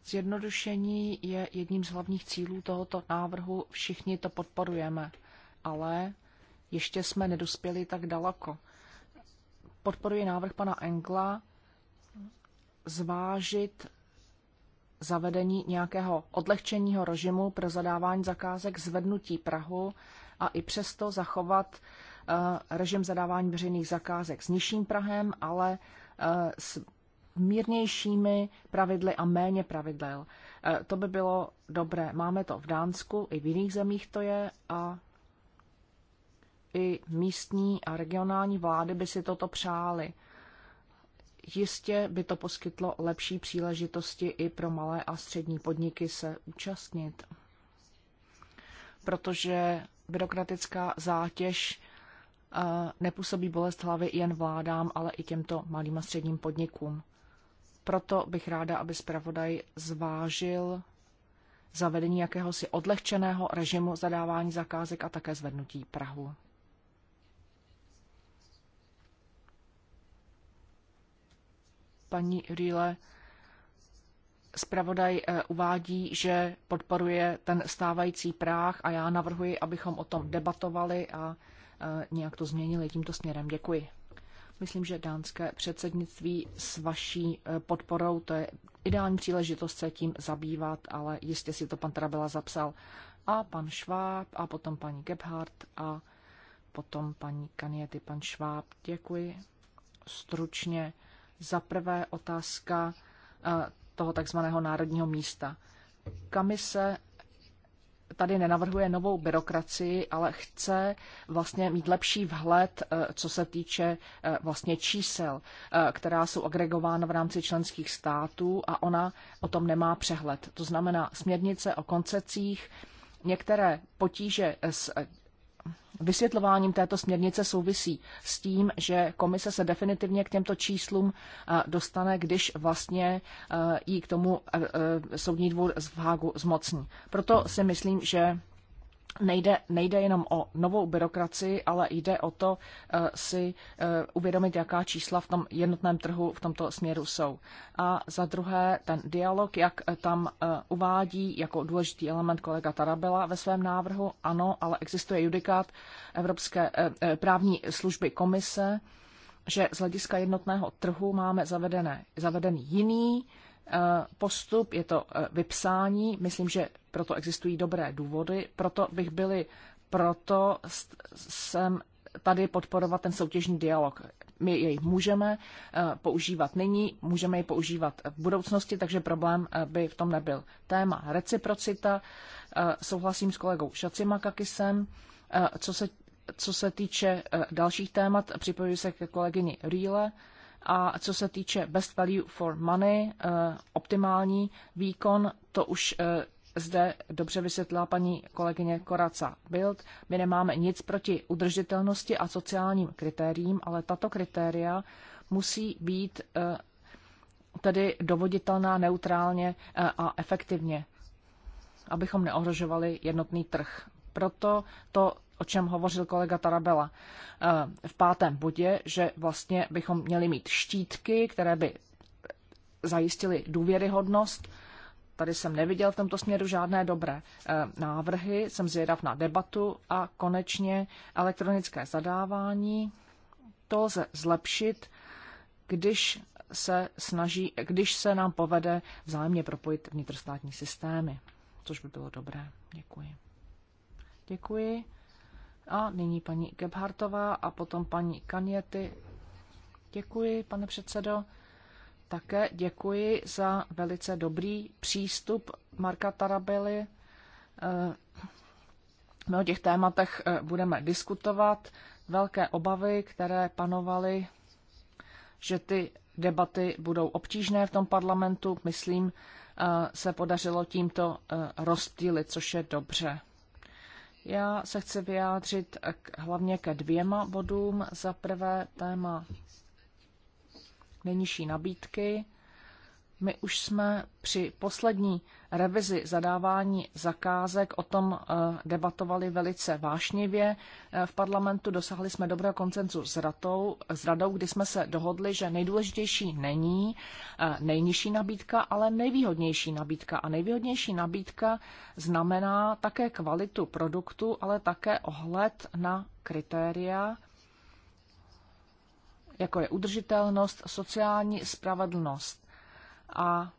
Zjednodušení je jedním z hlavních cílů tohoto návrhu, všichni to podporujeme, ale ještě jsme nedospěli tak daleko. Podporuji návrh pana Engla zvážit zavedení nějakého odlehčeního režimu pro zadávání zakázek, zvednutí Prahu a i přesto zachovat eh, režim zadávání veřejných zakázek s nižším Prahem, ale eh, s mírnějšími pravidly a méně pravidel. E, to by bylo dobré. Máme to v Dánsku, i v jiných zemích to je a i místní a regionální vlády by si toto přáli. Jistě by to poskytlo lepší příležitosti i pro malé a střední podniky se účastnit, protože byrokratická zátěž e, nepůsobí bolest hlavy jen vládám, ale i těmto malým a středním podnikům. Proto bych ráda, aby zpravodaj zvážil zavedení jakéhosi odlehčeného režimu zadávání zakázek a také zvednutí Prahu. Paní Rýle, zpravodaj eh, uvádí, že podporuje ten stávající práh a já navrhuji, abychom o tom debatovali a eh, nějak to změnili tímto směrem. Děkuji. Myslím, že dánské předsednictví s vaší eh, podporou, to je ideální příležitost se tím zabývat, ale jistě si to pan Trabela zapsal. A pan Šváb, a potom paní Gebhardt, a potom paní Kaniety, pan Šváb. Děkuji. Stručně. Za prvé otázka eh, toho takzvaného národního místa. Kamise tady nenavrhuje novou byrokracii, ale chce vlastně mít lepší vhled, eh, co se týče eh, vlastně čísel, eh, která jsou agregována v rámci členských států a ona o tom nemá přehled. To znamená směrnice o koncecích, některé potíže s vysvětlováním této směrnice souvisí s tím, že komise se definitivně k těmto číslům eh, dostane, když vlastně eh, jí k tomu eh, soudní dvůr z Hágu zmocní. Proto si myslím, že Nejde, nejde jenom o novou byrokracii, ale jde o to uh, si uh, uvědomit, jaká čísla v tom jednotném trhu v tomto směru jsou. A za druhé, ten dialog, jak eh, tam uh, uvádí jako důležitý element kolega Tarabela ve svém návrhu, ano, ale existuje judikát Evropské uh, právní služby komise, že z hlediska jednotného trhu máme zavedené, zavedený jiný uh, Eh, postup, je to eh, vypsání. Myslím, že proto existují dobré důvody, proto bych byli, proto jsem tady podporovat ten soutěžní dialog. My jej můžeme eh, používat nyní, můžeme jej používat v budoucnosti, takže problém by v tom nebyl. Téma reciprocita, souhlasím s kolegou Šacimakakisem, co se, co se týče dalších témat, připojuji se ke kolegyni Rýle, a co se týče best value for money, eh, optimální výkon, to už eh, zde dobře vysvětlila paní kolegyně Koraca Bild. My nemáme nic proti udržitelnosti a sociálním kritériím, ale tato kritéria musí být eh, tedy dovoditelná neutrálně a efektivně, abychom neohrožovali jednotný trh. Proto to o čem hovořil kolega Tarabela eh, v pátém bodě, že vlastně bychom měli mít štítky, které by zajistily důvěryhodnost. Tady jsem neviděl v tomto směru žádné dobré eh, návrhy, jsem zvědav na debatu a konečně elektronické zadávání. To lze zlepšit, když se snaží, když se nám povede vzájemně propojit vnitrostátní systémy, což by bylo dobré. Děkuji. Děkuji. A nyní paní Gebhartová a potom paní Kaněty. Děkuji, pane předsedo. Také děkuji za velice dobrý přístup Marka Tarabely. Eh, my o těch tématech eh, budeme diskutovat. Velké obavy, které panovaly, že ty debaty budou obtížné v tom parlamentu, myslím, eh, se podařilo tímto rozptýlit, což je dobře. Já se chci vyjádřit k, hlavně ke dvěma bodům. Za prvé téma nejnižší nabídky. My už jsme při poslední revizi zadávání zakázek o tom eh, debatovali velice vášnivě eh, v parlamentu. Dosahli jsme dobrého koncenzu s, ratou, s radou, kdy jsme se dohodli, že nejdůležitější není eh, nejnižší nabídka, ale nejvýhodnější nabídka. A nejvýhodnější nabídka znamená také kvalitu produktu, ale také ohled na kritéria, jako je udržitelnost, sociální spravedlnost a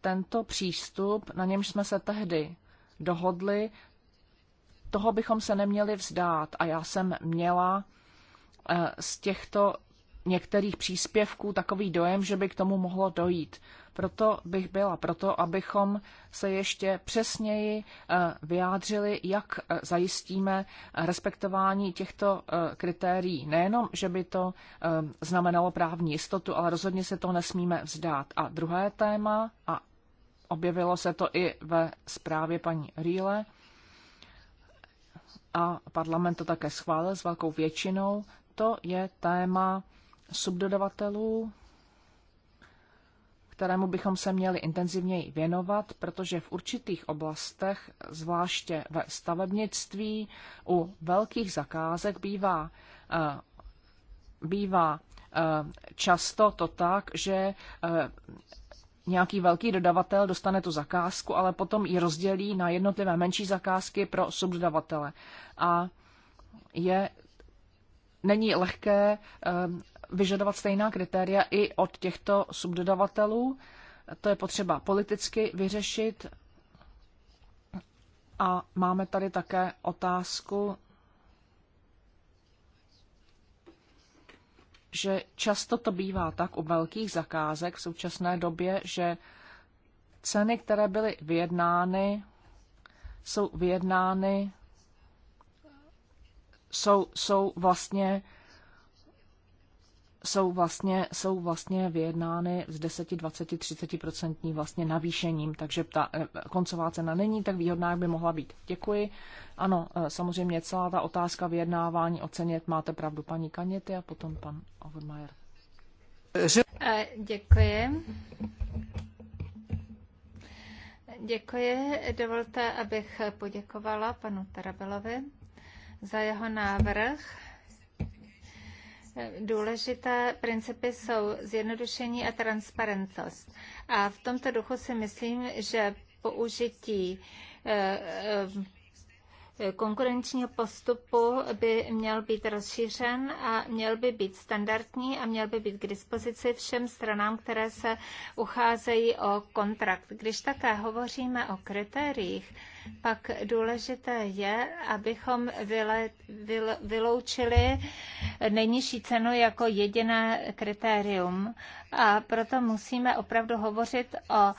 tento přístup, na němž jsme se tehdy dohodli, toho bychom se neměli vzdát. A já jsem měla eh, z těchto některých příspěvků takový dojem, že by k tomu mohlo dojít. Proto bych byla proto, abychom se ještě přesněji eh, vyjádřili, jak eh, zajistíme respektování těchto eh, kritérií. Nejenom, že by to znamenalo právní jistotu, ale rozhodně se to nesmíme vzdát. A druhé téma, a objevilo se to i ve zprávě paní Rýle, a parlament to také schválil s velkou většinou, to je téma subdodavatelů, kterému bychom se měli intenzivněji věnovat, protože v určitých oblastech, zvláště ve stavebnictví, u velkých zakázek bývá, eh, bývá eh, často to tak, že eh, nějaký velký dodavatel dostane tu zakázku, ale potom ji rozdělí na jednotlivé menší zakázky pro subdodavatele. A je není lehké vyžadovat stejná kritéria i od těchto subdodavatelů. To je potřeba politicky vyřešit. A máme tady také otázku, že často to bývá tak u velkých zakázek v současné době, že ceny, které byly vyjednány, jsou vyjednány, jsou, jsou vlastně jsou vlastně, jsou vlastně vyjednány z 10, 20, 30 vlastně navýšením, takže ta eh, koncová cena není tak výhodná, jak by mohla být. Děkuji. Ano, eh, samozřejmě celá ta otázka vyjednávání o ceně, máte pravdu paní Kaněty a potom pan Overmajer. Eh, děkuji. Děkuji. Dovolte, abych poděkovala panu Tarabelovi za jeho návrh Důležité principy jsou zjednodušení a transparentnost. A v tomto duchu si myslím, že použití eh, eh, konkurenčního postupu by měl být rozšířen a měl by být standardní a měl by být k dispozici všem stranám, které se ucházejí o kontrakt. Když také hovoříme o kritériích, pak důležité je, abychom vyle, vyl, vyloučili nejnižší cenu jako jediné kritérium. A proto musíme opravdu hovořit o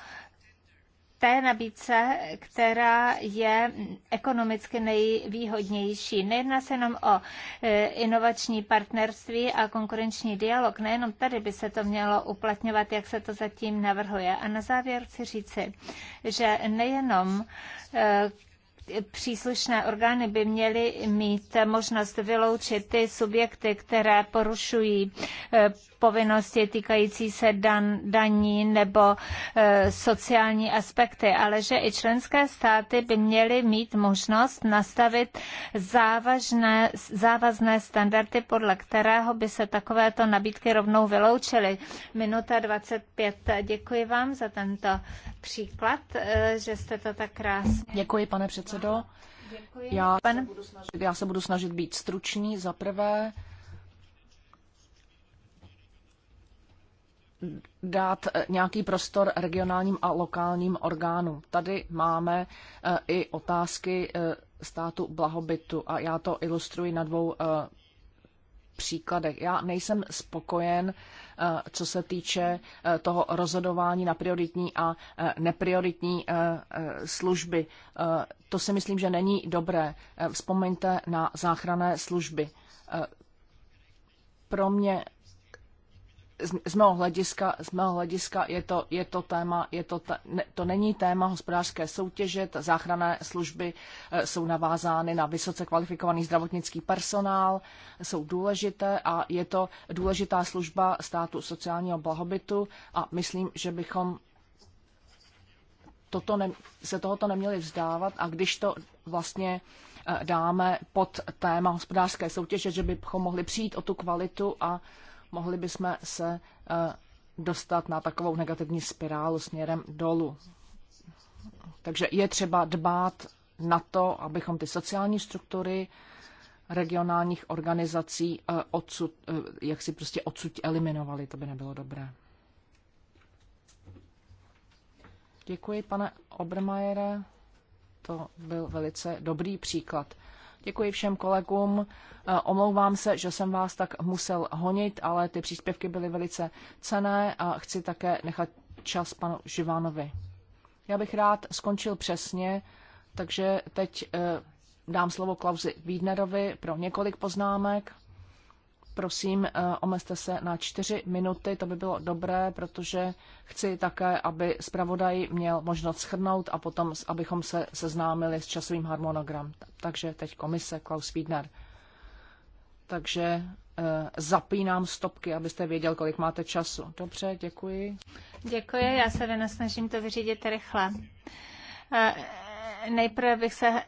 té nabídce, která je ekonomicky nejvýhodnější. Nejedná se jenom o e, inovační partnerství a konkurenční dialog. Nejenom tady by se to mělo uplatňovat, jak se to zatím navrhuje. A na závěr chci říci, že nejenom e, příslušné orgány by měly mít možnost vyloučit ty subjekty, které porušují eh, povinnosti týkající se dan, daní nebo eh, sociální aspekty, ale že i členské státy by měly mít možnost nastavit závažné, závazné standardy, podle kterého by se takovéto nabídky rovnou vyloučily. Minuta 25. Děkuji vám za tento příklad, eh, že jste to tak krásně. Děkuji, pane předsedo předsedo. Já, já se budu snažit být stručný za prvé. dát eh, nějaký prostor regionálním a lokálním orgánům. Tady máme eh, i otázky eh, státu blahobytu a já to ilustruji na dvou příkladech. Já nejsem spokojen Eh, co se týče eh, toho rozhodování na prioritní a eh, neprioritní služby. To si myslím, že není dobré. Vzpomeňte na záchranné služby. Pro mě z, z, mého hlediska, z mého hlediska je to, je to téma, je to, te, ne, to není téma hospodářské soutěže, záchranné služby e, jsou navázány na vysoce kvalifikovaný zdravotnický personál, jsou důležité a je to důležitá služba státu sociálního blahobytu a myslím, že bychom toto ne, se tohoto neměli vzdávat a když to vlastně eh, dáme pod téma hospodářské soutěže, že bychom mohli přijít o tu kvalitu a mohli bychom se eh, dostat na takovou negativní spirálu směrem dolů. Takže je třeba dbát na to, abychom ty sociální struktury regionálních organizací eh, odsud, eh, jak si prostě odsud eliminovali, to by nebylo dobré. Děkuji, pane Obermajere. To byl velice dobrý příklad. Děkuji všem kolegům. Eh, omlouvám se, že jsem vás tak musel honit, ale ty příspěvky byly velice cené a chci také nechat čas panu Živánovi. Já bych rád skončil přesně, takže teď eh, dám slovo Klauzi Wiednerovi pro několik poznámek. Prosím, eh, omezte se na čtyři minuty, to by bylo dobré, protože chci také, aby zpravodaj měl možnost schrnout a potom, abychom se seznámili s časovým harmonogramem. Takže teď komise Klaus Wiedner. Takže eh, zapínám stopky, abyste věděl, kolik máte času. Dobře, děkuji. Děkuji, já se vynasnažím to vyřídit rychle. Eh, nejprve bych se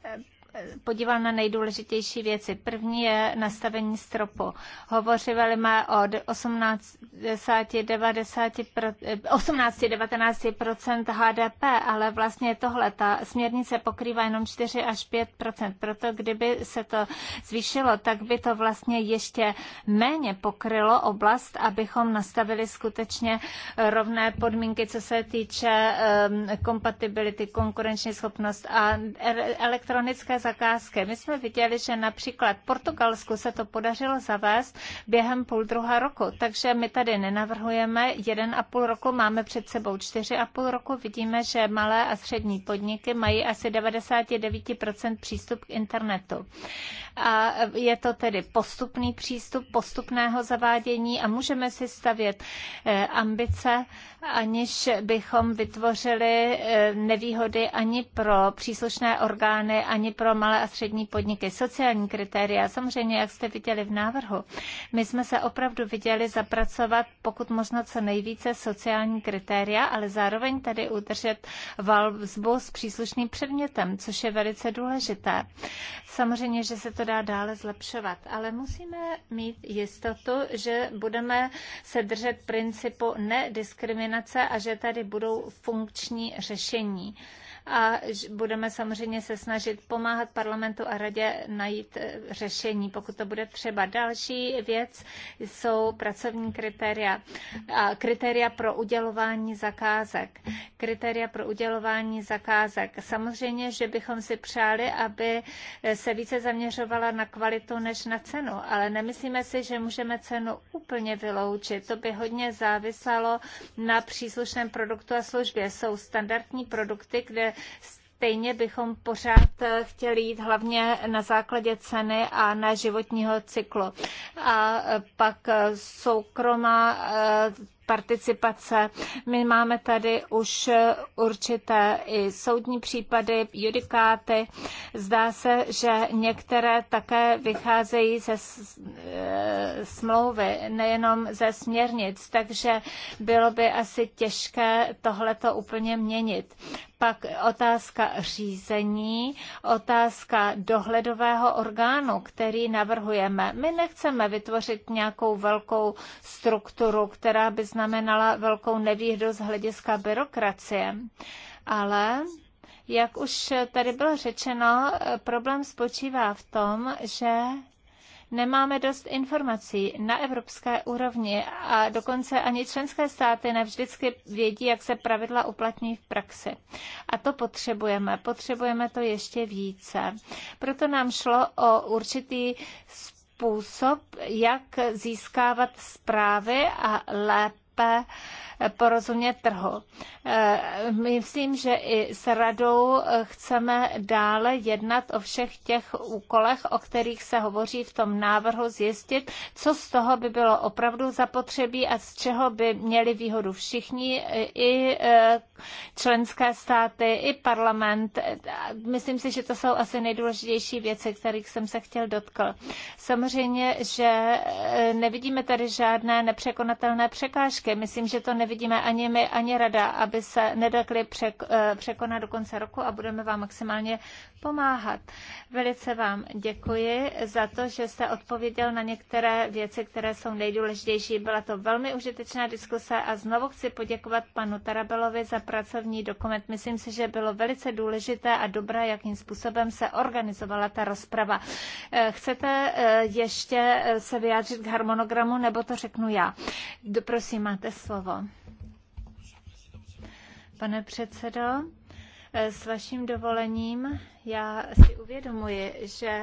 podíval na nejdůležitější věci. První je nastavení stropu. Hovořili jsme o 18-19 eh, HDP, ale vlastně tohle, ta směrnice pokrývá jenom 4 až 5 Proto kdyby se to zvýšilo, tak by to vlastně ještě méně pokrylo oblast, abychom nastavili skutečně rovné podmínky, co se týče ehm, kompatibility, konkurenční schopnost a er- elektronické zakázky. My jsme viděli, že například Portugalsku se to podařilo zavést během půl druhá roku, takže my tady nenavrhujeme jeden a půl roku, máme před sebou čtyři a půl roku. Vidíme, že malé a střední podniky mají asi 99% přístup k internetu. A je to tedy postupný přístup, postupného zavádění a můžeme si stavět eh, ambice, aniž bychom vytvořili eh, nevýhody ani pro příslušné orgány, ani pro malé a střední podniky, sociální kritéria, samozřejmě, jak jste viděli v návrhu, my jsme se opravdu viděli zapracovat pokud možno co nejvíce sociální kritéria, ale zároveň tady udržet valbu s příslušným předmětem, což je velice důležité. Samozřejmě, že se to dá dále zlepšovat, ale musíme mít jistotu, že budeme se držet principu nediskriminace a že tady budou funkční řešení a budeme samozřejmě se snažit pomáhat parlamentu a radě najít eh, řešení, pokud to bude třeba. Další věc jsou pracovní kritéria, kritéria pro udělování zakázek kritéria pro udělování zakázek. Samozřejmě, že bychom si přáli, aby se více zaměřovala na kvalitu než na cenu, ale nemyslíme si, že můžeme cenu úplně vyloučit. To by hodně záviselo na příslušném produktu a službě. Jsou standardní produkty, kde stejně bychom pořád chtěli jít hlavně na základě ceny a na životního cyklu. A pak soukromá participace. My máme tady už určité i soudní případy, judikáty. Zdá se, že některé také vycházejí ze e, smlouvy, nejenom ze směrnic, takže bylo by asi těžké tohleto úplně měnit pak otázka řízení, otázka dohledového orgánu, který navrhujeme. My nechceme vytvořit nějakou velkou strukturu, která by znamenala velkou nevýhodu z hlediska byrokracie, ale jak už tady bylo řečeno, problém spočívá v tom, že nemáme dost informací na evropské úrovni a dokonce ani členské státy nevždycky vědí, jak se pravidla uplatní v praxi. A to potřebujeme. Potřebujeme to ještě více. Proto nám šlo o určitý způsob, jak získávat zprávy a lépe lépe porozumět trhu. Eh, myslím, že i s radou chceme dále jednat o všech těch úkolech, o kterých se hovoří v tom návrhu, zjistit, co z toho by bylo opravdu zapotřebí a z čeho by měli výhodu všichni, i eh, členské státy, i parlament. Myslím si, že to jsou asi nejdůležitější věci, kterých jsem se chtěl dotkl. Samozřejmě, že eh, nevidíme tady žádné nepřekonatelné překážky. Myslím, že to nevidíme ani my, ani rada, aby se nedakli eh, překonat do konce roku a budeme vám maximálně pomáhat. Velice vám děkuji za to, že jste odpověděl na některé věci, které jsou nejdůležitější. Byla to velmi užitečná diskuse a znovu chci poděkovat panu Tarabelovi za pracovní dokument. Myslím si, že bylo velice důležité a dobré, jakým způsobem se organizovala ta rozprava. Eh, chcete eh, ještě eh, se vyjádřit k harmonogramu, nebo to řeknu já? Prosím, máte slovo. Pane předsedo, s vaším dovolením já si uvědomuji, že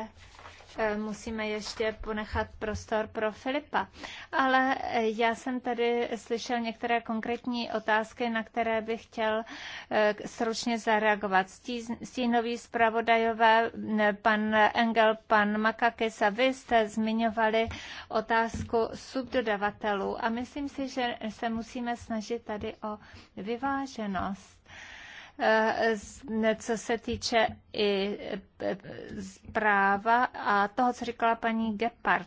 eh, musíme ještě ponechat prostor pro Filipa. Ale eh, já jsem tady slyšel některé konkrétní otázky, na které bych chtěl eh, stručně zareagovat. Stínový zpravodajové, pan Engel, pan Makakis a vy jste zmiňovali otázku subdodavatelů a myslím si, že se musíme snažit tady o vyváženost Eh, co se týče i eh, práva a toho, co říkala paní Gepard,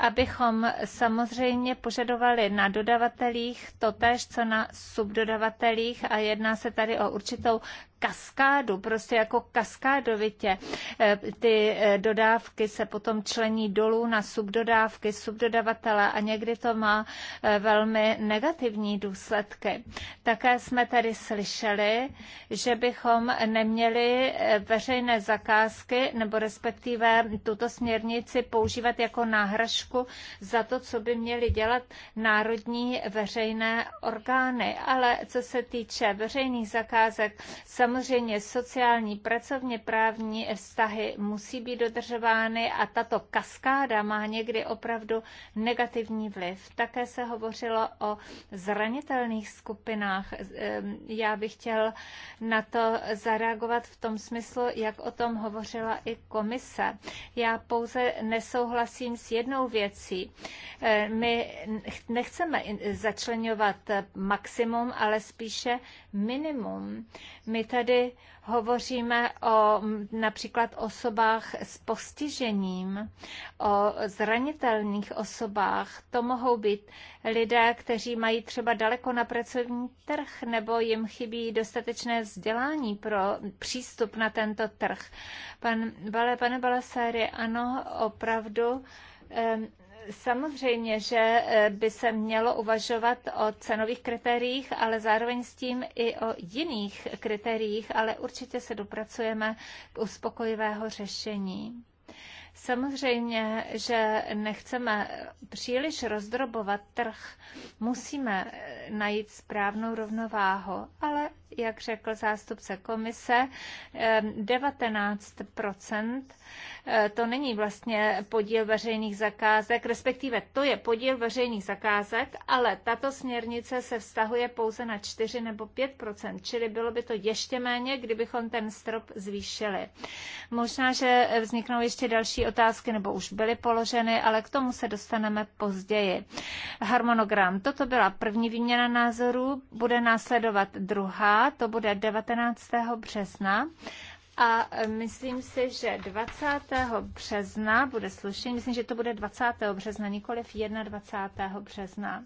abychom samozřejmě požadovali na dodavatelích tež, co na subdodavatelích a jedná se tady o určitou kaskádu, prostě jako kaskádovitě. E, ty e, dodávky se potom člení dolů na subdodávky, subdodavatele a někdy to má e, velmi negativní důsledky. Také jsme tady slyšeli, že bychom neměli veřejné zakázky nebo respektive tuto směrnici používat jako náhražku za to, co by měly dělat národní veřejné orgány. Ale co se týče veřejných zakázek, se Samozřejmě sociální, pracovně právní vztahy musí být dodržovány a tato kaskáda má někdy opravdu negativní vliv. Také se hovořilo o zranitelných skupinách. Ehm, já bych chtěl na to zareagovat v tom smyslu, jak o tom hovořila i komise. Já pouze nesouhlasím s jednou věcí. Ehm, my nechceme začlenovat maximum, ale spíše minimum. My tady tady hovoříme o například osobách s postižením, o zranitelných osobách. To mohou být lidé, kteří mají třeba daleko na pracovní trh nebo jim chybí dostatečné vzdělání pro přístup na tento trh. Pan, pane Balasáry, ano, opravdu Samozřejmě, že eh, by se mělo uvažovat o cenových kritériích, ale zároveň s tím i o jiných kritériích, ale určitě se dopracujeme k uspokojivého řešení. Samozřejmě, že nechceme příliš rozdrobovat trh, musíme eh, najít správnou rovnováhu, ale jak řekl zástupce komise, 19 eh, eh, to není vlastně podíl veřejných zakázek, respektive to je podíl veřejných zakázek, ale tato směrnice se vztahuje pouze na 4 nebo 5 čili bylo by to ještě méně, kdybychom ten strop zvýšili. Možná, že vzniknou ještě další otázky, nebo už byly položeny, ale k tomu se dostaneme později. Harmonogram. Toto byla první výměna názorů, bude následovat druhá, to bude 19. března. A e, myslím si, že 20. března bude slušný. myslím, že to bude 20. března, nikoliv 21. března.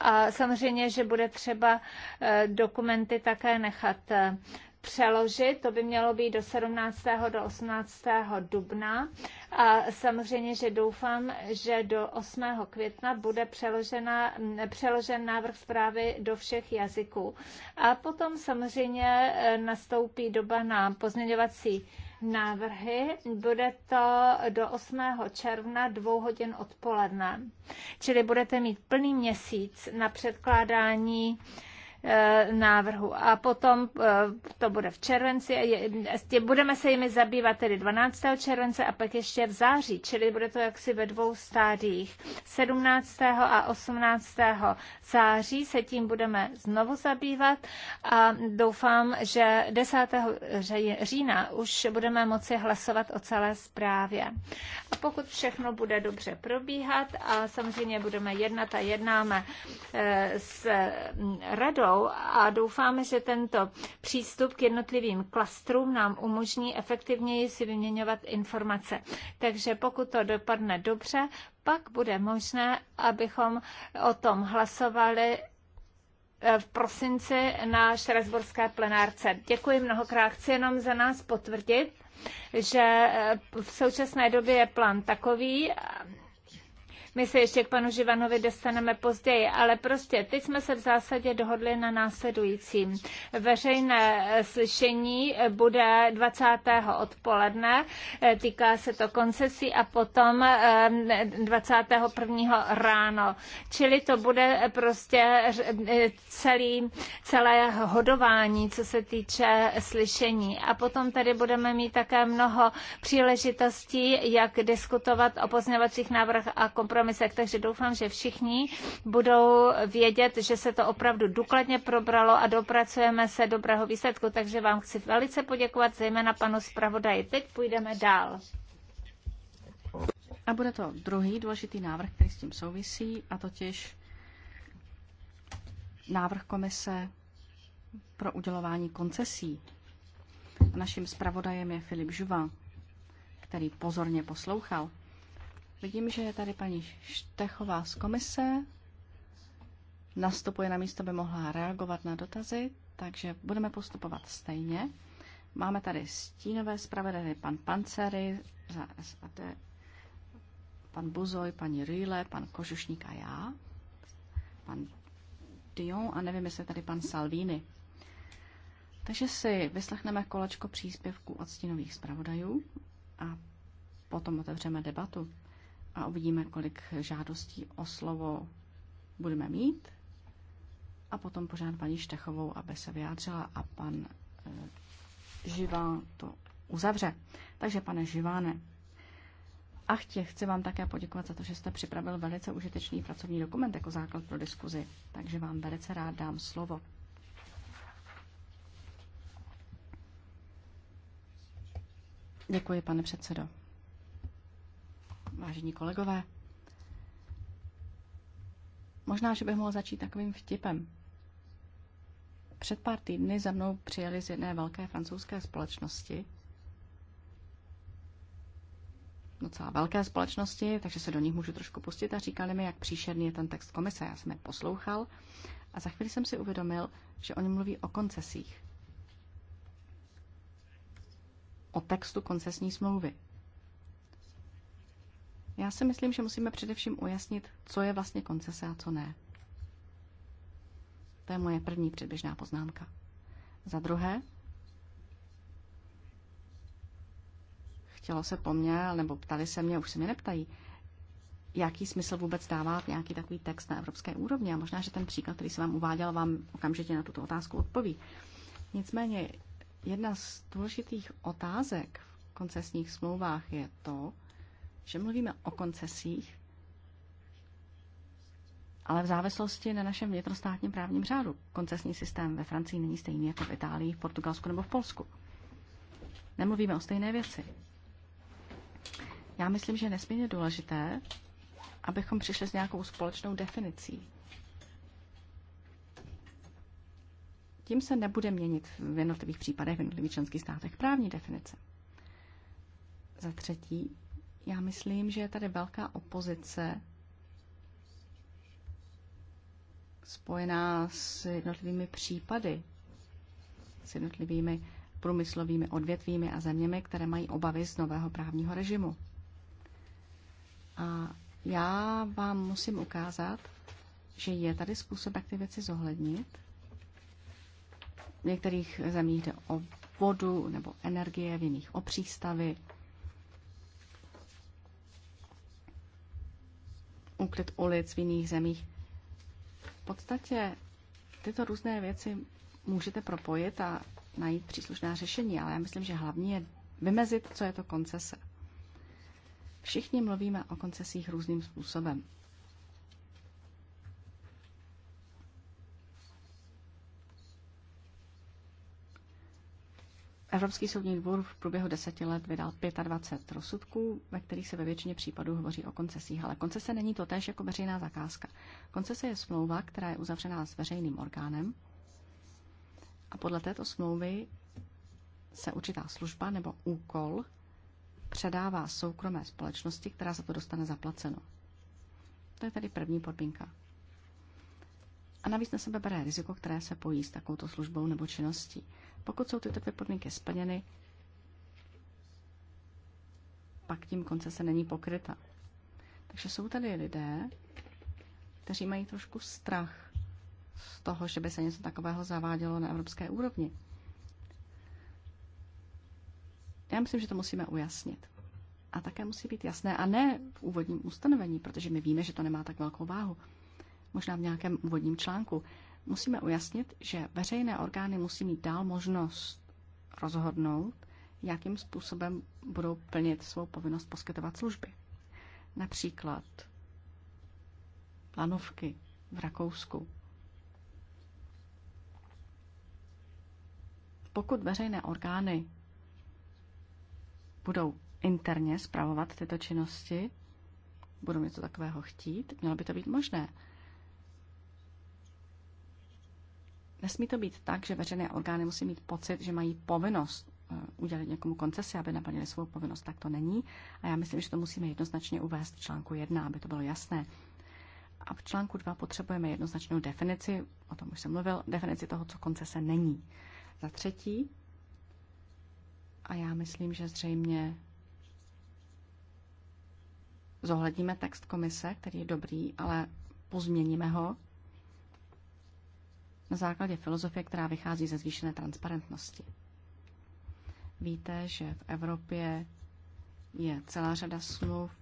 A samozřejmě, že bude třeba e, dokumenty také nechat e, přeložit, to by mělo být do 17. do 18. dubna a samozřejmě, že doufám, že do 8. května bude přeložena, přeložen návrh zprávy do všech jazyků. A potom samozřejmě eh, nastoupí doba na pozměňovací návrhy. Bude to do 8. června dvou hodin odpoledne. Čili budete mít plný měsíc na předkládání Eh, návrhu. A potom eh, to bude v červenci. Budeme se jimi zabývat tedy 12. července a pak ještě v září, čili bude to jaksi ve dvou stádiích. 17. a 18. září se tím budeme znovu zabývat a doufám, že 10. října už budeme moci hlasovat o celé zprávě. A pokud všechno bude dobře probíhat a samozřejmě budeme jednat a jednáme eh, s mm, radou, jsou a doufáme, že tento přístup k jednotlivým klastrům nám umožní efektivněji si vyměňovat informace. Takže pokud to dopadne dobře, pak bude možné, abychom o tom hlasovali eh, v prosinci na Štrasburské plenárce. Děkuji mnohokrát. Chci jenom za nás potvrdit, že eh, v současné době je plán takový, my se ještě k panu Živanovi dostaneme později, ale prostě teď jsme se v zásadě dohodli na následujícím. Veřejné eh, slyšení eh, bude 20. odpoledne, eh, týká se to koncesí a potom 21. ráno. Čili to bude prostě celý, celé hodování, co se týče slyšení. A potom tady budeme mít také mnoho příležitostí, jak diskutovat o pozněvacích návrh a kompromisech kompromisech, takže doufám, že všichni budou vědět, že se to opravdu důkladně probralo a dopracujeme se dobrého výsledku, takže vám chci velice poděkovat, zejména panu zpravodaji. Teď půjdeme dál. A bude to druhý důležitý návrh, který s tím souvisí, a totiž návrh komise pro udělování koncesí. naším zpravodajem je Filip Žuva, který pozorně poslouchal. Vidím, že je tady paní Štechová z komise. Nastupuje na místo, by mohla reagovat na dotazy, takže budeme postupovat stejně. Máme tady stínové zpravodajky, pan Pancery za SAT, pan Buzoj, paní Rýle, pan Kožušník a já, pan Dion a nevím, jestli tady pan Salvini. Takže si vyslechneme kolečko příspěvků od stínových zpravodajů a potom otevřeme debatu a uvidíme, kolik žádostí o slovo budeme mít. A potom požádám paní Štechovou, aby se vyjádřila a pan eh, Živá to uzavře. Takže, pane Živáne, a chtě, chci vám také poděkovat za to, že jste připravil velice užitečný pracovní dokument jako základ pro diskuzi, takže vám velice rád dám slovo. Děkuji, pane předsedo vážení kolegové. Možná, že bych mohl začít takovým vtipem. Před pár týdny za mnou přijeli z jedné velké francouzské společnosti, docela velké společnosti, takže se do nich můžu trošku pustit a říkali mi, jak příšerný je ten text komise. Já jsem je poslouchal a za chvíli jsem si uvědomil, že oni mluví o koncesích. O textu koncesní smlouvy. Já si myslím, že musíme především ujasnit, co je vlastně koncese a co ne. To je moje první předběžná poznámka. Za druhé, chtělo se po mně, nebo ptali se mě, už se mě neptají, jaký smysl vůbec dává nějaký takový text na evropské úrovni. A možná, že ten příklad, který jsem vám uváděl, vám okamžitě na tuto otázku odpoví. Nicméně, jedna z důležitých otázek v koncesních smlouvách je to, že mluvíme o koncesích, ale v závislosti na našem vnitrostátním právním řádu. Koncesní systém ve Francii není stejný jako v Itálii, v Portugalsku nebo v Polsku. Nemluvíme o stejné věci. Já myslím, že je nesmírně důležité, abychom přišli s nějakou společnou definicí. Tím se nebude měnit v jednotlivých případech, v jednotlivých členských státech právní definice. Za třetí, já myslím, že je tady velká opozice spojená s jednotlivými případy, s jednotlivými průmyslovými odvětvími a zeměmi, které mají obavy z nového právního režimu. A já vám musím ukázat, že je tady způsob, jak ty věci zohlednit. V některých zemích jde o vodu nebo energie, v jiných o přístavy, úklid ulic v jiných zemích. V podstatě tyto různé věci můžete propojit a najít příslušná řešení, ale já myslím, že hlavní je vymezit, co je to koncese. Všichni mluvíme o koncesích různým způsobem. Evropský soudní dvůr v průběhu deseti let vydal 25 rozsudků, ve kterých se ve většině případů hovoří o koncesích, ale koncese není to též jako veřejná zakázka. Koncese je smlouva, která je uzavřená s veřejným orgánem a podle této smlouvy se určitá služba nebo úkol předává soukromé společnosti, která za to dostane zaplaceno. To je tedy první podmínka. A navíc na sebe bere riziko, které se pojí s takovouto službou nebo činností. Pokud jsou tyto dvě podmínky splněny, pak tím koncese není pokryta. Takže jsou tady lidé, kteří mají trošku strach z toho, že by se něco takového zavádělo na evropské úrovni. Já myslím, že to musíme ujasnit. A také musí být jasné, a ne v úvodním ustanovení, protože my víme, že to nemá tak velkou váhu. Možná v nějakém úvodním článku. Musíme ujasnit, že veřejné orgány musí mít dál možnost rozhodnout, jakým způsobem budou plnit svou povinnost poskytovat služby. Například lanovky v Rakousku. Pokud veřejné orgány budou interně zpravovat tyto činnosti, budou něco takového chtít, mělo by to být možné. Nesmí to být tak, že veřejné orgány musí mít pocit, že mají povinnost eh, udělat někomu koncesi, aby naplnili svou povinnost, tak to není. A já myslím, že to musíme jednoznačně uvést v článku 1, aby to bylo jasné. A v článku 2 potřebujeme jednoznačnou definici, o tom už jsem mluvil, definici toho, co koncese není. Za třetí, a já myslím, že zřejmě zohledníme text komise, který je dobrý, ale pozměníme ho, na základě filozofie, která vychází ze zvýšené transparentnosti. Víte, že v Evropě je celá řada smluv,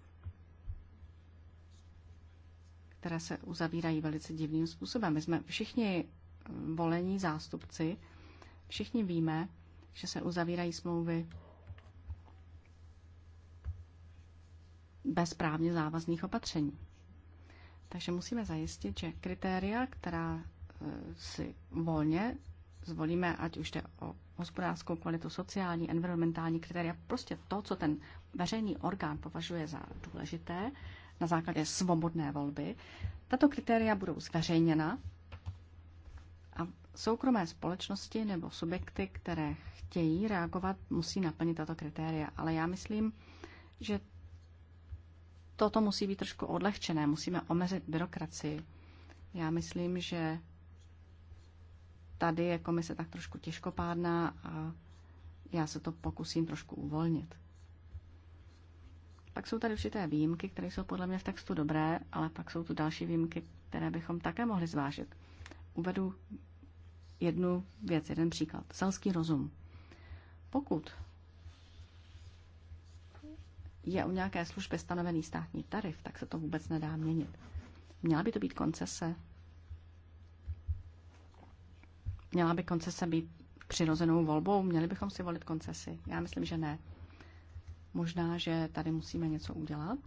které se uzavírají velice divným způsobem. My jsme všichni volení zástupci, všichni víme, že se uzavírají smlouvy bez právně závazných opatření. Takže musíme zajistit, že kritéria, která si volně zvolíme, ať už jde o hospodářskou kvalitu, sociální, environmentální kritéria, prostě to, co ten veřejný orgán považuje za důležité na základě svobodné volby. Tato kritéria budou zveřejněna a soukromé společnosti nebo subjekty, které chtějí reagovat, musí naplnit tato kritéria. Ale já myslím, že toto musí být trošku odlehčené, musíme omezit byrokracii. Já myslím, že Tady je komise tak trošku těžkopádná a já se to pokusím trošku uvolnit. Pak jsou tady určité výjimky, které jsou podle mě v textu dobré, ale pak jsou tu další výjimky, které bychom také mohli zvážit. Uvedu jednu věc, jeden příklad. Selský rozum. Pokud je u nějaké služby stanovený státní tarif, tak se to vůbec nedá měnit. Měla by to být koncese Měla by koncese být přirozenou volbou? Měli bychom si volit koncesi? Já myslím, že ne. Možná, že tady musíme něco udělat.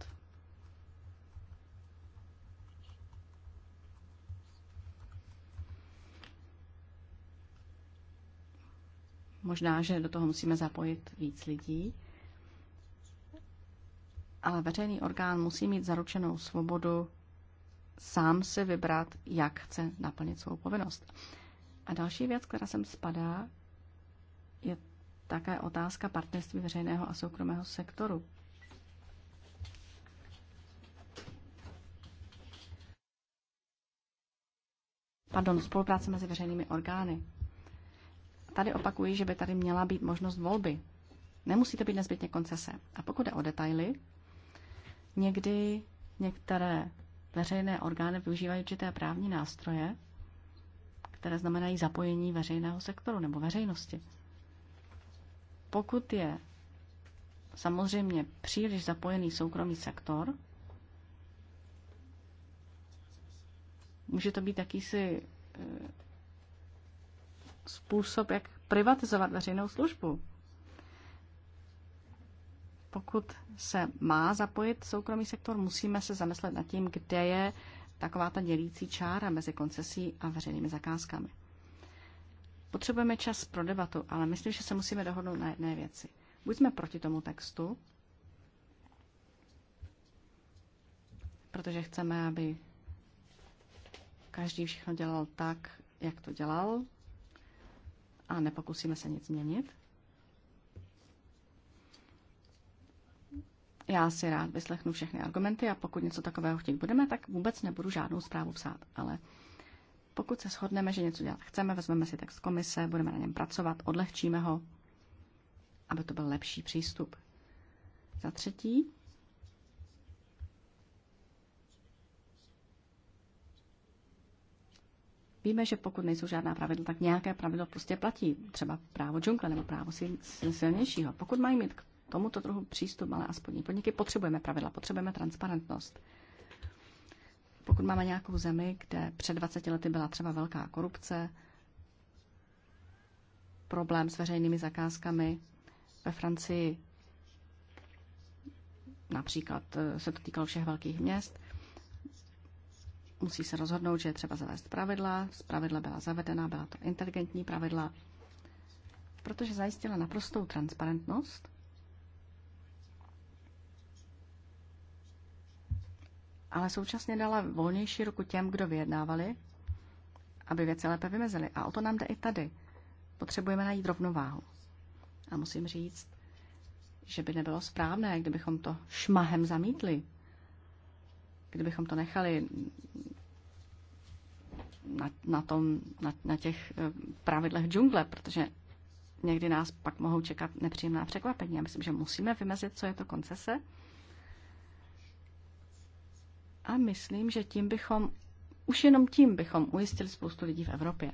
Možná, že do toho musíme zapojit víc lidí. Ale veřejný orgán musí mít zaručenou svobodu sám si vybrat, jak chce naplnit svou povinnost. A další věc, která sem spadá, je také otázka partnerství veřejného a soukromého sektoru. Pardon, spolupráce mezi veřejnými orgány. Tady opakuji, že by tady měla být možnost volby. Nemusí to být nezbytně koncese. A pokud jde o detaily, někdy některé veřejné orgány využívají určité právní nástroje, které znamenají zapojení veřejného sektoru nebo veřejnosti. Pokud je samozřejmě příliš zapojený soukromý sektor, může to být jakýsi eh, způsob, jak privatizovat veřejnou službu. Pokud se má zapojit soukromý sektor, musíme se zamyslet nad tím, kde je taková ta dělící čára mezi koncesí a veřejnými zakázkami. Potřebujeme čas pro debatu, ale myslím, že se musíme dohodnout na jedné věci. Buď jsme proti tomu textu, protože chceme, aby každý všechno dělal tak, jak to dělal a nepokusíme se nic změnit. Já si rád vyslechnu všechny argumenty a pokud něco takového chtít budeme, tak vůbec nebudu žádnou zprávu psát, ale pokud se shodneme, že něco dělat chceme, vezmeme si text komise, budeme na něm pracovat, odlehčíme ho, aby to byl lepší přístup. Za třetí, Víme, že pokud nejsou žádná pravidla, tak nějaké pravidlo prostě platí. Třeba právo džungle nebo právo silnějšího. Pokud mají mít tomuto druhu přístup malé a spodní podniky potřebujeme pravidla, potřebujeme transparentnost. Pokud máme nějakou zemi, kde před 20 lety byla třeba velká korupce, problém s veřejnými zakázkami, ve Francii například eh, se to týkalo všech velkých měst, musí se rozhodnout, že je třeba zavést pravidla. Z pravidla byla zavedena, byla to inteligentní pravidla, protože zajistila naprostou transparentnost ale současně dala volnější ruku těm, kdo vyjednávali, aby věci lépe vymezili. A o to nám jde i tady. Potřebujeme najít rovnováhu. A musím říct, že by nebylo správné, kdybychom to šmahem zamítli, kdybychom to nechali na, na, tom, na, na těch eh, pravidlech džungle, protože někdy nás pak mohou čekat nepříjemná překvapení. Já myslím, že musíme vymezit, co je to koncese a myslím, že tím bychom, už jenom tím bychom ujistili spoustu lidí v Evropě.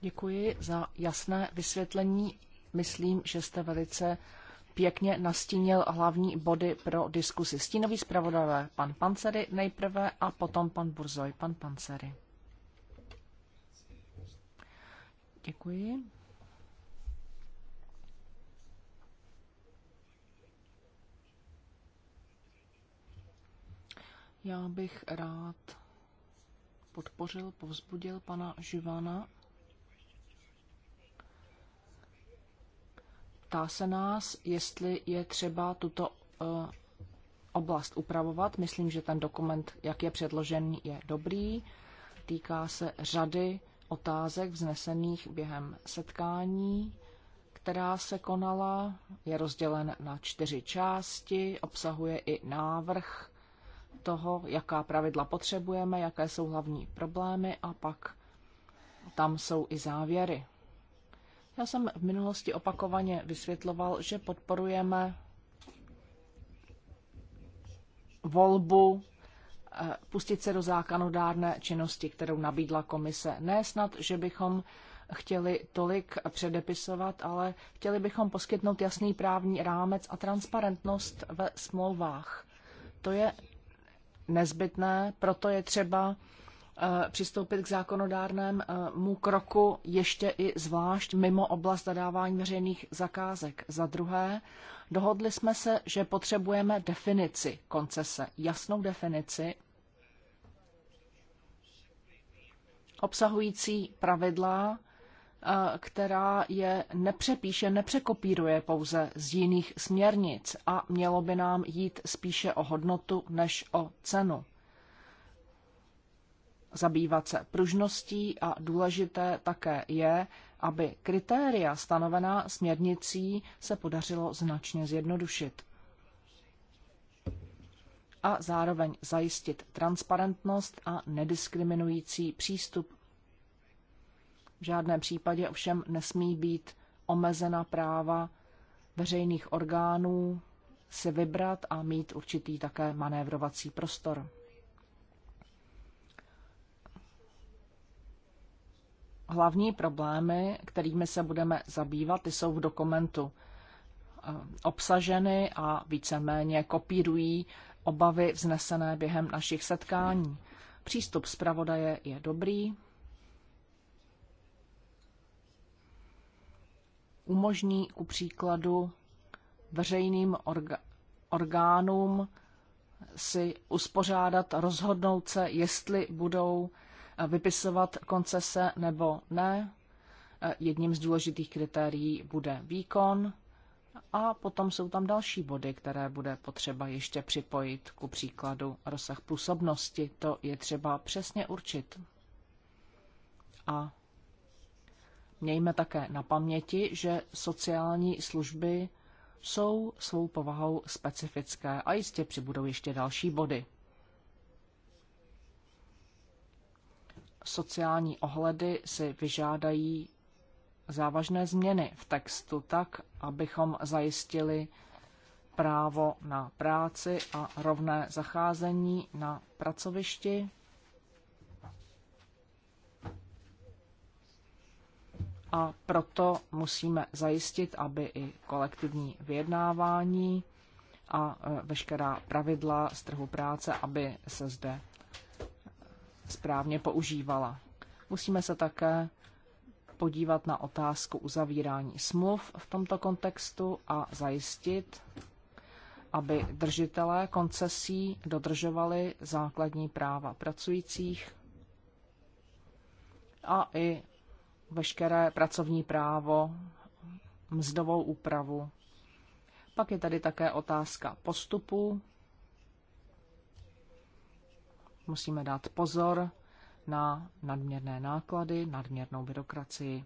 Děkuji za jasné vysvětlení. Myslím, že jste velice pěkně nastínil hlavní body pro diskusi. Stínový zpravodajové pan Pancery nejprve a potom pan Burzoj, pan Pancery. Děkuji. Já bych rád podpořil, povzbudil pana Živana. Ptá se nás, jestli je třeba tuto uh, oblast upravovat. Myslím, že ten dokument, jak je předložený, je dobrý. Týká se řady otázek vznesených během setkání, která se konala. Je rozdělen na čtyři části, obsahuje i návrh toho, jaká pravidla potřebujeme, jaké jsou hlavní problémy a pak tam jsou i závěry. Já jsem v minulosti opakovaně vysvětloval, že podporujeme volbu eh, pustit se do zákonodárné činnosti, kterou nabídla komise. Ne snad, že bychom chtěli tolik předepisovat, ale chtěli bychom poskytnout jasný právní rámec a transparentnost ve smlouvách. To je nezbytné, proto je třeba eh, přistoupit k zákonodárnému eh, kroku ještě i zvlášť mimo oblast zadávání veřejných zakázek. Za druhé, dohodli jsme se, že potřebujeme definici koncese, jasnou definici obsahující pravidla která je nepřepíše, nepřekopíruje pouze z jiných směrnic a mělo by nám jít spíše o hodnotu než o cenu. Zabývat se pružností a důležité také je, aby kritéria stanovená směrnicí se podařilo značně zjednodušit a zároveň zajistit transparentnost a nediskriminující přístup v žádném případě ovšem nesmí být omezena práva veřejných orgánů si vybrat a mít určitý také manévrovací prostor. Hlavní problémy, kterými se budeme zabývat, ty jsou v dokumentu eh, obsaženy a víceméně kopírují obavy vznesené během našich setkání. Přístup zpravodaje je dobrý, umožní ku příkladu veřejným orga- orgánům si uspořádat, rozhodnout se, jestli budou eh, vypisovat koncese nebo ne. Eh, jedním z důležitých kritérií bude výkon a potom jsou tam další body, které bude potřeba ještě připojit, ku příkladu rozsah působnosti. To je třeba přesně určit. A Mějme také na paměti, že sociální služby jsou svou povahou specifické a jistě přibudou ještě další body. Sociální ohledy si vyžádají závažné změny v textu tak, abychom zajistili právo na práci a rovné zacházení na pracovišti a proto musíme zajistit, aby i kolektivní vyjednávání a e, veškerá pravidla z trhu práce, aby se zde správně používala. Musíme se také podívat na otázku uzavírání smluv v tomto kontextu a zajistit, aby držitelé koncesí dodržovali základní práva pracujících a i veškeré pracovní právo, mzdovou úpravu. Pak je tady také otázka postupu. Musíme dát pozor na nadměrné náklady, nadměrnou byrokracii.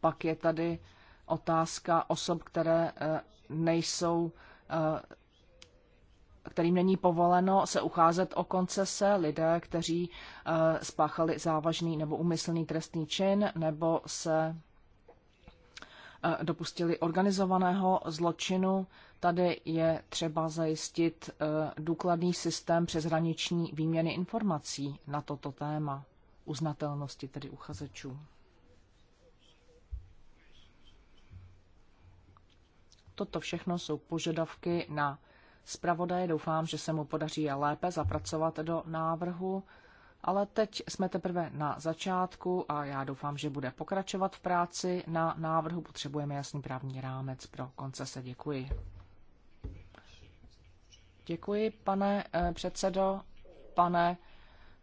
Pak je tady otázka osob, které eh, nejsou eh, kterým není povoleno se ucházet o koncese, lidé, kteří eh, spáchali závažný nebo umyslný trestný čin, nebo se eh, dopustili organizovaného zločinu. Tady je třeba zajistit eh, důkladný systém přeshraniční výměny informací na toto téma uznatelnosti tedy uchazečů. Toto všechno jsou požadavky na zpravodaje. Doufám, že se mu podaří lépe zapracovat do návrhu. Ale teď jsme teprve na začátku a já doufám, že bude pokračovat v práci na návrhu. Potřebujeme jasný právní rámec pro konce se. Děkuji. Děkuji, pane eh, předsedo, pane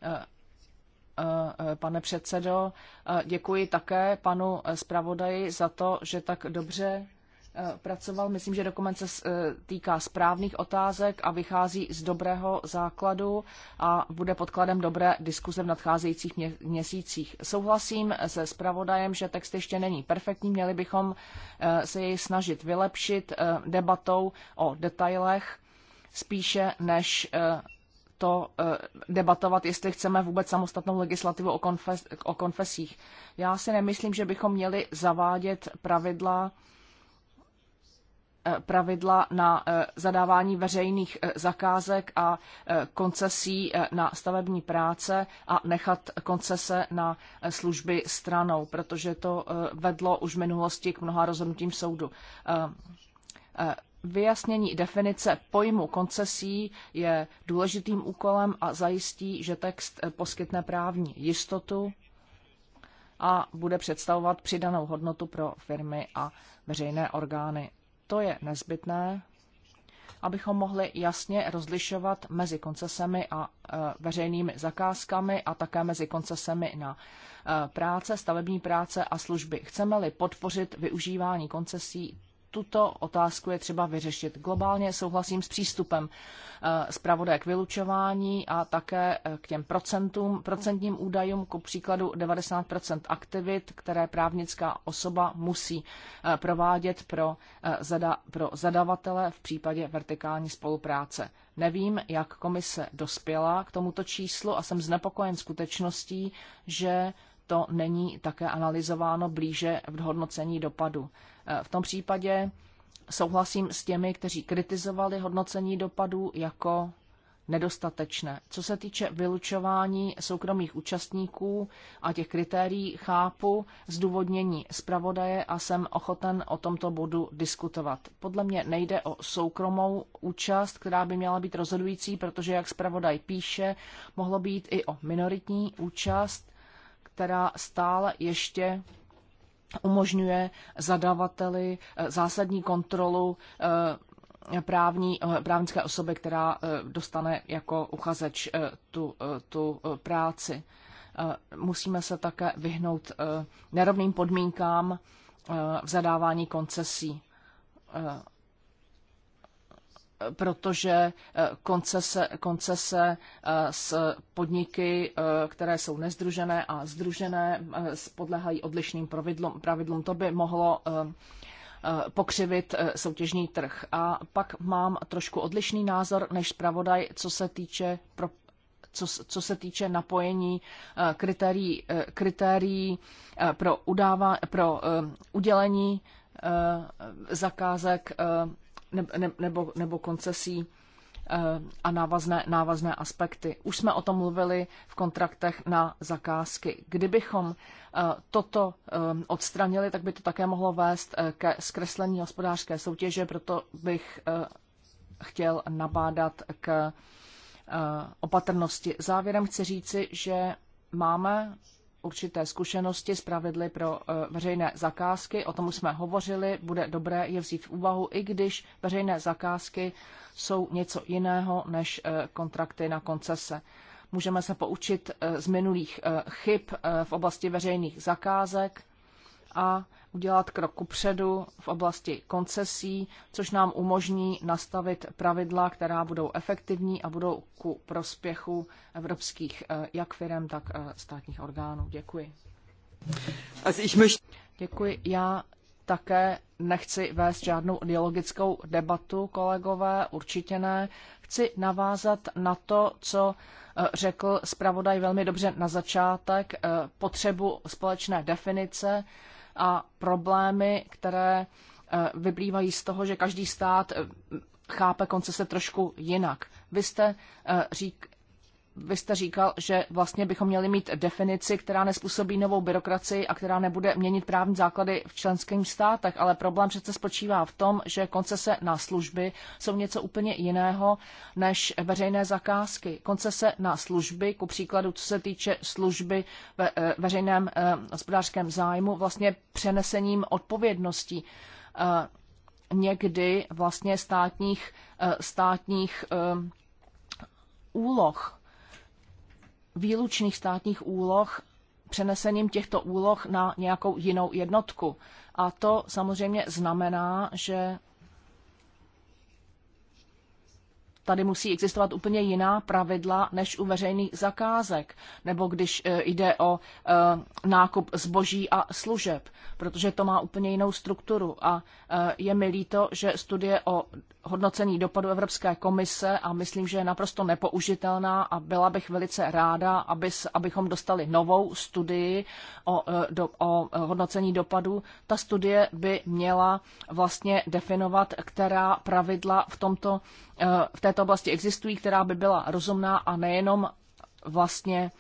eh, eh, pane předsedo. Děkuji také panu zpravodaji za to, že tak dobře Eh, pracoval. Myslím, že dokument se eh, týká správných otázek a vychází z dobrého základu a bude podkladem dobré diskuze v nadcházejících měsících. Souhlasím se zpravodajem, že text ještě není perfektní, měli bychom eh, se jej snažit vylepšit debatou o detailech spíše než to debatovat, jestli chceme vůbec samostatnou legislativu o, konfes, o konfesích. Já si nemyslím, že bychom měli zavádět pravidla, Eh, pravidla na eh, zadávání veřejných eh, zakázek a koncesí na stavební práce a nechat koncese na služby stranou, protože to vedlo už v minulosti k mnoha rozhodnutím soudu. Vyjasnění definice pojmu koncesí je důležitým úkolem a zajistí, že text poskytne právní jistotu a bude představovat přidanou hodnotu pro firmy a veřejné orgány. To je nezbytné, abychom mohli jasně rozlišovat mezi koncesemi a e, veřejnými zakázkami a také mezi koncesemi na e, práce, stavební práce a služby. Chceme-li podpořit využívání koncesí, tuto otázku je třeba vyřešit. Globálně souhlasím s přístupem eh, zpravodaje k vylučování a také eh, k těm procentům, procentním údajům, ku příkladu 90 aktivit, které právnická osoba musí eh, provádět pro, zada, pro zadavatele v případě vertikální spolupráce. Nevím, jak komise dospěla k tomuto číslu a jsem znepokojen skutečností, že to není také analyzováno blíže v hodnocení dopadu. Eh, v tom případě souhlasím s těmi, kteří kritizovali hodnocení dopadu jako nedostatečné. Co se týče vylučování soukromých účastníků a těch kritérií, chápu zdůvodnění zpravodaje a jsem ochoten o tomto bodu diskutovat. Podle mě nejde o soukromou účast, která by měla být rozhodující, protože, jak zpravodaj píše, mohlo být i o minoritní účast, která stále ještě umožňuje zadavateli eh, zásadní kontrolu eh, právní, eh, právnické osoby, která dostane jako uchazeč tu, tu práci. Musíme se také vyhnout nerovným podmínkám v zadávání koncesí protože eh, koncese, koncese eh, s podniky, eh, které jsou nezdružené a združené, podlehají odlišným pravidlům. pravidlům. To by mohlo pokřivit soutěžní trh. A pak mám trošku odlišný názor než zpravodaj, co se týče pro, co, co se týče napojení kritérií, kritérií pro, udává, pro udělení zakázek ne, ne, nebo, nebo koncesí eh, a návazné, návazné aspekty. Už jsme o tom mluvili v kontraktech na zakázky. Kdybychom eh, toto eh, odstranili, tak by to také mohlo vést ke zkreslení hospodářské soutěže, proto bych chtěl nabádat k opatrnosti. Závěrem chci říci, že máme určité zkušenosti s pravidly pro e, veřejné zakázky. O tom jsme hovořili, bude dobré je vzít v úvahu, i když veřejné zakázky jsou něco jiného než e, kontrakty na koncese. Můžeme se poučit e, z minulých chyb v oblasti veřejných zakázek a udělat krok předu v oblasti koncesí, což nám umožní nastavit pravidla, která budou efektivní a budou ku prospěchu evropských eh, jak firm, tak eh, státních orgánů. Děkuji. Děkuji. Já také nechci vést žádnou ideologickou debatu, kolegové, určitě ne. Chci navázat na to, co eh, řekl zpravodaj velmi dobře na začátek, potřebu společné definice a problémy, které eh, vyplývají z toho, že každý stát eh, chápe koncese trošku jinak. Vy jste eh, řík, vy jste říkal, že vlastně bychom měli mít definici, která nespůsobí novou byrokracii a která nebude měnit právní základy v členských státech, ale problém přece spočívá v tom, že koncese na služby jsou něco úplně jiného než veřejné zakázky. Koncese na služby, ku příkladu, co se týče služby ve eh, veřejném eh, hospodářském zájmu, vlastně přenesením odpovědností. Eh, někdy vlastně státních, státních úloh výlučných státních úloh přenesením těchto úloh na nějakou jinou jednotku. A to samozřejmě znamená, že tady musí existovat úplně jiná pravidla než u veřejných zakázek, nebo když e, jde o e, nákup zboží a služeb, protože to má úplně jinou strukturu. A e, je mi líto, že studie o hodnocení dopadu Evropské komise a myslím, že je naprosto nepoužitelná a byla bych velice ráda, aby, abychom dostali novou studii o, do, o hodnocení dopadu. Ta studie by měla vlastně definovat, která pravidla v, tomto, v této této oblasti existují, která by byla rozumná a nejenom vlastně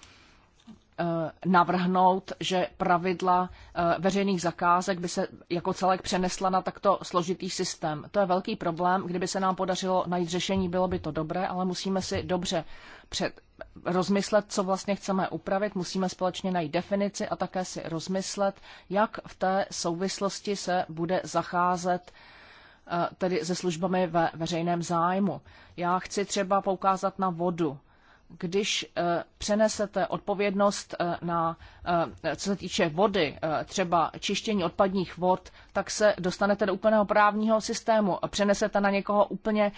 eh, navrhnout, že pravidla eh, veřejných zakázek by se jako celek přenesla na takto složitý systém. To je velký problém. Kdyby se nám podařilo najít řešení, bylo by to dobré, ale musíme si dobře před, rozmyslet, co vlastně chceme upravit. Musíme společně najít definici a také si rozmyslet, jak v té souvislosti se bude zacházet uh, Eh, tedy se službami ve veřejném zájmu. Já chci třeba poukázat na vodu když eh, přenesete odpovědnost eh, na, eh, co se týče vody, třeba čištění odpadních vod, tak se dostanete do úplného právního systému. Přenesete na někoho úplně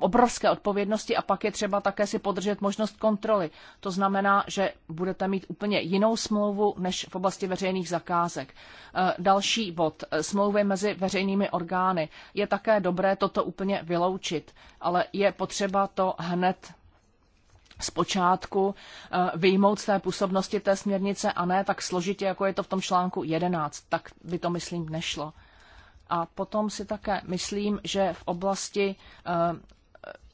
obrovské odpovědnosti a pak je třeba také si podržet možnost kontroly. To znamená, že budete mít úplně jinou smlouvu než v oblasti veřejných zakázek. Další bod, smlouvy mezi veřejnými orgány. Je také dobré toto úplně vyloučit, ale je potřeba to hned zpočátku eh, vyjmout té působnosti té směrnice a ne tak složitě, jako je to v tom článku 11. Tak by to, myslím, nešlo. A potom si také myslím, že v oblasti eh,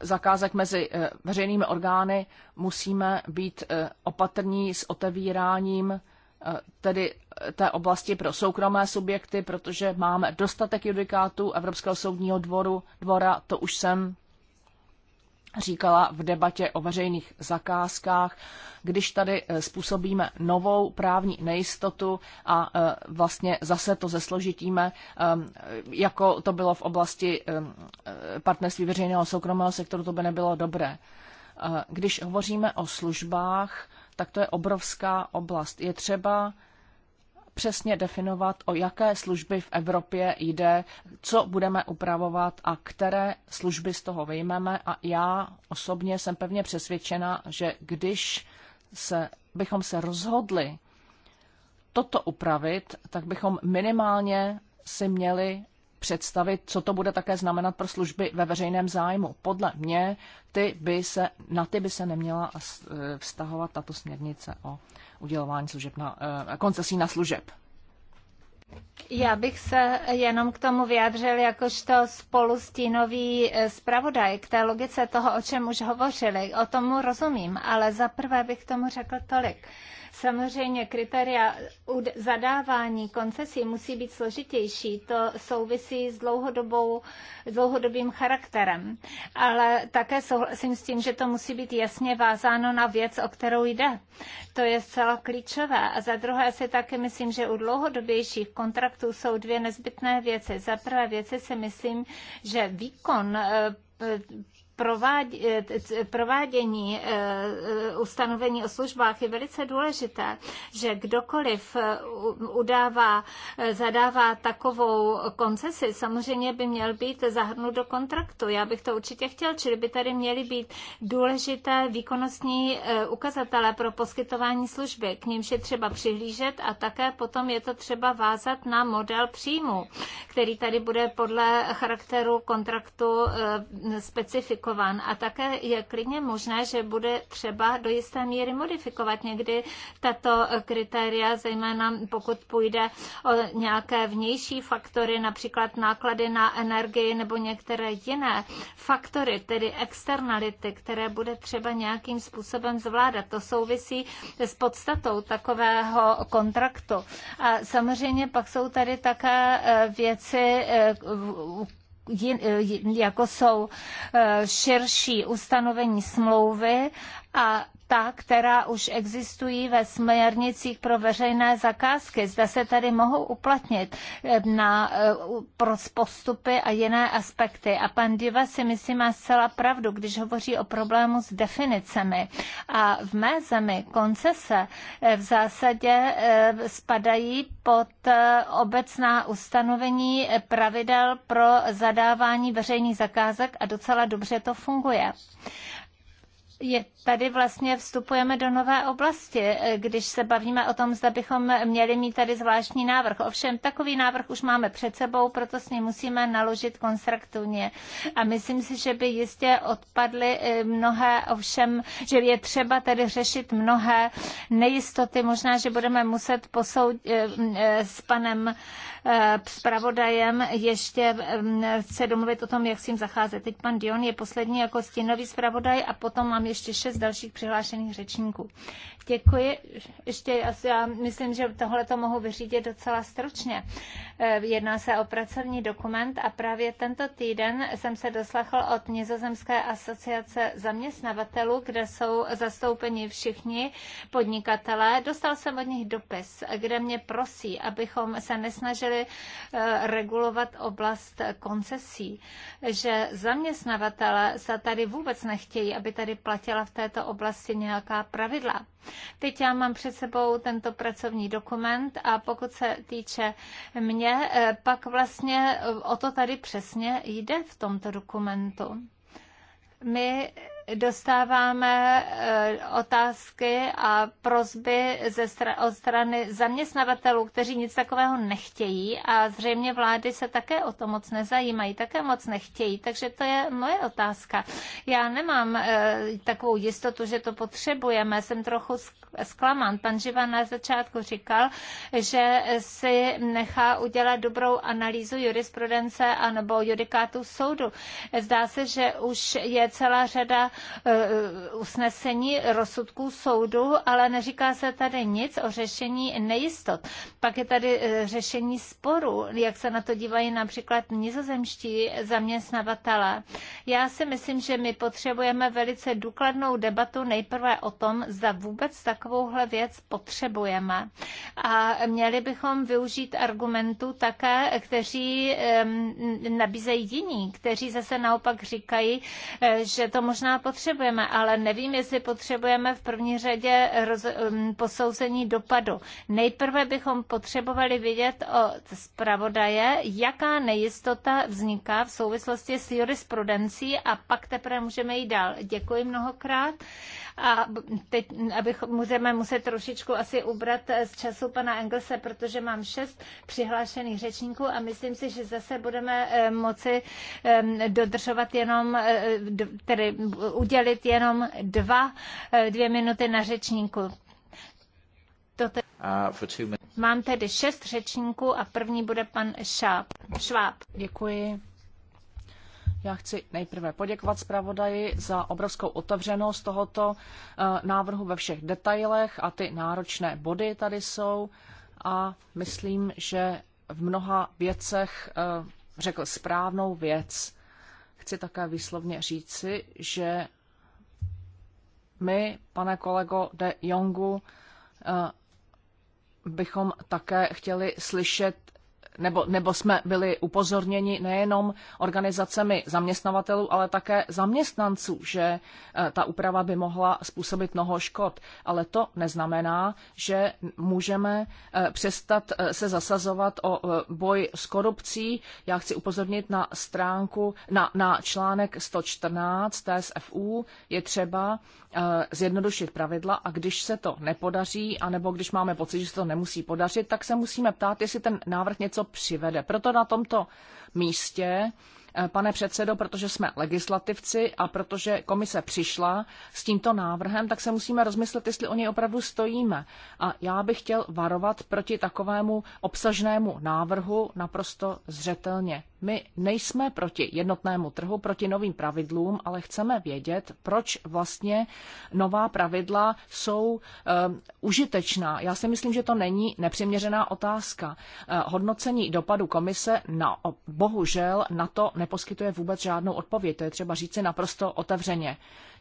zakázek mezi eh, veřejnými orgány musíme být opatrní s otevíráním tedy té oblasti pro soukromé subjekty, protože máme dostatek judikátů Evropského soudního dvoru, dvora, to už jsem říkala v debatě o veřejných zakázkách, když tady eh, způsobíme novou právní nejistotu a eh, vlastně zase to zesložitíme, ehm, jako to bylo v oblasti ehm, eh, partnerství veřejného a soukromého sektoru, to by nebylo dobré. Když hovoříme o službách, tak to je obrovská oblast. Je třeba přesně definovat, o jaké služby v Evropě jde, co budeme upravovat a které služby z toho vyjmeme. A já osobně jsem pevně přesvědčena, že když se, bychom se rozhodli toto upravit, tak bychom minimálně si měli představit, co to bude také znamenat pro služby ve veřejném zájmu. Podle mě ty by se, na ty by se neměla e, vztahovat tato směrnice o udělování služeb na, e, koncesí na služeb. Já bych se jenom k tomu vyjádřil jakožto spolustínový e, zpravodaj k té logice toho, o čem už hovořili. O tomu rozumím, ale za prvé bych tomu řekl tolik Samozřejmě kritéria zadávání koncesí musí být složitější. To souvisí s dlouhodobou, dlouhodobým charakterem. Ale také souhlasím s tím, že to musí být jasně vázáno na věc, o kterou jde. To je zcela klíčové. A za druhé si také myslím, že u dlouhodobějších kontraktů jsou dvě nezbytné věci. Za prvé věci si myslím, že výkon eh, Eh, provádění eh, ustanovení o službách je velice důležité, že kdokoliv eh, udává, zadává takovou koncesi, samozřejmě by měl být zahrnut do kontraktu. Já bych to určitě chtěl, čili by tady měly být důležité výkonnostní ukazatele pro poskytování služby. K nímž je třeba přihlížet a také potom je to třeba vázat na model příjmu, který tady bude podle charakteru kontraktu specifikovat modifikován a také je klidně možné, že bude třeba do jisté míry modifikovat někdy tato kritéria, zejména pokud půjde o nějaké vnější faktory, například náklady na energii nebo některé jiné faktory, tedy externality, které bude třeba nějakým způsobem zvládat. To souvisí s podstatou takového kontraktu. A samozřejmě pak jsou tady také eh, věci eh, Eh, jako jsou eh, širší ustanovení smlouvy a ta, která už existují ve směrnicích pro veřejné zakázky. Zda se tady mohou uplatnit eh, na eh, pro postupy a jiné aspekty. A pan Diva si myslím má zcela pravdu, když hovoří o problému s definicemi. A v mé zemi koncese eh, v zásadě spadají pod obecná ustanovení pravidel pro zadávání veřejných zakázek a docela dobře to funguje je, tady vlastně vstupujeme do nové oblasti, e, když se bavíme o tom, zda bychom měli mít tady zvláštní návrh. Ovšem, takový návrh už máme před sebou, proto s ním musíme naložit konstruktivně. A myslím si, že by jistě odpadly e, mnohé, ovšem, že je třeba tady řešit mnohé nejistoty. Možná, že budeme muset posoudit e, s panem Eh, zpravodajem ještě se mm, domluvit o tom, jak s tím zacházet. Teď pan Dion je poslední jako stínový zpravodaj a potom mám ještě šest dalších přihlášených řečníků. Děkuji. Ještě já myslím, že tohle to mohu vyřídit docela stručně. Eh, jedná se o pracovní dokument a právě tento týden jsem se doslechl od Nizozemské asociace zaměstnavatelů, kde jsou zastoupeni všichni podnikatelé. Dostal jsem od nich dopis, kde mě prosí, abychom se nesnažili chtěli eh, regulovat oblast koncesí, že zaměstnavatele se tady vůbec nechtějí, aby tady platila v této oblasti nějaká pravidla. Teď já mám před sebou tento pracovní dokument a pokud se týče mě, eh, pak vlastně eh, o to tady přesně jde v tomto dokumentu. My dostáváme eh, otázky a prozby ze str- od strany zaměstnavatelů, kteří nic takového nechtějí a zřejmě vlády se také o to moc nezajímají, také moc nechtějí. Takže to je moje otázka. Já nemám e, takovou jistotu, že to potřebujeme. Jsem trochu zklamán. Pan Živan na začátku říkal, že si nechá udělat dobrou analýzu jurisprudence anebo judikátu soudu. Zdá se, že už je celá řada Eh, usnesení rozsudků soudu, ale neříká se tady nic o řešení nejistot. Pak je tady eh, řešení sporu, jak se na to dívají například nizozemští zaměstnavatele. Já si myslím, že my potřebujeme velice důkladnou debatu nejprve o tom, zda vůbec takovouhle věc potřebujeme. A měli bychom využít argumentů také, kteří nabízejí jiní, kteří zase naopak říkají, eh, že to možná potřebujeme, ale nevím, jestli potřebujeme v první řadě roz, um, posouzení dopadu. Nejprve bychom potřebovali vědět od zpravodaje, jaká nejistota vzniká v souvislosti s jurisprudencí a pak teprve můžeme jít dál. Děkuji mnohokrát a teď abych, můžeme muset trošičku asi ubrat z času pana Engelse, protože mám šest přihlášených řečníků a myslím si, že zase budeme eh, moci eh, dodržovat jenom, eh, tedy udělit jenom dva, eh, dvě minuty na řečníku. Toto... Uh, Mám tedy šest řečníků a první bude pan Šáp. Šváb. Děkuji. Já chci nejprve poděkovat zpravodaji za obrovskou otevřenost tohoto eh, návrhu ve všech detailech a ty náročné body tady jsou a myslím, že v mnoha věcech eh, řekl správnou věc chci také výslovně říci, že my, pane kolego de Jongu, eh, bychom také chtěli slyšet nebo, nebo jsme byli upozorněni nejenom organizacemi zaměstnavatelů, ale také zaměstnanců, že eh, ta úprava by mohla způsobit mnoho škod. Ale to neznamená, že můžeme eh, přestat eh, se zasazovat o boj s korupcí. Já chci upozornit na stránku, na, na článek 114 TSFU. Je třeba Eh, zjednodušit pravidla a když se to nepodaří, anebo když máme pocit, že se to nemusí podařit, tak se musíme ptát, jestli ten návrh něco přivede. Proto na tomto místě eh, pane předsedo, protože jsme legislativci a protože komise přišla s tímto návrhem, tak se musíme rozmyslet, jestli o něj opravdu stojíme. A já bych chtěl varovat proti takovému obsažnému návrhu naprosto zřetelně. My nejsme proti jednotnému trhu, proti novým pravidlům, ale chceme vědět, proč vlastně nová pravidla jsou um, užitečná. Já si myslím, že to není nepřiměřená otázka. Uh, hodnocení dopadu komise na, bohužel na to neposkytuje vůbec žádnou odpověď. To je třeba říci naprosto otevřeně.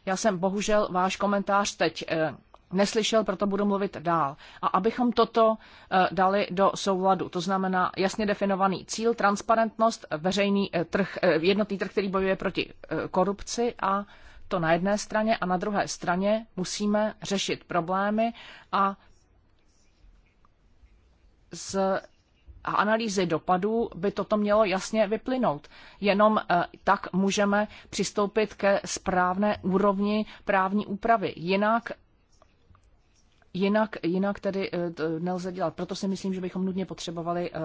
Já jsem bohužel váš komentář teď uh, neslyšel, proto budu mluvit dál. A abychom toto eh, dali do souladu, to znamená jasně definovaný cíl, transparentnost, veřejný eh, trh, eh, jednotný trh, který bojuje proti korupci a to na jedné straně a na druhé straně musíme řešit problémy a z analýzy dopadů by toto mělo jasně vyplynout. Jenom tak můžeme přistoupit ke správné úrovni právní úpravy. Jinak Jinak, jinak tedy eh, nelze dělat. Proto si myslím, že bychom nutně potřebovali eh,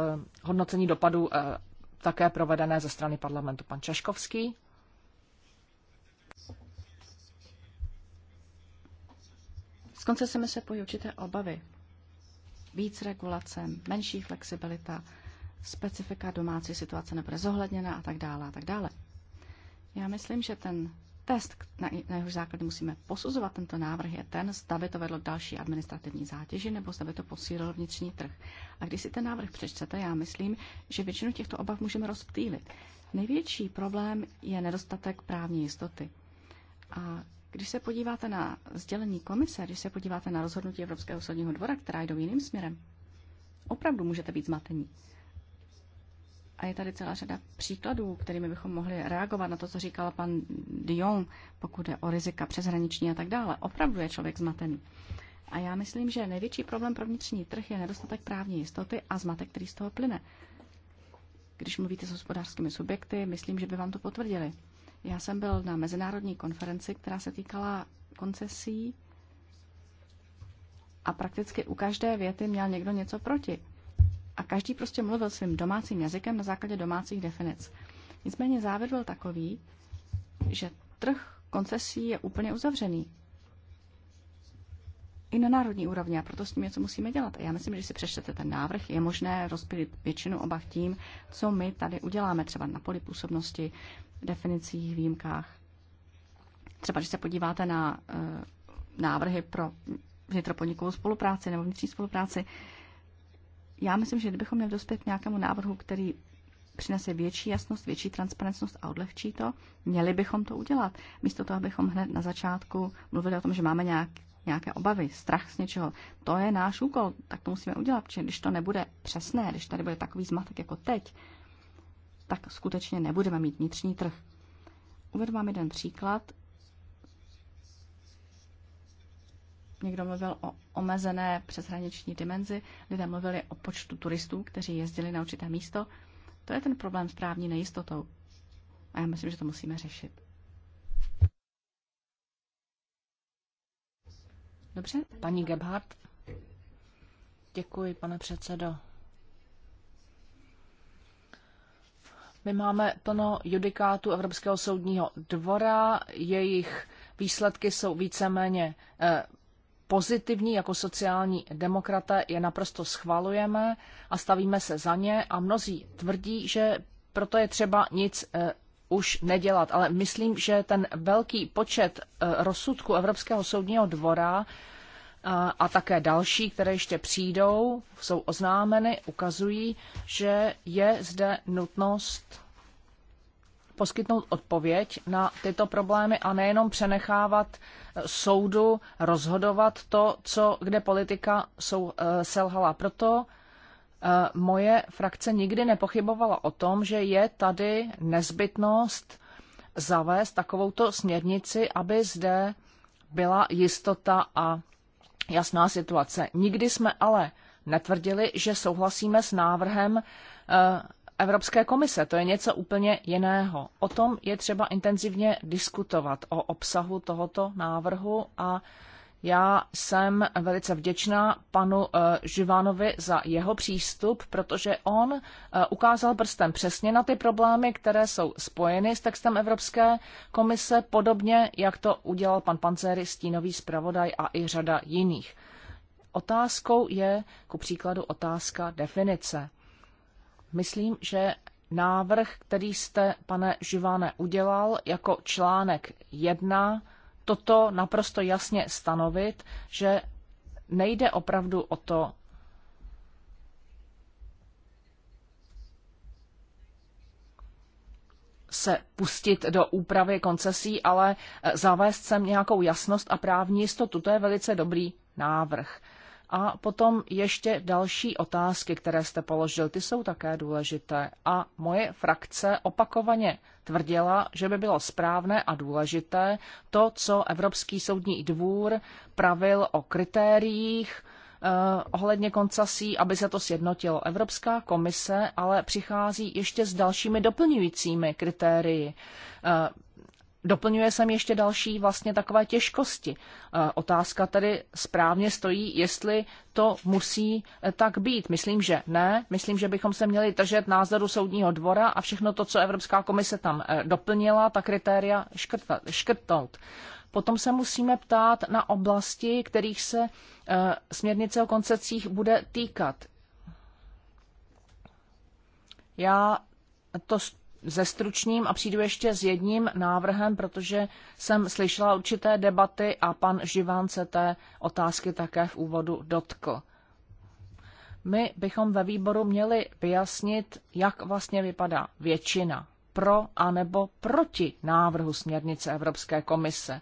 hodnocení dopadu eh, také provedené ze strany parlamentu. Pan Čaškovský. Z konce se pojí určité obavy. Víc regulace, menší flexibilita, specifika domácí situace nebude zohledněna a tak dále a tak dále. Já myslím, že ten Test, na, na jehož základě musíme posuzovat tento návrh, je ten, zda by to vedlo k další administrativní zátěži nebo zda by to posílilo vnitřní trh. A když si ten návrh přečtete, já myslím, že většinu těchto obav můžeme rozptýlit. Největší problém je nedostatek právní jistoty. A když se podíváte na sdělení komise, když se podíváte na rozhodnutí Evropského soudního dvora, která jdou jiným směrem, opravdu můžete být zmatení. A je tady celá řada příkladů, kterými bychom mohli reagovat na to, co říkal pan Dion, pokud je o rizika přeshraniční a tak dále. Opravdu je člověk zmatený. A já myslím, že největší problém pro vnitřní trh je nedostatek právní jistoty a zmatek, který z toho plyne. Když mluvíte s hospodářskými subjekty, myslím, že by vám to potvrdili. Já jsem byl na mezinárodní konferenci, která se týkala koncesí a prakticky u každé věty měl někdo něco proti a každý prostě mluvil svým domácím jazykem na základě domácích definic. Nicméně závěr byl takový, že trh koncesí je úplně uzavřený. I na národní úrovni a proto s tím něco musíme dělat. A já myslím, že si přečtete ten návrh, je možné rozpilit většinu obav tím, co my tady uděláme třeba na poli působnosti, definicích, výjimkách. Třeba když se podíváte na e, návrhy pro vnitropodnikovou spolupráci nebo vnitřní spolupráci, já myslím, že kdybychom měli dospět k nějakému návrhu, který přinese větší jasnost, větší transparentnost a odlehčí to, měli bychom to udělat. Místo toho, abychom hned na začátku mluvili o tom, že máme nějak, nějaké obavy, strach z něčeho. To je náš úkol, tak to musíme udělat, protože když to nebude přesné, když tady bude takový zmatek jako teď, tak skutečně nebudeme mít vnitřní trh. Uvedu vám jeden příklad, Někdo mluvil o omezené přeshraniční dimenzi, lidé mluvili o počtu turistů, kteří jezdili na určité místo. To je ten problém s právní nejistotou. A já myslím, že to musíme řešit. Dobře, paní Gebhardt. Děkuji, pane předsedo. My máme plno judikátů Evropského soudního dvora, jejich výsledky jsou víceméně eh, pozitivní jako sociální demokraté, je naprosto schvalujeme a stavíme se za ně a mnozí tvrdí, že proto je třeba nic eh, už nedělat. Ale myslím, že ten velký počet eh, rozsudků Evropského soudního dvora eh, a také další, které ještě přijdou, jsou oznámeny, ukazují, že je zde nutnost poskytnout odpověď na tyto problémy a nejenom přenechávat eh, soudu rozhodovat to, co, kde politika sou, eh, selhala. Proto eh, moje frakce nikdy nepochybovala o tom, že je tady nezbytnost zavést takovouto směrnici, aby zde byla jistota a jasná situace. Nikdy jsme ale netvrdili, že souhlasíme s návrhem Evropské komise. To je něco úplně jiného. O tom je třeba intenzivně diskutovat, o obsahu tohoto návrhu a já jsem velice vděčná panu eh, Živánovi za jeho přístup, protože on eh, ukázal prstem přesně na ty problémy, které jsou spojeny s textem Evropské komise, podobně jak to udělal pan Panzeri, stínový zpravodaj a i řada jiných. Otázkou je ku příkladu otázka definice. Myslím, že návrh, který jste, pane Živáne, udělal jako článek 1, toto naprosto jasně stanovit, že nejde opravdu o to, se pustit do úpravy koncesí, ale zavést sem nějakou jasnost a právní jistotu. To je velice dobrý návrh. A potom ještě další otázky, které jste položil, ty jsou také důležité. A moje frakce opakovaně tvrdila, že by bylo správné a důležité to, co Evropský soudní dvůr pravil o kritériích, eh, ohledně koncesí, aby se to sjednotilo. Evropská komise ale přichází ještě s dalšími doplňujícími kritérii. Eh, Doplňuje sem ještě další vlastně takové těžkosti. Eh, otázka tedy správně stojí, jestli to musí eh, tak být. Myslím, že ne. Myslím, že bychom se měli držet názoru soudního dvora a všechno to, co Evropská komise tam eh, doplnila, ta kritéria škrtnout. Potom se musíme ptát na oblasti, kterých se směrnice o koncesích bude týkat. Já to ze stručním a přijdu ještě s jedním návrhem, protože jsem slyšela určité debaty a pan Živán se té otázky také v úvodu dotkl. My bychom ve výboru měli vyjasnit, jak vlastně vypadá většina pro a nebo proti návrhu směrnice Evropské komise.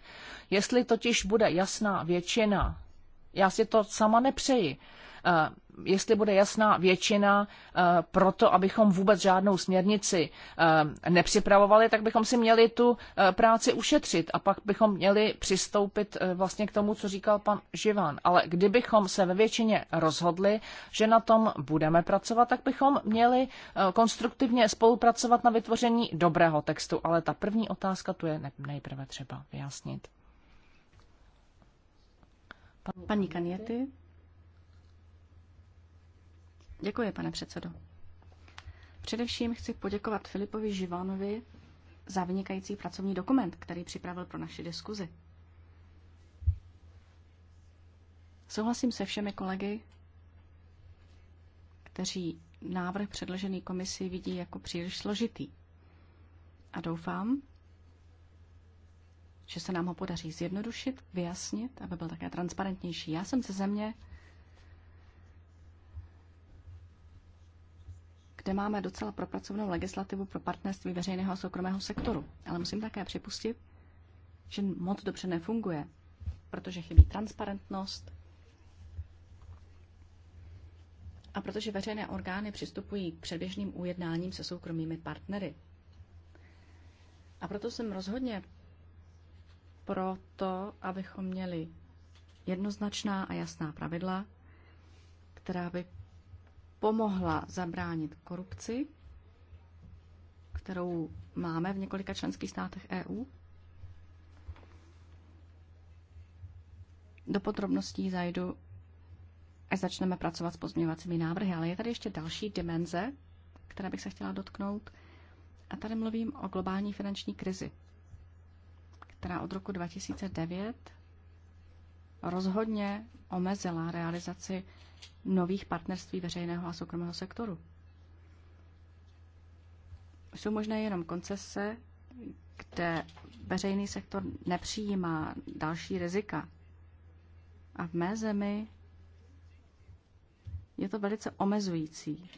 Jestli totiž bude jasná většina, já si to sama nepřeji, Eh, jestli bude jasná většina eh, proto, abychom vůbec žádnou směrnici eh, nepřipravovali, tak bychom si měli tu práci ušetřit a pak bychom měli přistoupit vlastně k tomu, co říkal pan Živan. Ale kdybychom se ve většině rozhodli, že na tom budeme pracovat, tak bychom měli konstruktivně spolupracovat na vytvoření dobrého textu. Ale ta první otázka tu je nejprve třeba vyjasnit. Paní Kaněty. Děkuji, pane předsedo. Především chci poděkovat Filipovi Živanovi za vynikající pracovní dokument, který připravil pro naši diskuzi. Souhlasím se všemi kolegy, kteří návrh předložený komisi vidí jako příliš složitý. A doufám, že se nám ho podaří zjednodušit, vyjasnit, aby byl také transparentnější. Já jsem ze země, zde máme docela propracovanou legislativu pro partnerství veřejného a soukromého sektoru, ale musím také připustit, že moc dobře nefunguje, protože chybí transparentnost a protože veřejné orgány přistupují k předběžným ujednáním se soukromými partnery. A proto jsem rozhodně pro to, abychom měli jednoznačná a jasná pravidla, která by pomohla zabránit korupci, kterou máme v několika členských státech EU. Do podrobností zajdu, až začneme pracovat s pozměňovacími návrhy, ale je tady ještě další dimenze, které bych se chtěla dotknout. A tady mluvím o globální finanční krizi, která od roku 2009 rozhodně omezila realizaci nových partnerství veřejného a soukromého sektoru. Jsou možné jenom koncese, kde veřejný sektor nepřijímá další rizika. A v mé zemi je to velice omezující,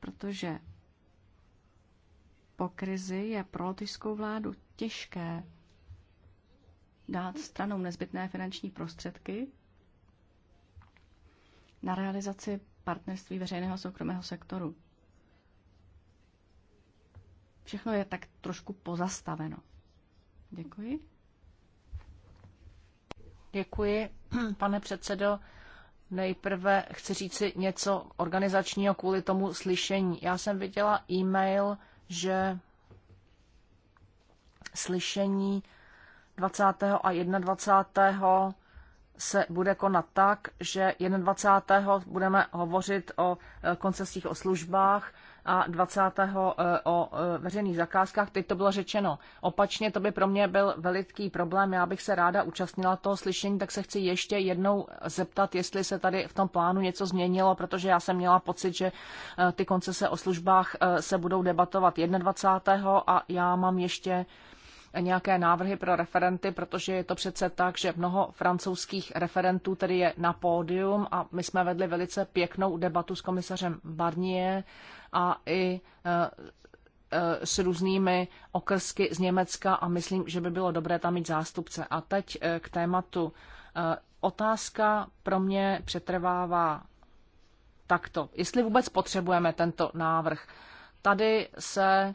protože po krizi je pro lotyšskou vládu těžké dát stranou nezbytné finanční prostředky na realizaci partnerství veřejného soukromého sektoru. Všechno je tak trošku pozastaveno. Děkuji. Děkuji, pane předsedo. Nejprve chci říci něco organizačního kvůli tomu slyšení. Já jsem viděla e-mail, že slyšení 20. a 21. se bude konat tak, že 21. budeme hovořit o e, koncesích o službách a 20. E, o e, veřejných zakázkách. Teď to bylo řečeno opačně, to by pro mě byl veliký problém. Já bych se ráda účastnila toho slyšení, tak se chci ještě jednou zeptat, jestli se tady v tom plánu něco změnilo, protože já jsem měla pocit, že ty koncese o službách se budou debatovat 21. a já mám ještě nějaké návrhy pro referenty, protože je to přece tak, že mnoho francouzských referentů tedy je na pódium a my jsme vedli velice pěknou debatu s komisařem Barnier a i e, e, s různými okrsky z Německa a myslím, že by bylo dobré tam mít zástupce. A teď e, k tématu. Otázka pro mě přetrvává takto. Jestli vůbec potřebujeme tento návrh. Tady se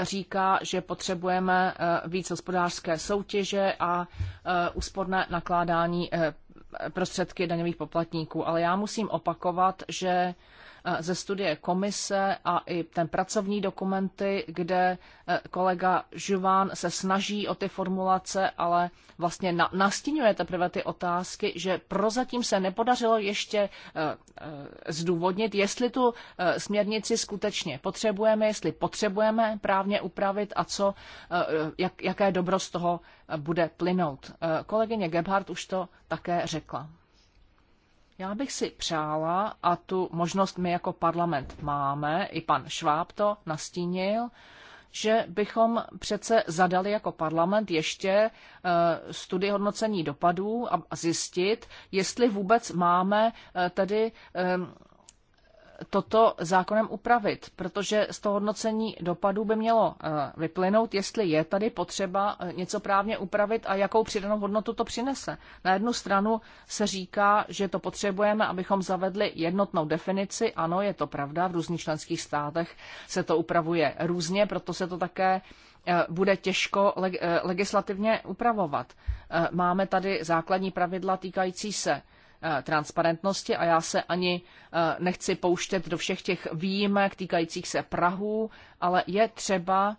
říká, že potřebujeme eh, víc hospodářské soutěže a eh, úsporné nakládání eh, prostředky daňových poplatníků. Ale já musím opakovat, že Eh, ze studie komise a i ten pracovní dokumenty, kde eh, kolega Žuván se snaží o ty formulace, ale vlastně na, nastínuje teprve ty otázky, že prozatím se nepodařilo ještě eh, zdůvodnit, jestli tu směrnici skutečně potřebujeme, jestli potřebujeme právně upravit a co, jak, jaké dobro z toho bude plynout. Kolegyně Gebhardt už to také řekla. Já bych si přála, a tu možnost my jako parlament máme, i pan Šváb to nastínil, že bychom přece zadali jako parlament ještě eh, studii hodnocení dopadů a zjistit, jestli vůbec máme eh, tedy eh, toto zákonem upravit, protože z toho hodnocení dopadů by mělo eh, vyplynout, jestli je tady potřeba eh, něco právně upravit a jakou přidanou hodnotu to přinese. Na jednu stranu se říká, že to potřebujeme, abychom zavedli jednotnou definici. Ano, je to pravda, v různých členských státech se to upravuje různě, proto se to také eh, bude těžko legislativně upravovat. Máme tady základní pravidla týkající se Eh, transparentnosti a já se ani eh, nechci pouštět do všech těch výjimek týkajících se Prahu, ale je třeba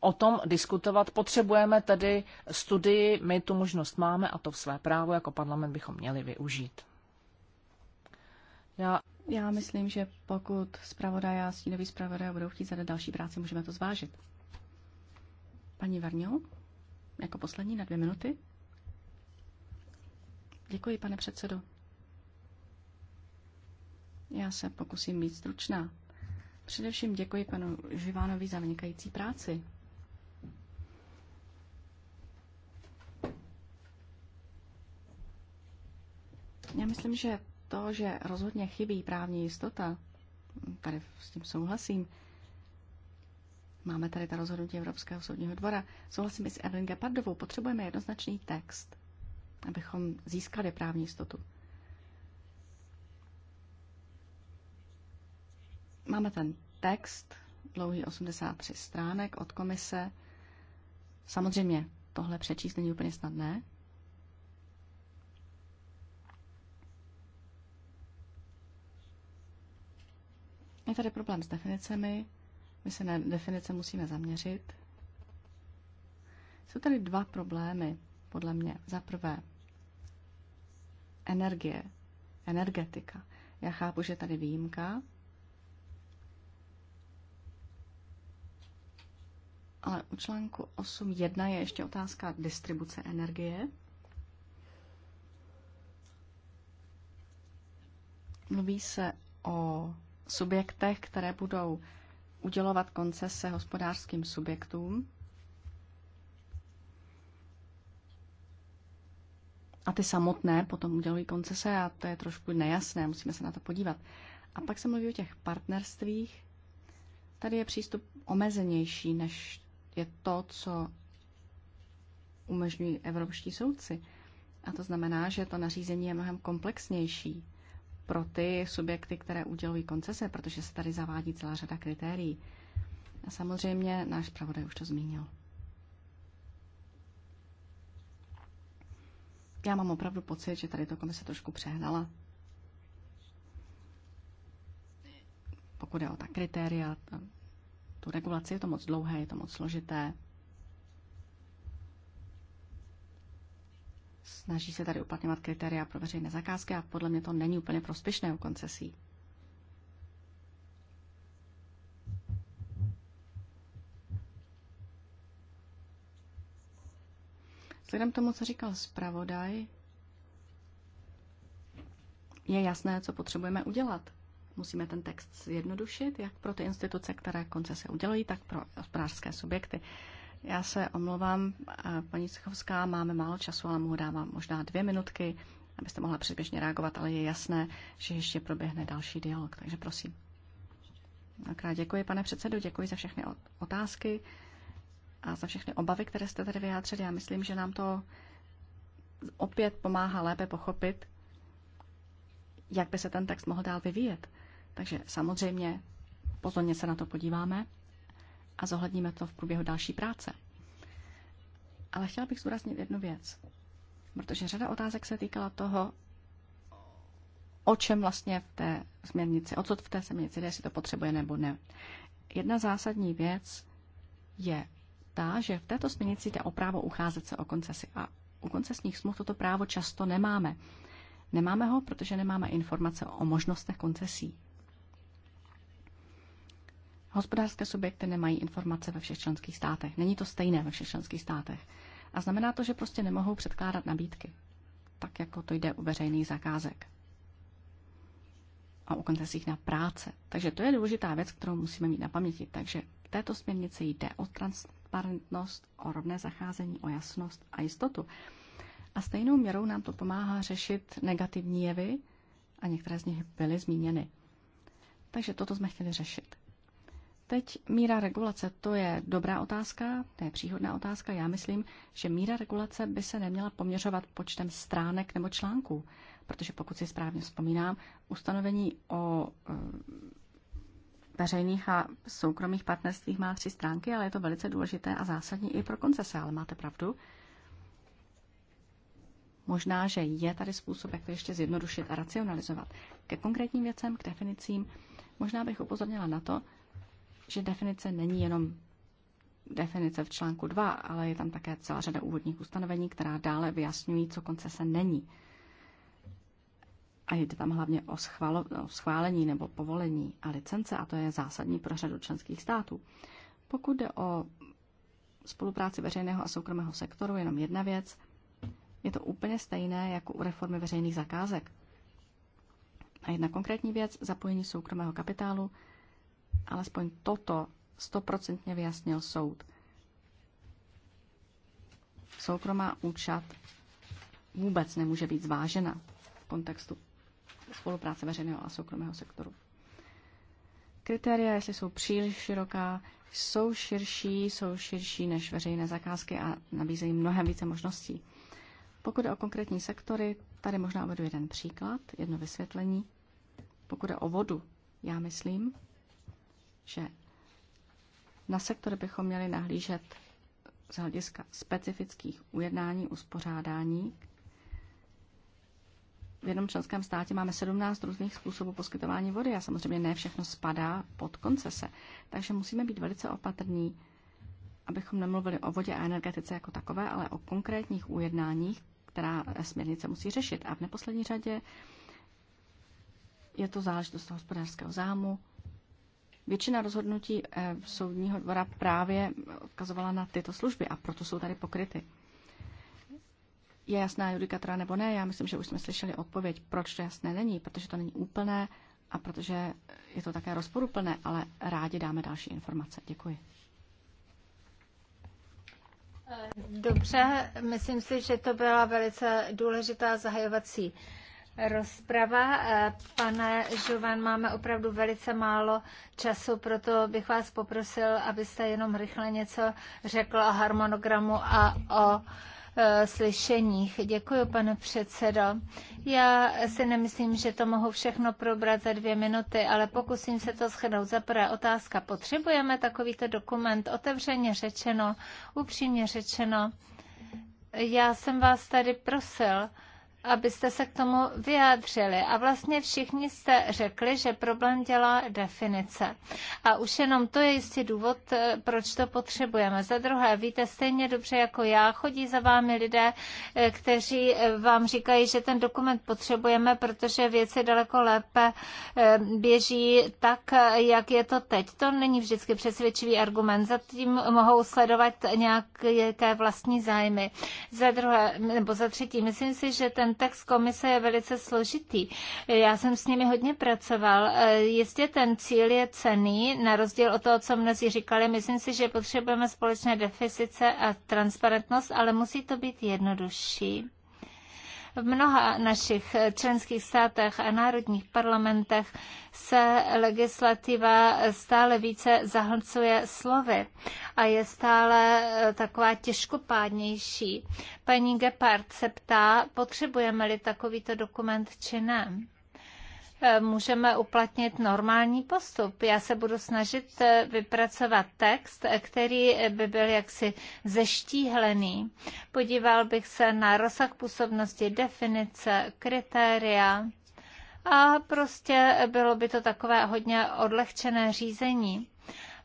o tom diskutovat. Potřebujeme tedy studii, my tu možnost máme a to v své právo jako parlament bychom měli využít. Já, Já myslím, že pokud zpravodaj a stínový zpravodaj budou chtít zadat další práci, můžeme to zvážit. Paní Varňo? jako poslední na dvě minuty. Děkuji, pane předsedo. Já se pokusím být stručná. Především děkuji panu Živánovi za vynikající práci. Já myslím, že to, že rozhodně chybí právní jistota, tady s tím souhlasím, Máme tady ta rozhodnutí Evropského soudního dvora. Souhlasím i s Evelyn Gepardovou. Potřebujeme jednoznačný text, abychom získali právní jistotu. Máme ten text, dlouhý 83 stránek od komise. Samozřejmě tohle přečíst není úplně snadné. Je tady problém s definicemi, my se na definice musíme zaměřit. Jsou tady dva problémy, podle mě. Za prvé, energie, energetika. Já chápu, že tady výjimka, ale u článku 8.1 je ještě otázka distribuce energie. Mluví se o subjektech, které budou udělovat koncese hospodářským subjektům. A ty samotné potom udělují koncese a to je trošku nejasné, musíme se na to podívat. A pak se mluví o těch partnerstvích. Tady je přístup omezenější, než je to, co umožňují evropští soudci. A to znamená, že to nařízení je mnohem komplexnější pro ty subjekty, které udělují koncese, protože se tady zavádí celá řada kritérií. A samozřejmě náš pravodaj už to zmínil. Já mám opravdu pocit, že tady to komise trošku přehnala. Pokud je o ta kritéria, tu regulaci, je to moc dlouhé, je to moc složité, Snaží se tady uplatňovat kritéria pro veřejné zakázky a podle mě to není úplně prospěšné u koncesí. Vzhledem tomu, co říkal zpravodaj, je jasné, co potřebujeme udělat. Musíme ten text zjednodušit, jak pro ty instituce, které koncese udělují, tak pro hospodářské subjekty. Já se omlouvám, paní Cechovská, máme málo času, ale mohu dávám možná dvě minutky, abyste mohla předběžně reagovat, ale je jasné, že ještě proběhne další dialog, takže prosím. Nakrát děkuji, pane předsedo, děkuji za všechny otázky a za všechny obavy, které jste tady vyjádřili. Já myslím, že nám to opět pomáhá lépe pochopit, jak by se ten text mohl dál vyvíjet. Takže samozřejmě pozorně se na to podíváme a zohledníme to v průběhu další práce. Ale chtěla bych zúraznit jednu věc, protože řada otázek se týkala toho, o čem vlastně v té směrnici, o co v té směrnici, jestli to potřebuje nebo ne. Jedna zásadní věc je ta, že v této směrnici jde o právo ucházet se o koncesi a u koncesních smluv toto právo často nemáme. Nemáme ho, protože nemáme informace o možnostech koncesí. Hospodářské subjekty nemají informace ve všech členských státech. Není to stejné ve všech členských státech. A znamená to, že prostě nemohou předkládat nabídky, tak jako to jde u veřejných zakázek a u koncesích na práce. Takže to je důležitá věc, kterou musíme mít na paměti. Takže v této směrnici jde o transparentnost, o rovné zacházení, o jasnost a jistotu. A stejnou měrou nám to pomáhá řešit negativní jevy, a některé z nich byly zmíněny. Takže toto jsme chtěli řešit. Teď míra regulace, to je dobrá otázka, to je příhodná otázka. Já myslím, že míra regulace by se neměla poměřovat počtem stránek nebo článků, protože pokud si správně vzpomínám, ustanovení o eh, veřejných a soukromých partnerstvích má tři stránky, ale je to velice důležité a zásadní i pro koncese, ale máte pravdu. Možná, že je tady způsob, jak to ještě zjednodušit a racionalizovat. Ke konkrétním věcem, k definicím, možná bych upozornila na to, že definice není jenom definice v článku 2, ale je tam také celá řada úvodních ustanovení, která dále vyjasňují, co koncese není. A je to tam hlavně o, schvalo, o schválení nebo povolení a licence, a to je zásadní pro řadu členských států. Pokud jde o spolupráci veřejného a soukromého sektoru, jenom jedna věc, je to úplně stejné jako u reformy veřejných zakázek. A jedna konkrétní věc, zapojení soukromého kapitálu Alespoň toto stoprocentně vyjasnil soud. Soukromá účast vůbec nemůže být zvážena v kontextu spolupráce veřejného a soukromého sektoru. Kritéria, jestli jsou příliš široká, jsou širší, jsou širší než veřejné zakázky a nabízejí mnohem více možností. Pokud je o konkrétní sektory, tady možná uvedu jeden příklad, jedno vysvětlení. Pokud je o vodu, já myslím, že na sektory bychom měli nahlížet z hlediska specifických ujednání, uspořádání. V jednom členském státě máme 17 různých způsobů poskytování vody a samozřejmě ne všechno spadá pod koncese. Takže musíme být velice opatrní, abychom nemluvili o vodě a energetice jako takové, ale o konkrétních ujednáních, která směrnice musí řešit. A v neposlední řadě je to záležitost hospodářského zámu, Většina rozhodnutí eh, soudního dvora právě odkazovala na tyto služby a proto jsou tady pokryty. Je jasná judikatura nebo ne? Já myslím, že už jsme slyšeli odpověď, proč to jasné není, protože to není úplné a protože je to také rozporuplné, ale rádi dáme další informace. Děkuji. Dobře, myslím si, že to byla velice důležitá zahajovací rozprava. Eh, pane Žovan, máme opravdu velice málo času, proto bych vás poprosil, abyste jenom rychle něco řekl o harmonogramu a o eh, slyšeních. Děkuji, pane předsedo. Já si nemyslím, že to mohu všechno probrat za dvě minuty, ale pokusím se to shrnout. Za prvé otázka. Potřebujeme takovýto dokument? Otevřeně řečeno, upřímně řečeno. Já jsem vás tady prosil, abyste se k tomu vyjádřili. A vlastně všichni jste řekli, že problém dělá definice. A už jenom to je jistý důvod, eh, proč to potřebujeme. Za druhé, víte stejně dobře jako já, chodí za vámi lidé, eh, kteří eh, vám říkají, že ten dokument potřebujeme, protože věci daleko lépe běží tak, jak je to teď. To není vždycky přesvědčivý argument. Zatím mohou sledovat nějaké vlastní zájmy. Za druhé, nebo za třetí, myslím si, že ten kontext komise je velice složitý. Já jsem s nimi hodně pracoval. E, jistě ten cíl je cený, na rozdíl od toho, co mnozí říkali. Myslím si, že potřebujeme společné deficice a transparentnost, ale musí to být jednodušší. V mnoha našich členských státech a národních parlamentech se legislativa stále více zahlcuje slovy a je stále eh, taková těžkopádnější. Paní Gepard se ptá, potřebujeme-li takovýto dokument či ne. Eh, můžeme uplatnit normální postup. Já se budu snažit eh, vypracovat text, eh, který by byl jaksi zeštíhlený. Podíval bych se na rozsah působnosti, definice, kritéria a prostě bylo by to takové hodně odlehčené řízení.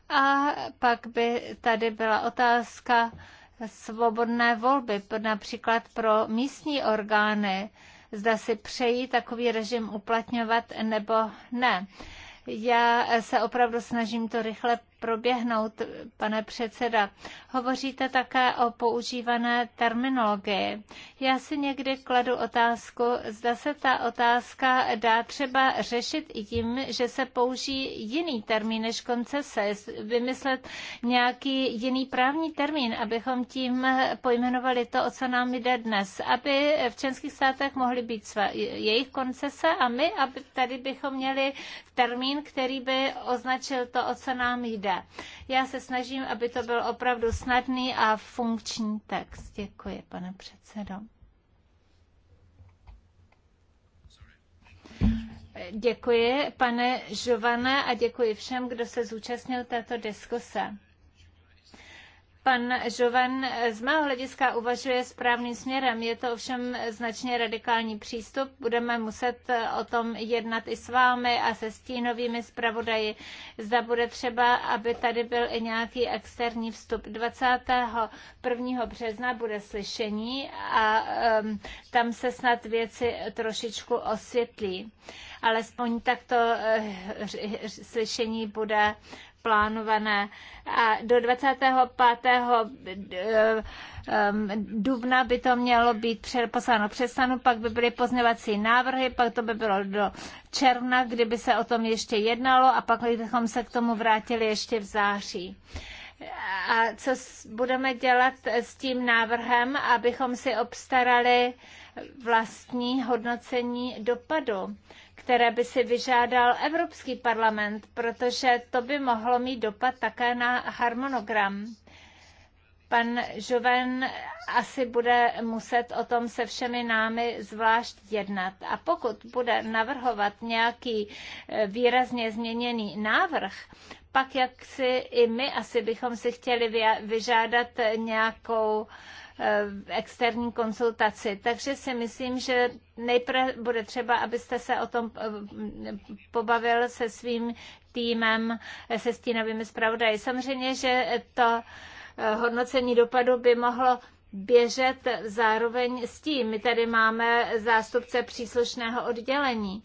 A pak by tady byla otázka svobodné volby, například pro místní orgány zda si přejí takový režim uplatňovat nebo ne. Já se opravdu snažím to rychle proběhnout, pane předseda. Hovoříte také o používané terminologii. Já si někdy kladu otázku, zda se ta otázka dá třeba řešit i tím, že se použije jiný termín než koncese, vymyslet nějaký jiný právní termín, abychom tím pojmenovali to, o co nám jde dnes, aby v členských státech mohly být své, jejich koncese a my, aby tady bychom měli termín, který by označil to, o co nám jde jde. Já se snažím, aby to byl opravdu snadný a funkční text. Děkuji, pane předsedo. Děkuji, pane Žované, a děkuji všem, kdo se zúčastnil této diskuse pan Žoven z mého hlediska uvažuje správným směrem. Je to ovšem značně radikální přístup. Budeme muset eh, o tom jednat i s vámi a se stínovými zpravodaji. Zda bude třeba, aby tady byl i nějaký externí vstup. 21. března bude slyšení a um, tam se snad věci trošičku osvětlí. Alespoň takto uh, eh, slyšení bude plánované. A do 25. Eh, eh, dubna by to mělo být poslano přestanu, pak by byly pozněvací návrhy, pak to by bylo do června, kdyby se o tom ještě jednalo a pak bychom se k tomu vrátili ještě v září a co budeme dělat s tím návrhem, abychom si obstarali vlastní hodnocení dopadu které by si vyžádal Evropský parlament, protože to by mohlo mít dopad také na harmonogram. Pan Žoven asi bude muset o tom se všemi námi zvlášť jednat. A pokud bude navrhovat nějaký e, výrazně změněný návrh, pak jak si i my asi bychom si chtěli vyžádat nějakou uh, externí konzultaci. Takže si myslím, že nejprve bude třeba, abyste se o tom eh, pobavil se svým týmem, eh, se stínovými zpravodaji. Samozřejmě, že to eh, hodnocení dopadu by mohlo běžet zároveň s tím. My tady máme zástupce příslušného oddělení,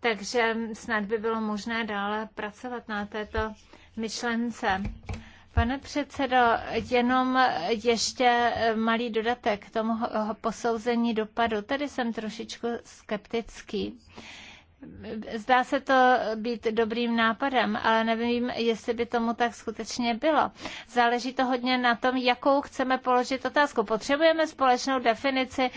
takže snad by bylo možné dále pracovat na této myšlence. Pane předsedo, jenom ještě eh, malý dodatek k tomu posouzení dopadu. Tady jsem trošičku skeptický. Uh, Zdá se to být dobrým nápadem, ale nevím, jestli by tomu tak skutečně bylo. Záleží to hodně na tom, jakou chceme položit otázku. Potřebujeme společnou definici,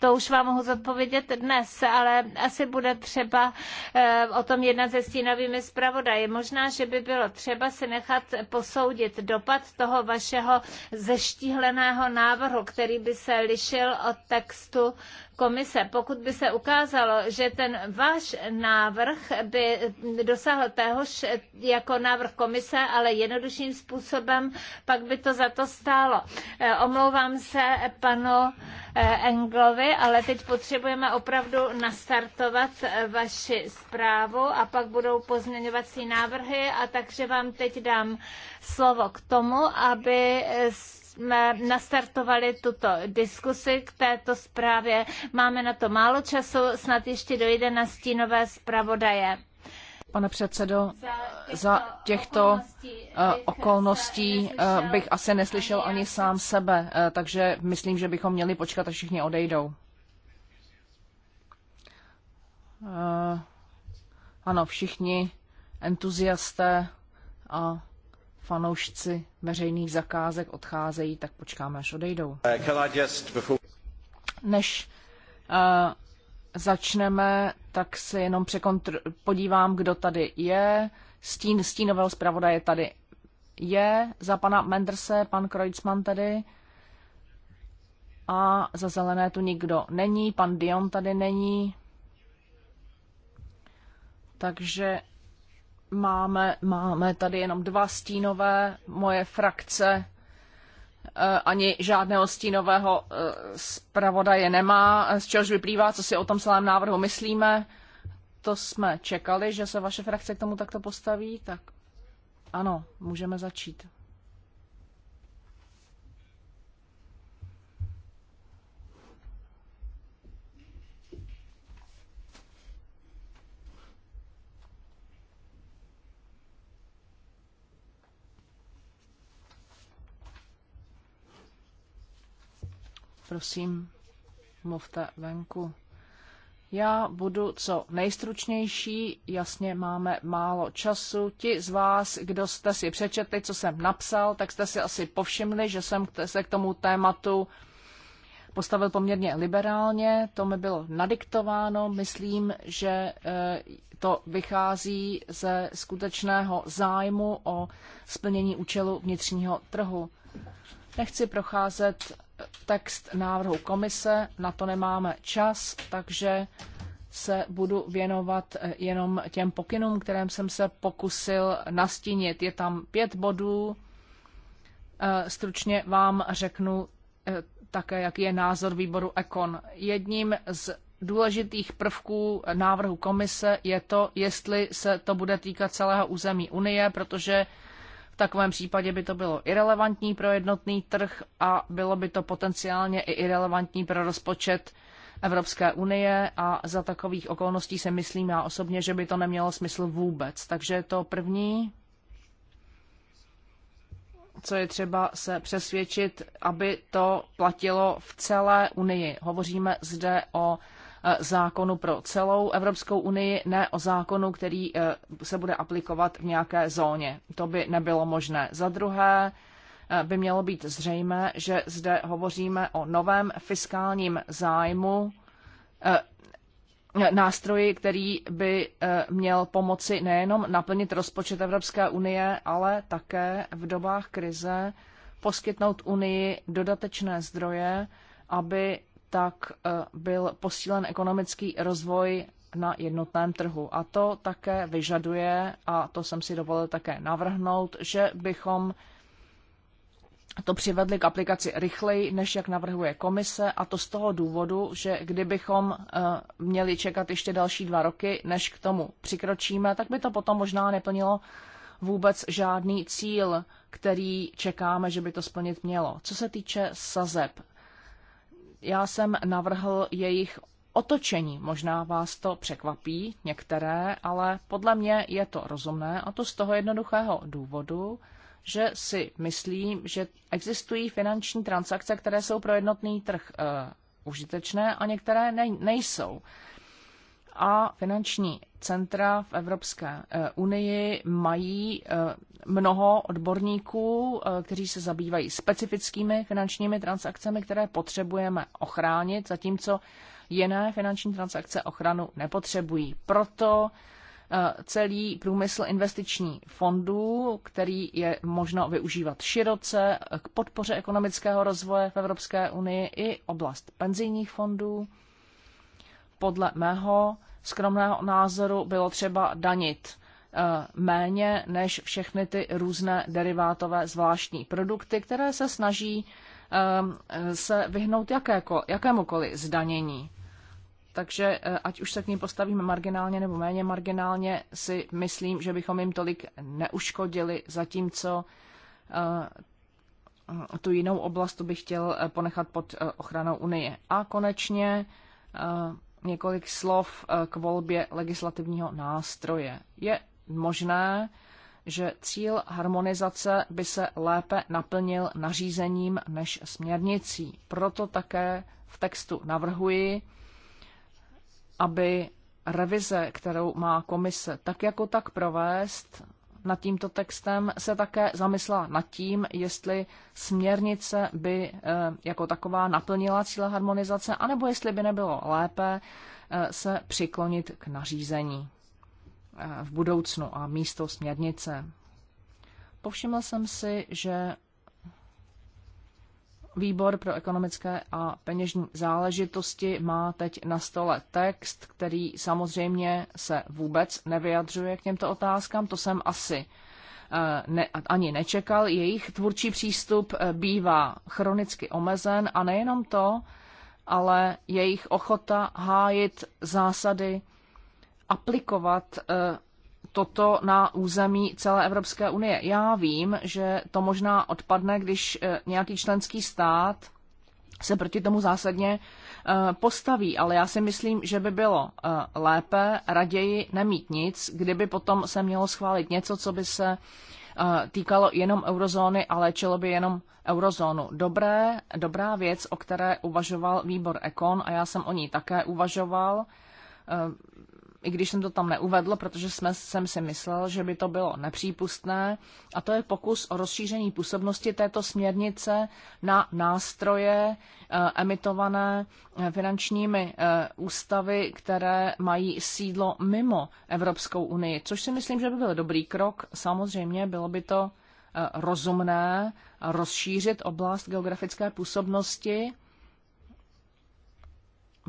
to už vám mohu zodpovědět dnes, ale asi bude třeba eh, o tom jednat se stínovými zpravodaji. Možná, že by bylo třeba si nechat posoudit dopad toho vašeho zeštíhleného návrhu, který by se lišil od textu komise, pokud by se ukázalo, že ten váš návrh by dosáhl téhož jako návrh komise, ale jednodušším způsobem, pak by to za to stálo. Eh, omlouvám se panu eh, Englovi, ale teď potřebujeme opravdu nastartovat eh, vaši zprávu a pak budou pozměňovací návrhy a takže vám teď dám slovo k tomu, aby s jsme nastartovali tuto diskusi k této zprávě. Máme na to málo času, snad ještě dojde na stínové zpravodaje. Pane předsedo, za těchto eh, okolností bych eh, asi neslyšel ani sám sebe, eh, takže myslím, že bychom měli počkat, až všichni odejdou. Ano, všichni entuziasté a fanoušci veřejných zakázek odcházejí, tak počkáme, až odejdou. Uh, Než uh, začneme, tak se jenom překontr- podívám, kdo tady je. Stín, stínového zpravodaje tady je. Za pana Mendrse, pan Kreutzmann tady. A za zelené tu nikdo není. Pan Dion tady není. Takže Máme, máme tady jenom dva stínové, moje frakce eh, ani žádného stínového eh, zpravodaje nemá, z čehož vyplývá, co si o tom celém návrhu myslíme. To jsme čekali, že se vaše frakce k tomu takto postaví, tak ano, můžeme začít. Prosím, mluvte venku. Já budu co nejstručnější, jasně máme málo času. Ti z vás, kdo jste si přečetli, co jsem napsal, tak jste si asi povšimli, že jsem se k tomu tématu postavil poměrně liberálně. To mi bylo nadiktováno. Myslím, že eh, to vychází ze skutečného zájmu o splnění účelu vnitřního trhu. Nechci procházet text návrhu komise, na to nemáme čas, takže se budu věnovat eh, jenom těm pokynům, kterým jsem se pokusil nastínit. Je tam pět bodů. Eh, stručně vám řeknu eh, také, jaký je názor výboru Ekon. Jedním z důležitých prvků návrhu komise je to, jestli se to bude týkat celého území Unie, protože takovém případě by to bylo irrelevantní pro jednotný trh a bylo by to potenciálně i irrelevantní pro rozpočet Evropské unie a za takových okolností se myslím já osobně, že by to nemělo smysl vůbec. Takže to první, co je třeba se přesvědčit, aby to platilo v celé Unii. Hovoříme zde o Eh, zákonu pro celou Evropskou unii, ne o zákonu, který eh, se bude aplikovat v nějaké zóně. To by nebylo možné. Za druhé, eh, by mělo být zřejmé, že zde hovoříme o novém fiskálním zájmu, nástroji, který by měl pomoci nejenom naplnit rozpočet Evropské unie, ale také v dobách krize poskytnout Unii dodatečné zdroje, aby tak eh, byl posílen ekonomický rozvoj na jednotném trhu. A to také vyžaduje, a to jsem si dovolil také navrhnout, že bychom to přivedli k aplikaci rychleji, než jak navrhuje komise, a to z toho důvodu, že kdybychom eh, měli čekat ještě další dva roky, než k tomu přikročíme, tak by to potom možná neplnilo vůbec žádný cíl, který čekáme, že by to splnit mělo. Co se týče sazeb, já jsem navrhl jejich otočení. Možná vás to překvapí, některé, ale podle mě je to rozumné a to z toho jednoduchého důvodu, že si myslím, že existují finanční transakce, které jsou pro jednotný trh e, užitečné a některé ne, nejsou a finanční centra v Evropské eh, unii mají eh, mnoho odborníků, eh, kteří se zabývají specifickými finančními transakcemi, které potřebujeme ochránit, zatímco jiné finanční transakce ochranu nepotřebují. Proto celý průmysl investiční fondů, který je možno využívat široce k podpoře ekonomického rozvoje v Evropské unii i oblast penzijních fondů podle mého skromného názoru bylo třeba danit eh, méně než všechny ty různé derivátové zvláštní produkty, které se snaží eh, se vyhnout jakéko, jakémukoliv zdanění. Takže eh, ať už se k ním postavíme marginálně nebo méně marginálně, si myslím, že bychom jim tolik neuškodili, zatímco tu jinou oblast bych chtěl ponechat pod ochranou Unie. A konečně několik slov eh, k volbě legislativního nástroje. Je možné, že cíl harmonizace by se lépe naplnil nařízením než směrnicí. Proto také v textu navrhuji, aby revize, kterou má komise tak jako tak provést, nad tímto textem, se také zamyslela nad tím, jestli směrnice by eh, jako taková naplnila cíle harmonizace, anebo jestli by nebylo lépe eh, se přiklonit k nařízení eh, v budoucnu a místo směrnice. Povšiml jsem si, že Výbor pro ekonomické a peněžní záležitosti má teď na stole text, který samozřejmě se vůbec nevyjadřuje k těmto otázkám. To jsem asi eh, ne, ani nečekal. Jejich tvůrčí přístup eh, bývá chronicky omezen a nejenom to, ale jejich ochota hájit zásady, aplikovat eh, toto na území celé Evropské unie. Já vím, že to možná odpadne, když eh, nějaký členský stát se proti tomu zásadně eh, postaví, ale já si myslím, že by bylo eh, lépe raději nemít nic, kdyby potom se mělo schválit něco, co by se týkalo jenom eurozóny a léčilo by jenom eurozónu. Dobré, dobrá věc, o které uvažoval výbor Ekon a já jsem o ní také uvažoval i když jsem to tam neuvedl, protože jsme, jsem si myslel, že by to bylo nepřípustné, a to je pokus o rozšíření působnosti této směrnice na nástroje eh, emitované eh, finančními eh, ústavy, které mají sídlo mimo Evropskou unii, což si myslím, že by byl dobrý krok. Samozřejmě bylo by to rozumné rozšířit oblast geografické působnosti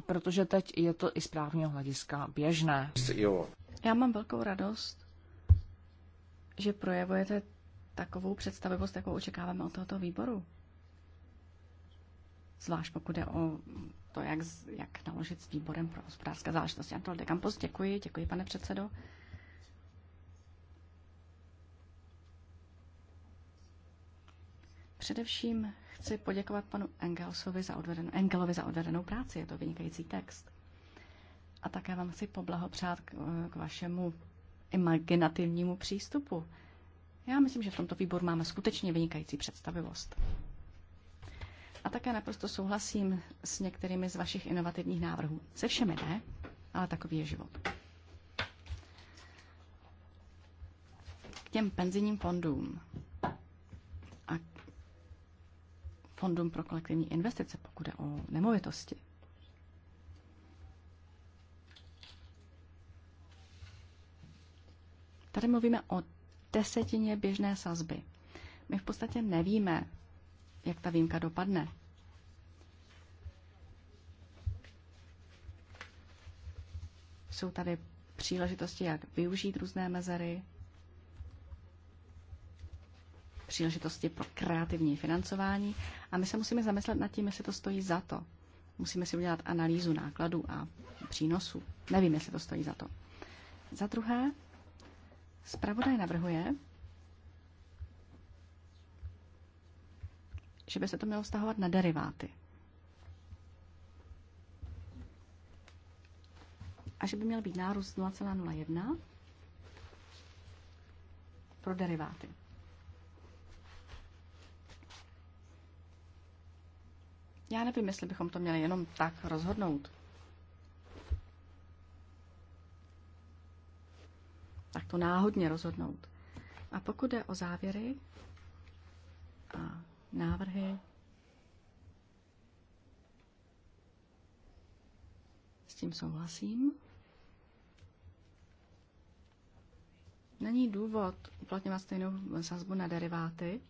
protože teď je to i z právního hlediska běžné. Já mám velkou radost, že projevujete takovou představivost, jakou očekáváme od tohoto výboru. Zvlášť pokud jde o to, jak, jak naložit s výborem pro hospodářské záležitosti. Antol de Campos, děkuji, děkuji, pane předsedo. Především chci poděkovat panu Engelsovi za odvedenou, Engelovi za odvedenou práci, je to vynikající text. A také vám chci poblahopřát k, k vašemu imaginativnímu přístupu. Já myslím, že v tomto výboru máme skutečně vynikající představivost. A také naprosto souhlasím s některými z vašich inovativních návrhů. Se všemi ne, ale takový je život. K těm penzijním fondům. fondům pro kolektivní investice, pokud je o nemovitosti. Tady mluvíme o desetině běžné sazby. My v podstatě nevíme, jak ta výjimka dopadne. Jsou tady příležitosti, jak využít různé mezery, příležitosti pro kreativní financování a my se musíme zamyslet nad tím, jestli to stojí za to. Musíme si udělat analýzu nákladů a přínosů. Nevím, jestli to stojí za to. Za druhé, zpravodaj navrhuje, že by se to mělo vztahovat na deriváty. A že by měl být nárůst 0,01 pro deriváty. Já nevím, jestli bychom to měli jenom tak rozhodnout. Tak to náhodně rozhodnout. A pokud jde o závěry a návrhy, s tím souhlasím. Není důvod uplatňovat stejnou sazbu na deriváty,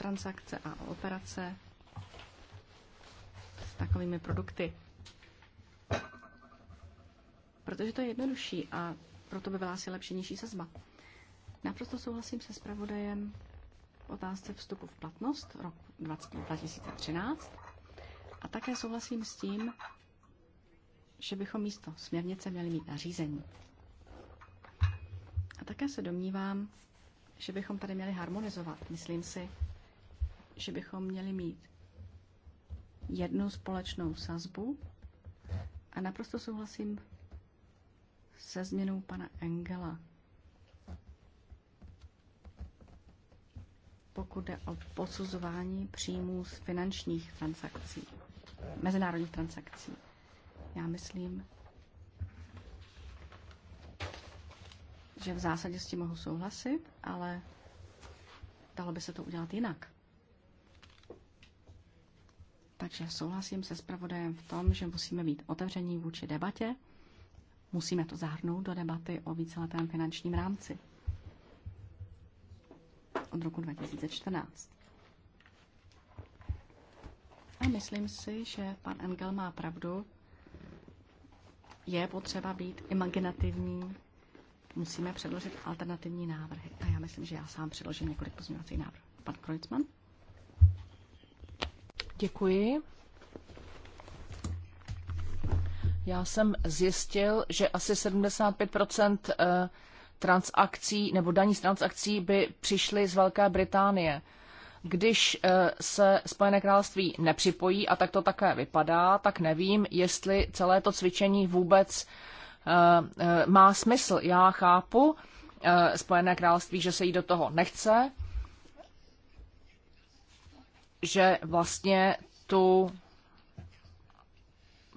transakce a o operace s takovými produkty. Protože to je jednodušší a proto by byla asi lepší nižší sazba. Naprosto souhlasím se zpravodajem v otázce vstupu v platnost rok 2013 a také souhlasím s tím, že bychom místo směrnice měli mít nařízení. A také se domnívám, že bychom tady měli harmonizovat. Myslím si, že bychom měli mít jednu společnou sazbu a naprosto souhlasím se změnou pana Engela. Pokud jde o posuzování příjmů z finančních transakcí, mezinárodních transakcí, já myslím, že v zásadě s tím mohu souhlasit, ale dalo by se to udělat jinak. Takže souhlasím se zpravodajem v tom, že musíme být otevření vůči debatě, musíme to zahrnout do debaty o víceletém finančním rámci od roku 2014. A myslím si, že pan Engel má pravdu. Je potřeba být imaginativní, musíme předložit alternativní návrhy. A já myslím, že já sám předložím několik pozměňovacích návrhů. Pan Kreuzmann? Děkuji. Já jsem zjistil, že asi 75 eh, transakcí nebo daní z transakcí by přišly z Velké Británie. Když eh, se Spojené království nepřipojí, a tak to také vypadá, tak nevím, jestli celé to cvičení vůbec eh, má smysl. Já chápu Spojené království, že se jí do toho nechce, že vlastně tu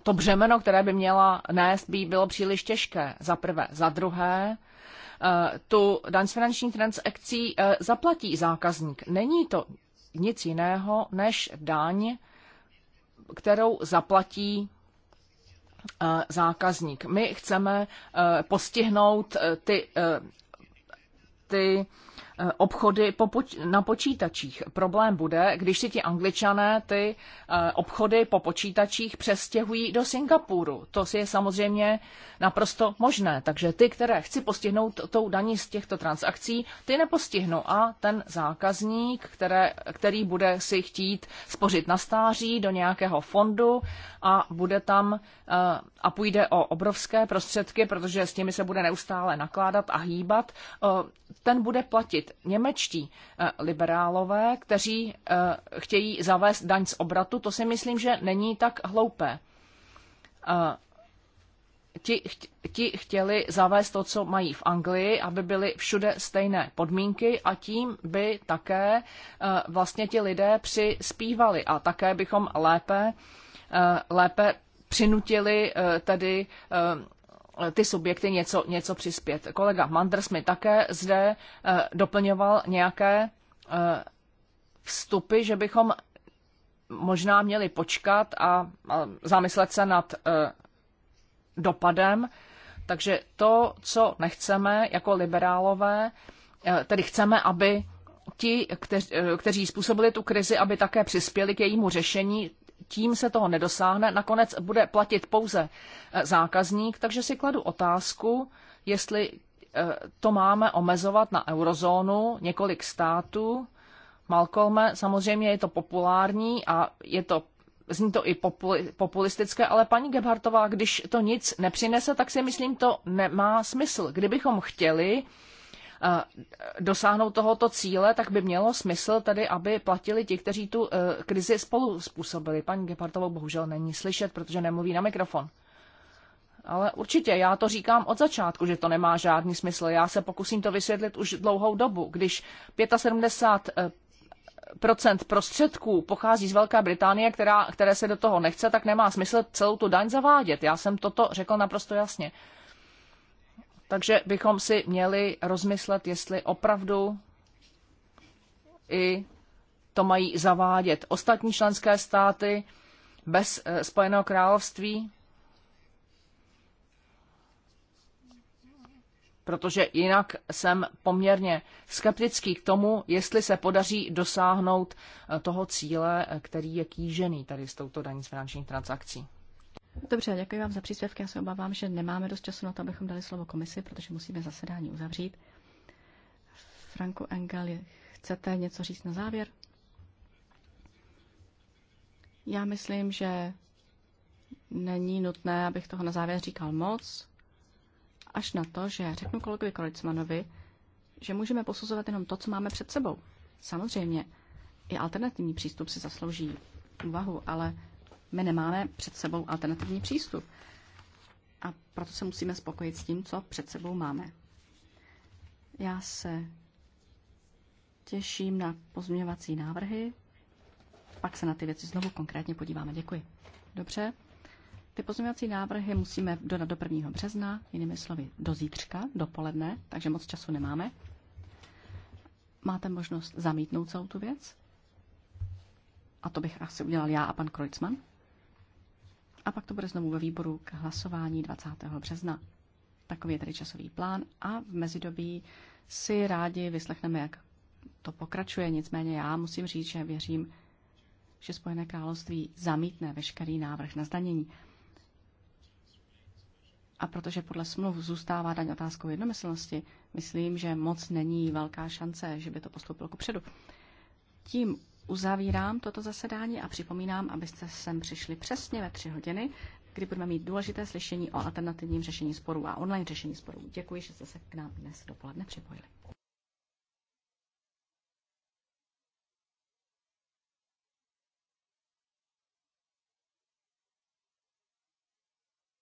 to břemeno, které by měla nést, by bylo příliš těžké. Za prvé. Za druhé, eh, tu daň z finančních transakcí eh, zaplatí zákazník. Není to nic jiného než daň, kterou zaplatí eh, zákazník. My chceme postihnout ty, ty Eh, obchody na počítačích. Problém bude, když si ti angličané ty eh, obchody po počítačích přestěhují do Singapuru. To si je samozřejmě naprosto možné. Takže ty, které chci postihnout tou daní z těchto transakcí, ty nepostihnu. A ten zákazník, které, který bude si chtít spořit na stáří do nějakého fondu a bude tam eh, a půjde o obrovské prostředky, protože s nimi se bude neustále nakládat a hýbat, ten bude platit být němečtí eh, liberálové, kteří eh, chtějí zavést daň z obratu, to si myslím, že není tak hloupé. Eh, ti, ti chtěli zavést to, co mají v Anglii, aby byly všude stejné podmínky a tím by také vlastně ti lidé přispívali a také bychom lépe, lépe přinutili tedy Eh, ty subjekty něco, něco přispět. Kolega Manders mi také zde eh, doplňoval nějaké eh, vstupy, že bychom možná měli počkat a zamyslet se nad dopadem. Takže to, co nechceme jako liberálové, tedy chceme, aby ti, kteří způsobili tu krizi, aby také přispěli k jejímu řešení, tím se toho nedosáhne. Nakonec bude platit pouze e, zákazník, takže si kladu otázku, jestli e, to máme omezovat na eurozónu, několik států. Malcolme, samozřejmě je to populární a je to zní to i populistické, ale paní Gebhartová, když to nic nepřinese, tak si myslím, to nemá smysl. Kdybychom chtěli Eh, dosáhnout tohoto cíle, tak by mělo smysl tady, aby platili ti, kteří tu eh, krizi spolu způsobili. Paní Gepartovou bohužel není slyšet, protože nemluví na mikrofon. Ale určitě, já to říkám od začátku, že to nemá žádný smysl. Já se pokusím to vysvětlit už dlouhou dobu. Když 75 procent eh, prostředků pochází z Velké Británie, která, které se do toho nechce, tak nemá smysl celou tu daň zavádět. Já jsem toto řekl naprosto jasně. Takže bychom si měli rozmyslet, jestli opravdu i to mají zavádět ostatní členské státy bez eh, Spojeného království, protože jinak jsem poměrně skeptický k tomu, jestli se podaří dosáhnout eh, toho cíle, eh, který je kýžený tady s touto daní z finančních transakcí. Dobře, děkuji vám za příspěvky. Já se obávám, že nemáme dost času na to, abychom dali slovo komisi, protože musíme zasedání uzavřít. Franku Engel, chcete něco říct na závěr? Já myslím, že není nutné, abych toho na závěr říkal moc, až na to, že řeknu kolegovi Kolicmanovi, že můžeme posuzovat jenom to, co máme před sebou. Samozřejmě, i alternativní přístup si zaslouží úvahu, ale my nemáme před sebou alternativní přístup. A proto se musíme spokojit s tím, co před sebou máme. Já se těším na pozměňovací návrhy, pak se na ty věci znovu konkrétně podíváme. Děkuji. Dobře. Ty pozměňovací návrhy musíme dodat do 1. března, jinými slovy do zítřka, dopoledne, takže moc času nemáme. Máte možnost zamítnout celou tu věc? A to bych asi udělal já a pan Krojcman. A pak to bude znovu ve výboru k hlasování 20. března. Takový je tedy časový plán a v mezidobí si rádi vyslechneme, jak to pokračuje. Nicméně já musím říct, že věřím, že Spojené království zamítne veškerý návrh na zdanění. A protože podle smluv zůstává daň otázkou jednomyslnosti, myslím, že moc není velká šance, že by to postoupilo ku předu. Tím Uzavírám toto zasedání a připomínám, abyste sem přišli přesně ve tři hodiny, kdy budeme mít důležité slyšení o alternativním řešení sporů a online řešení sporů. Děkuji, že jste se k nám dnes dopoledne připojili.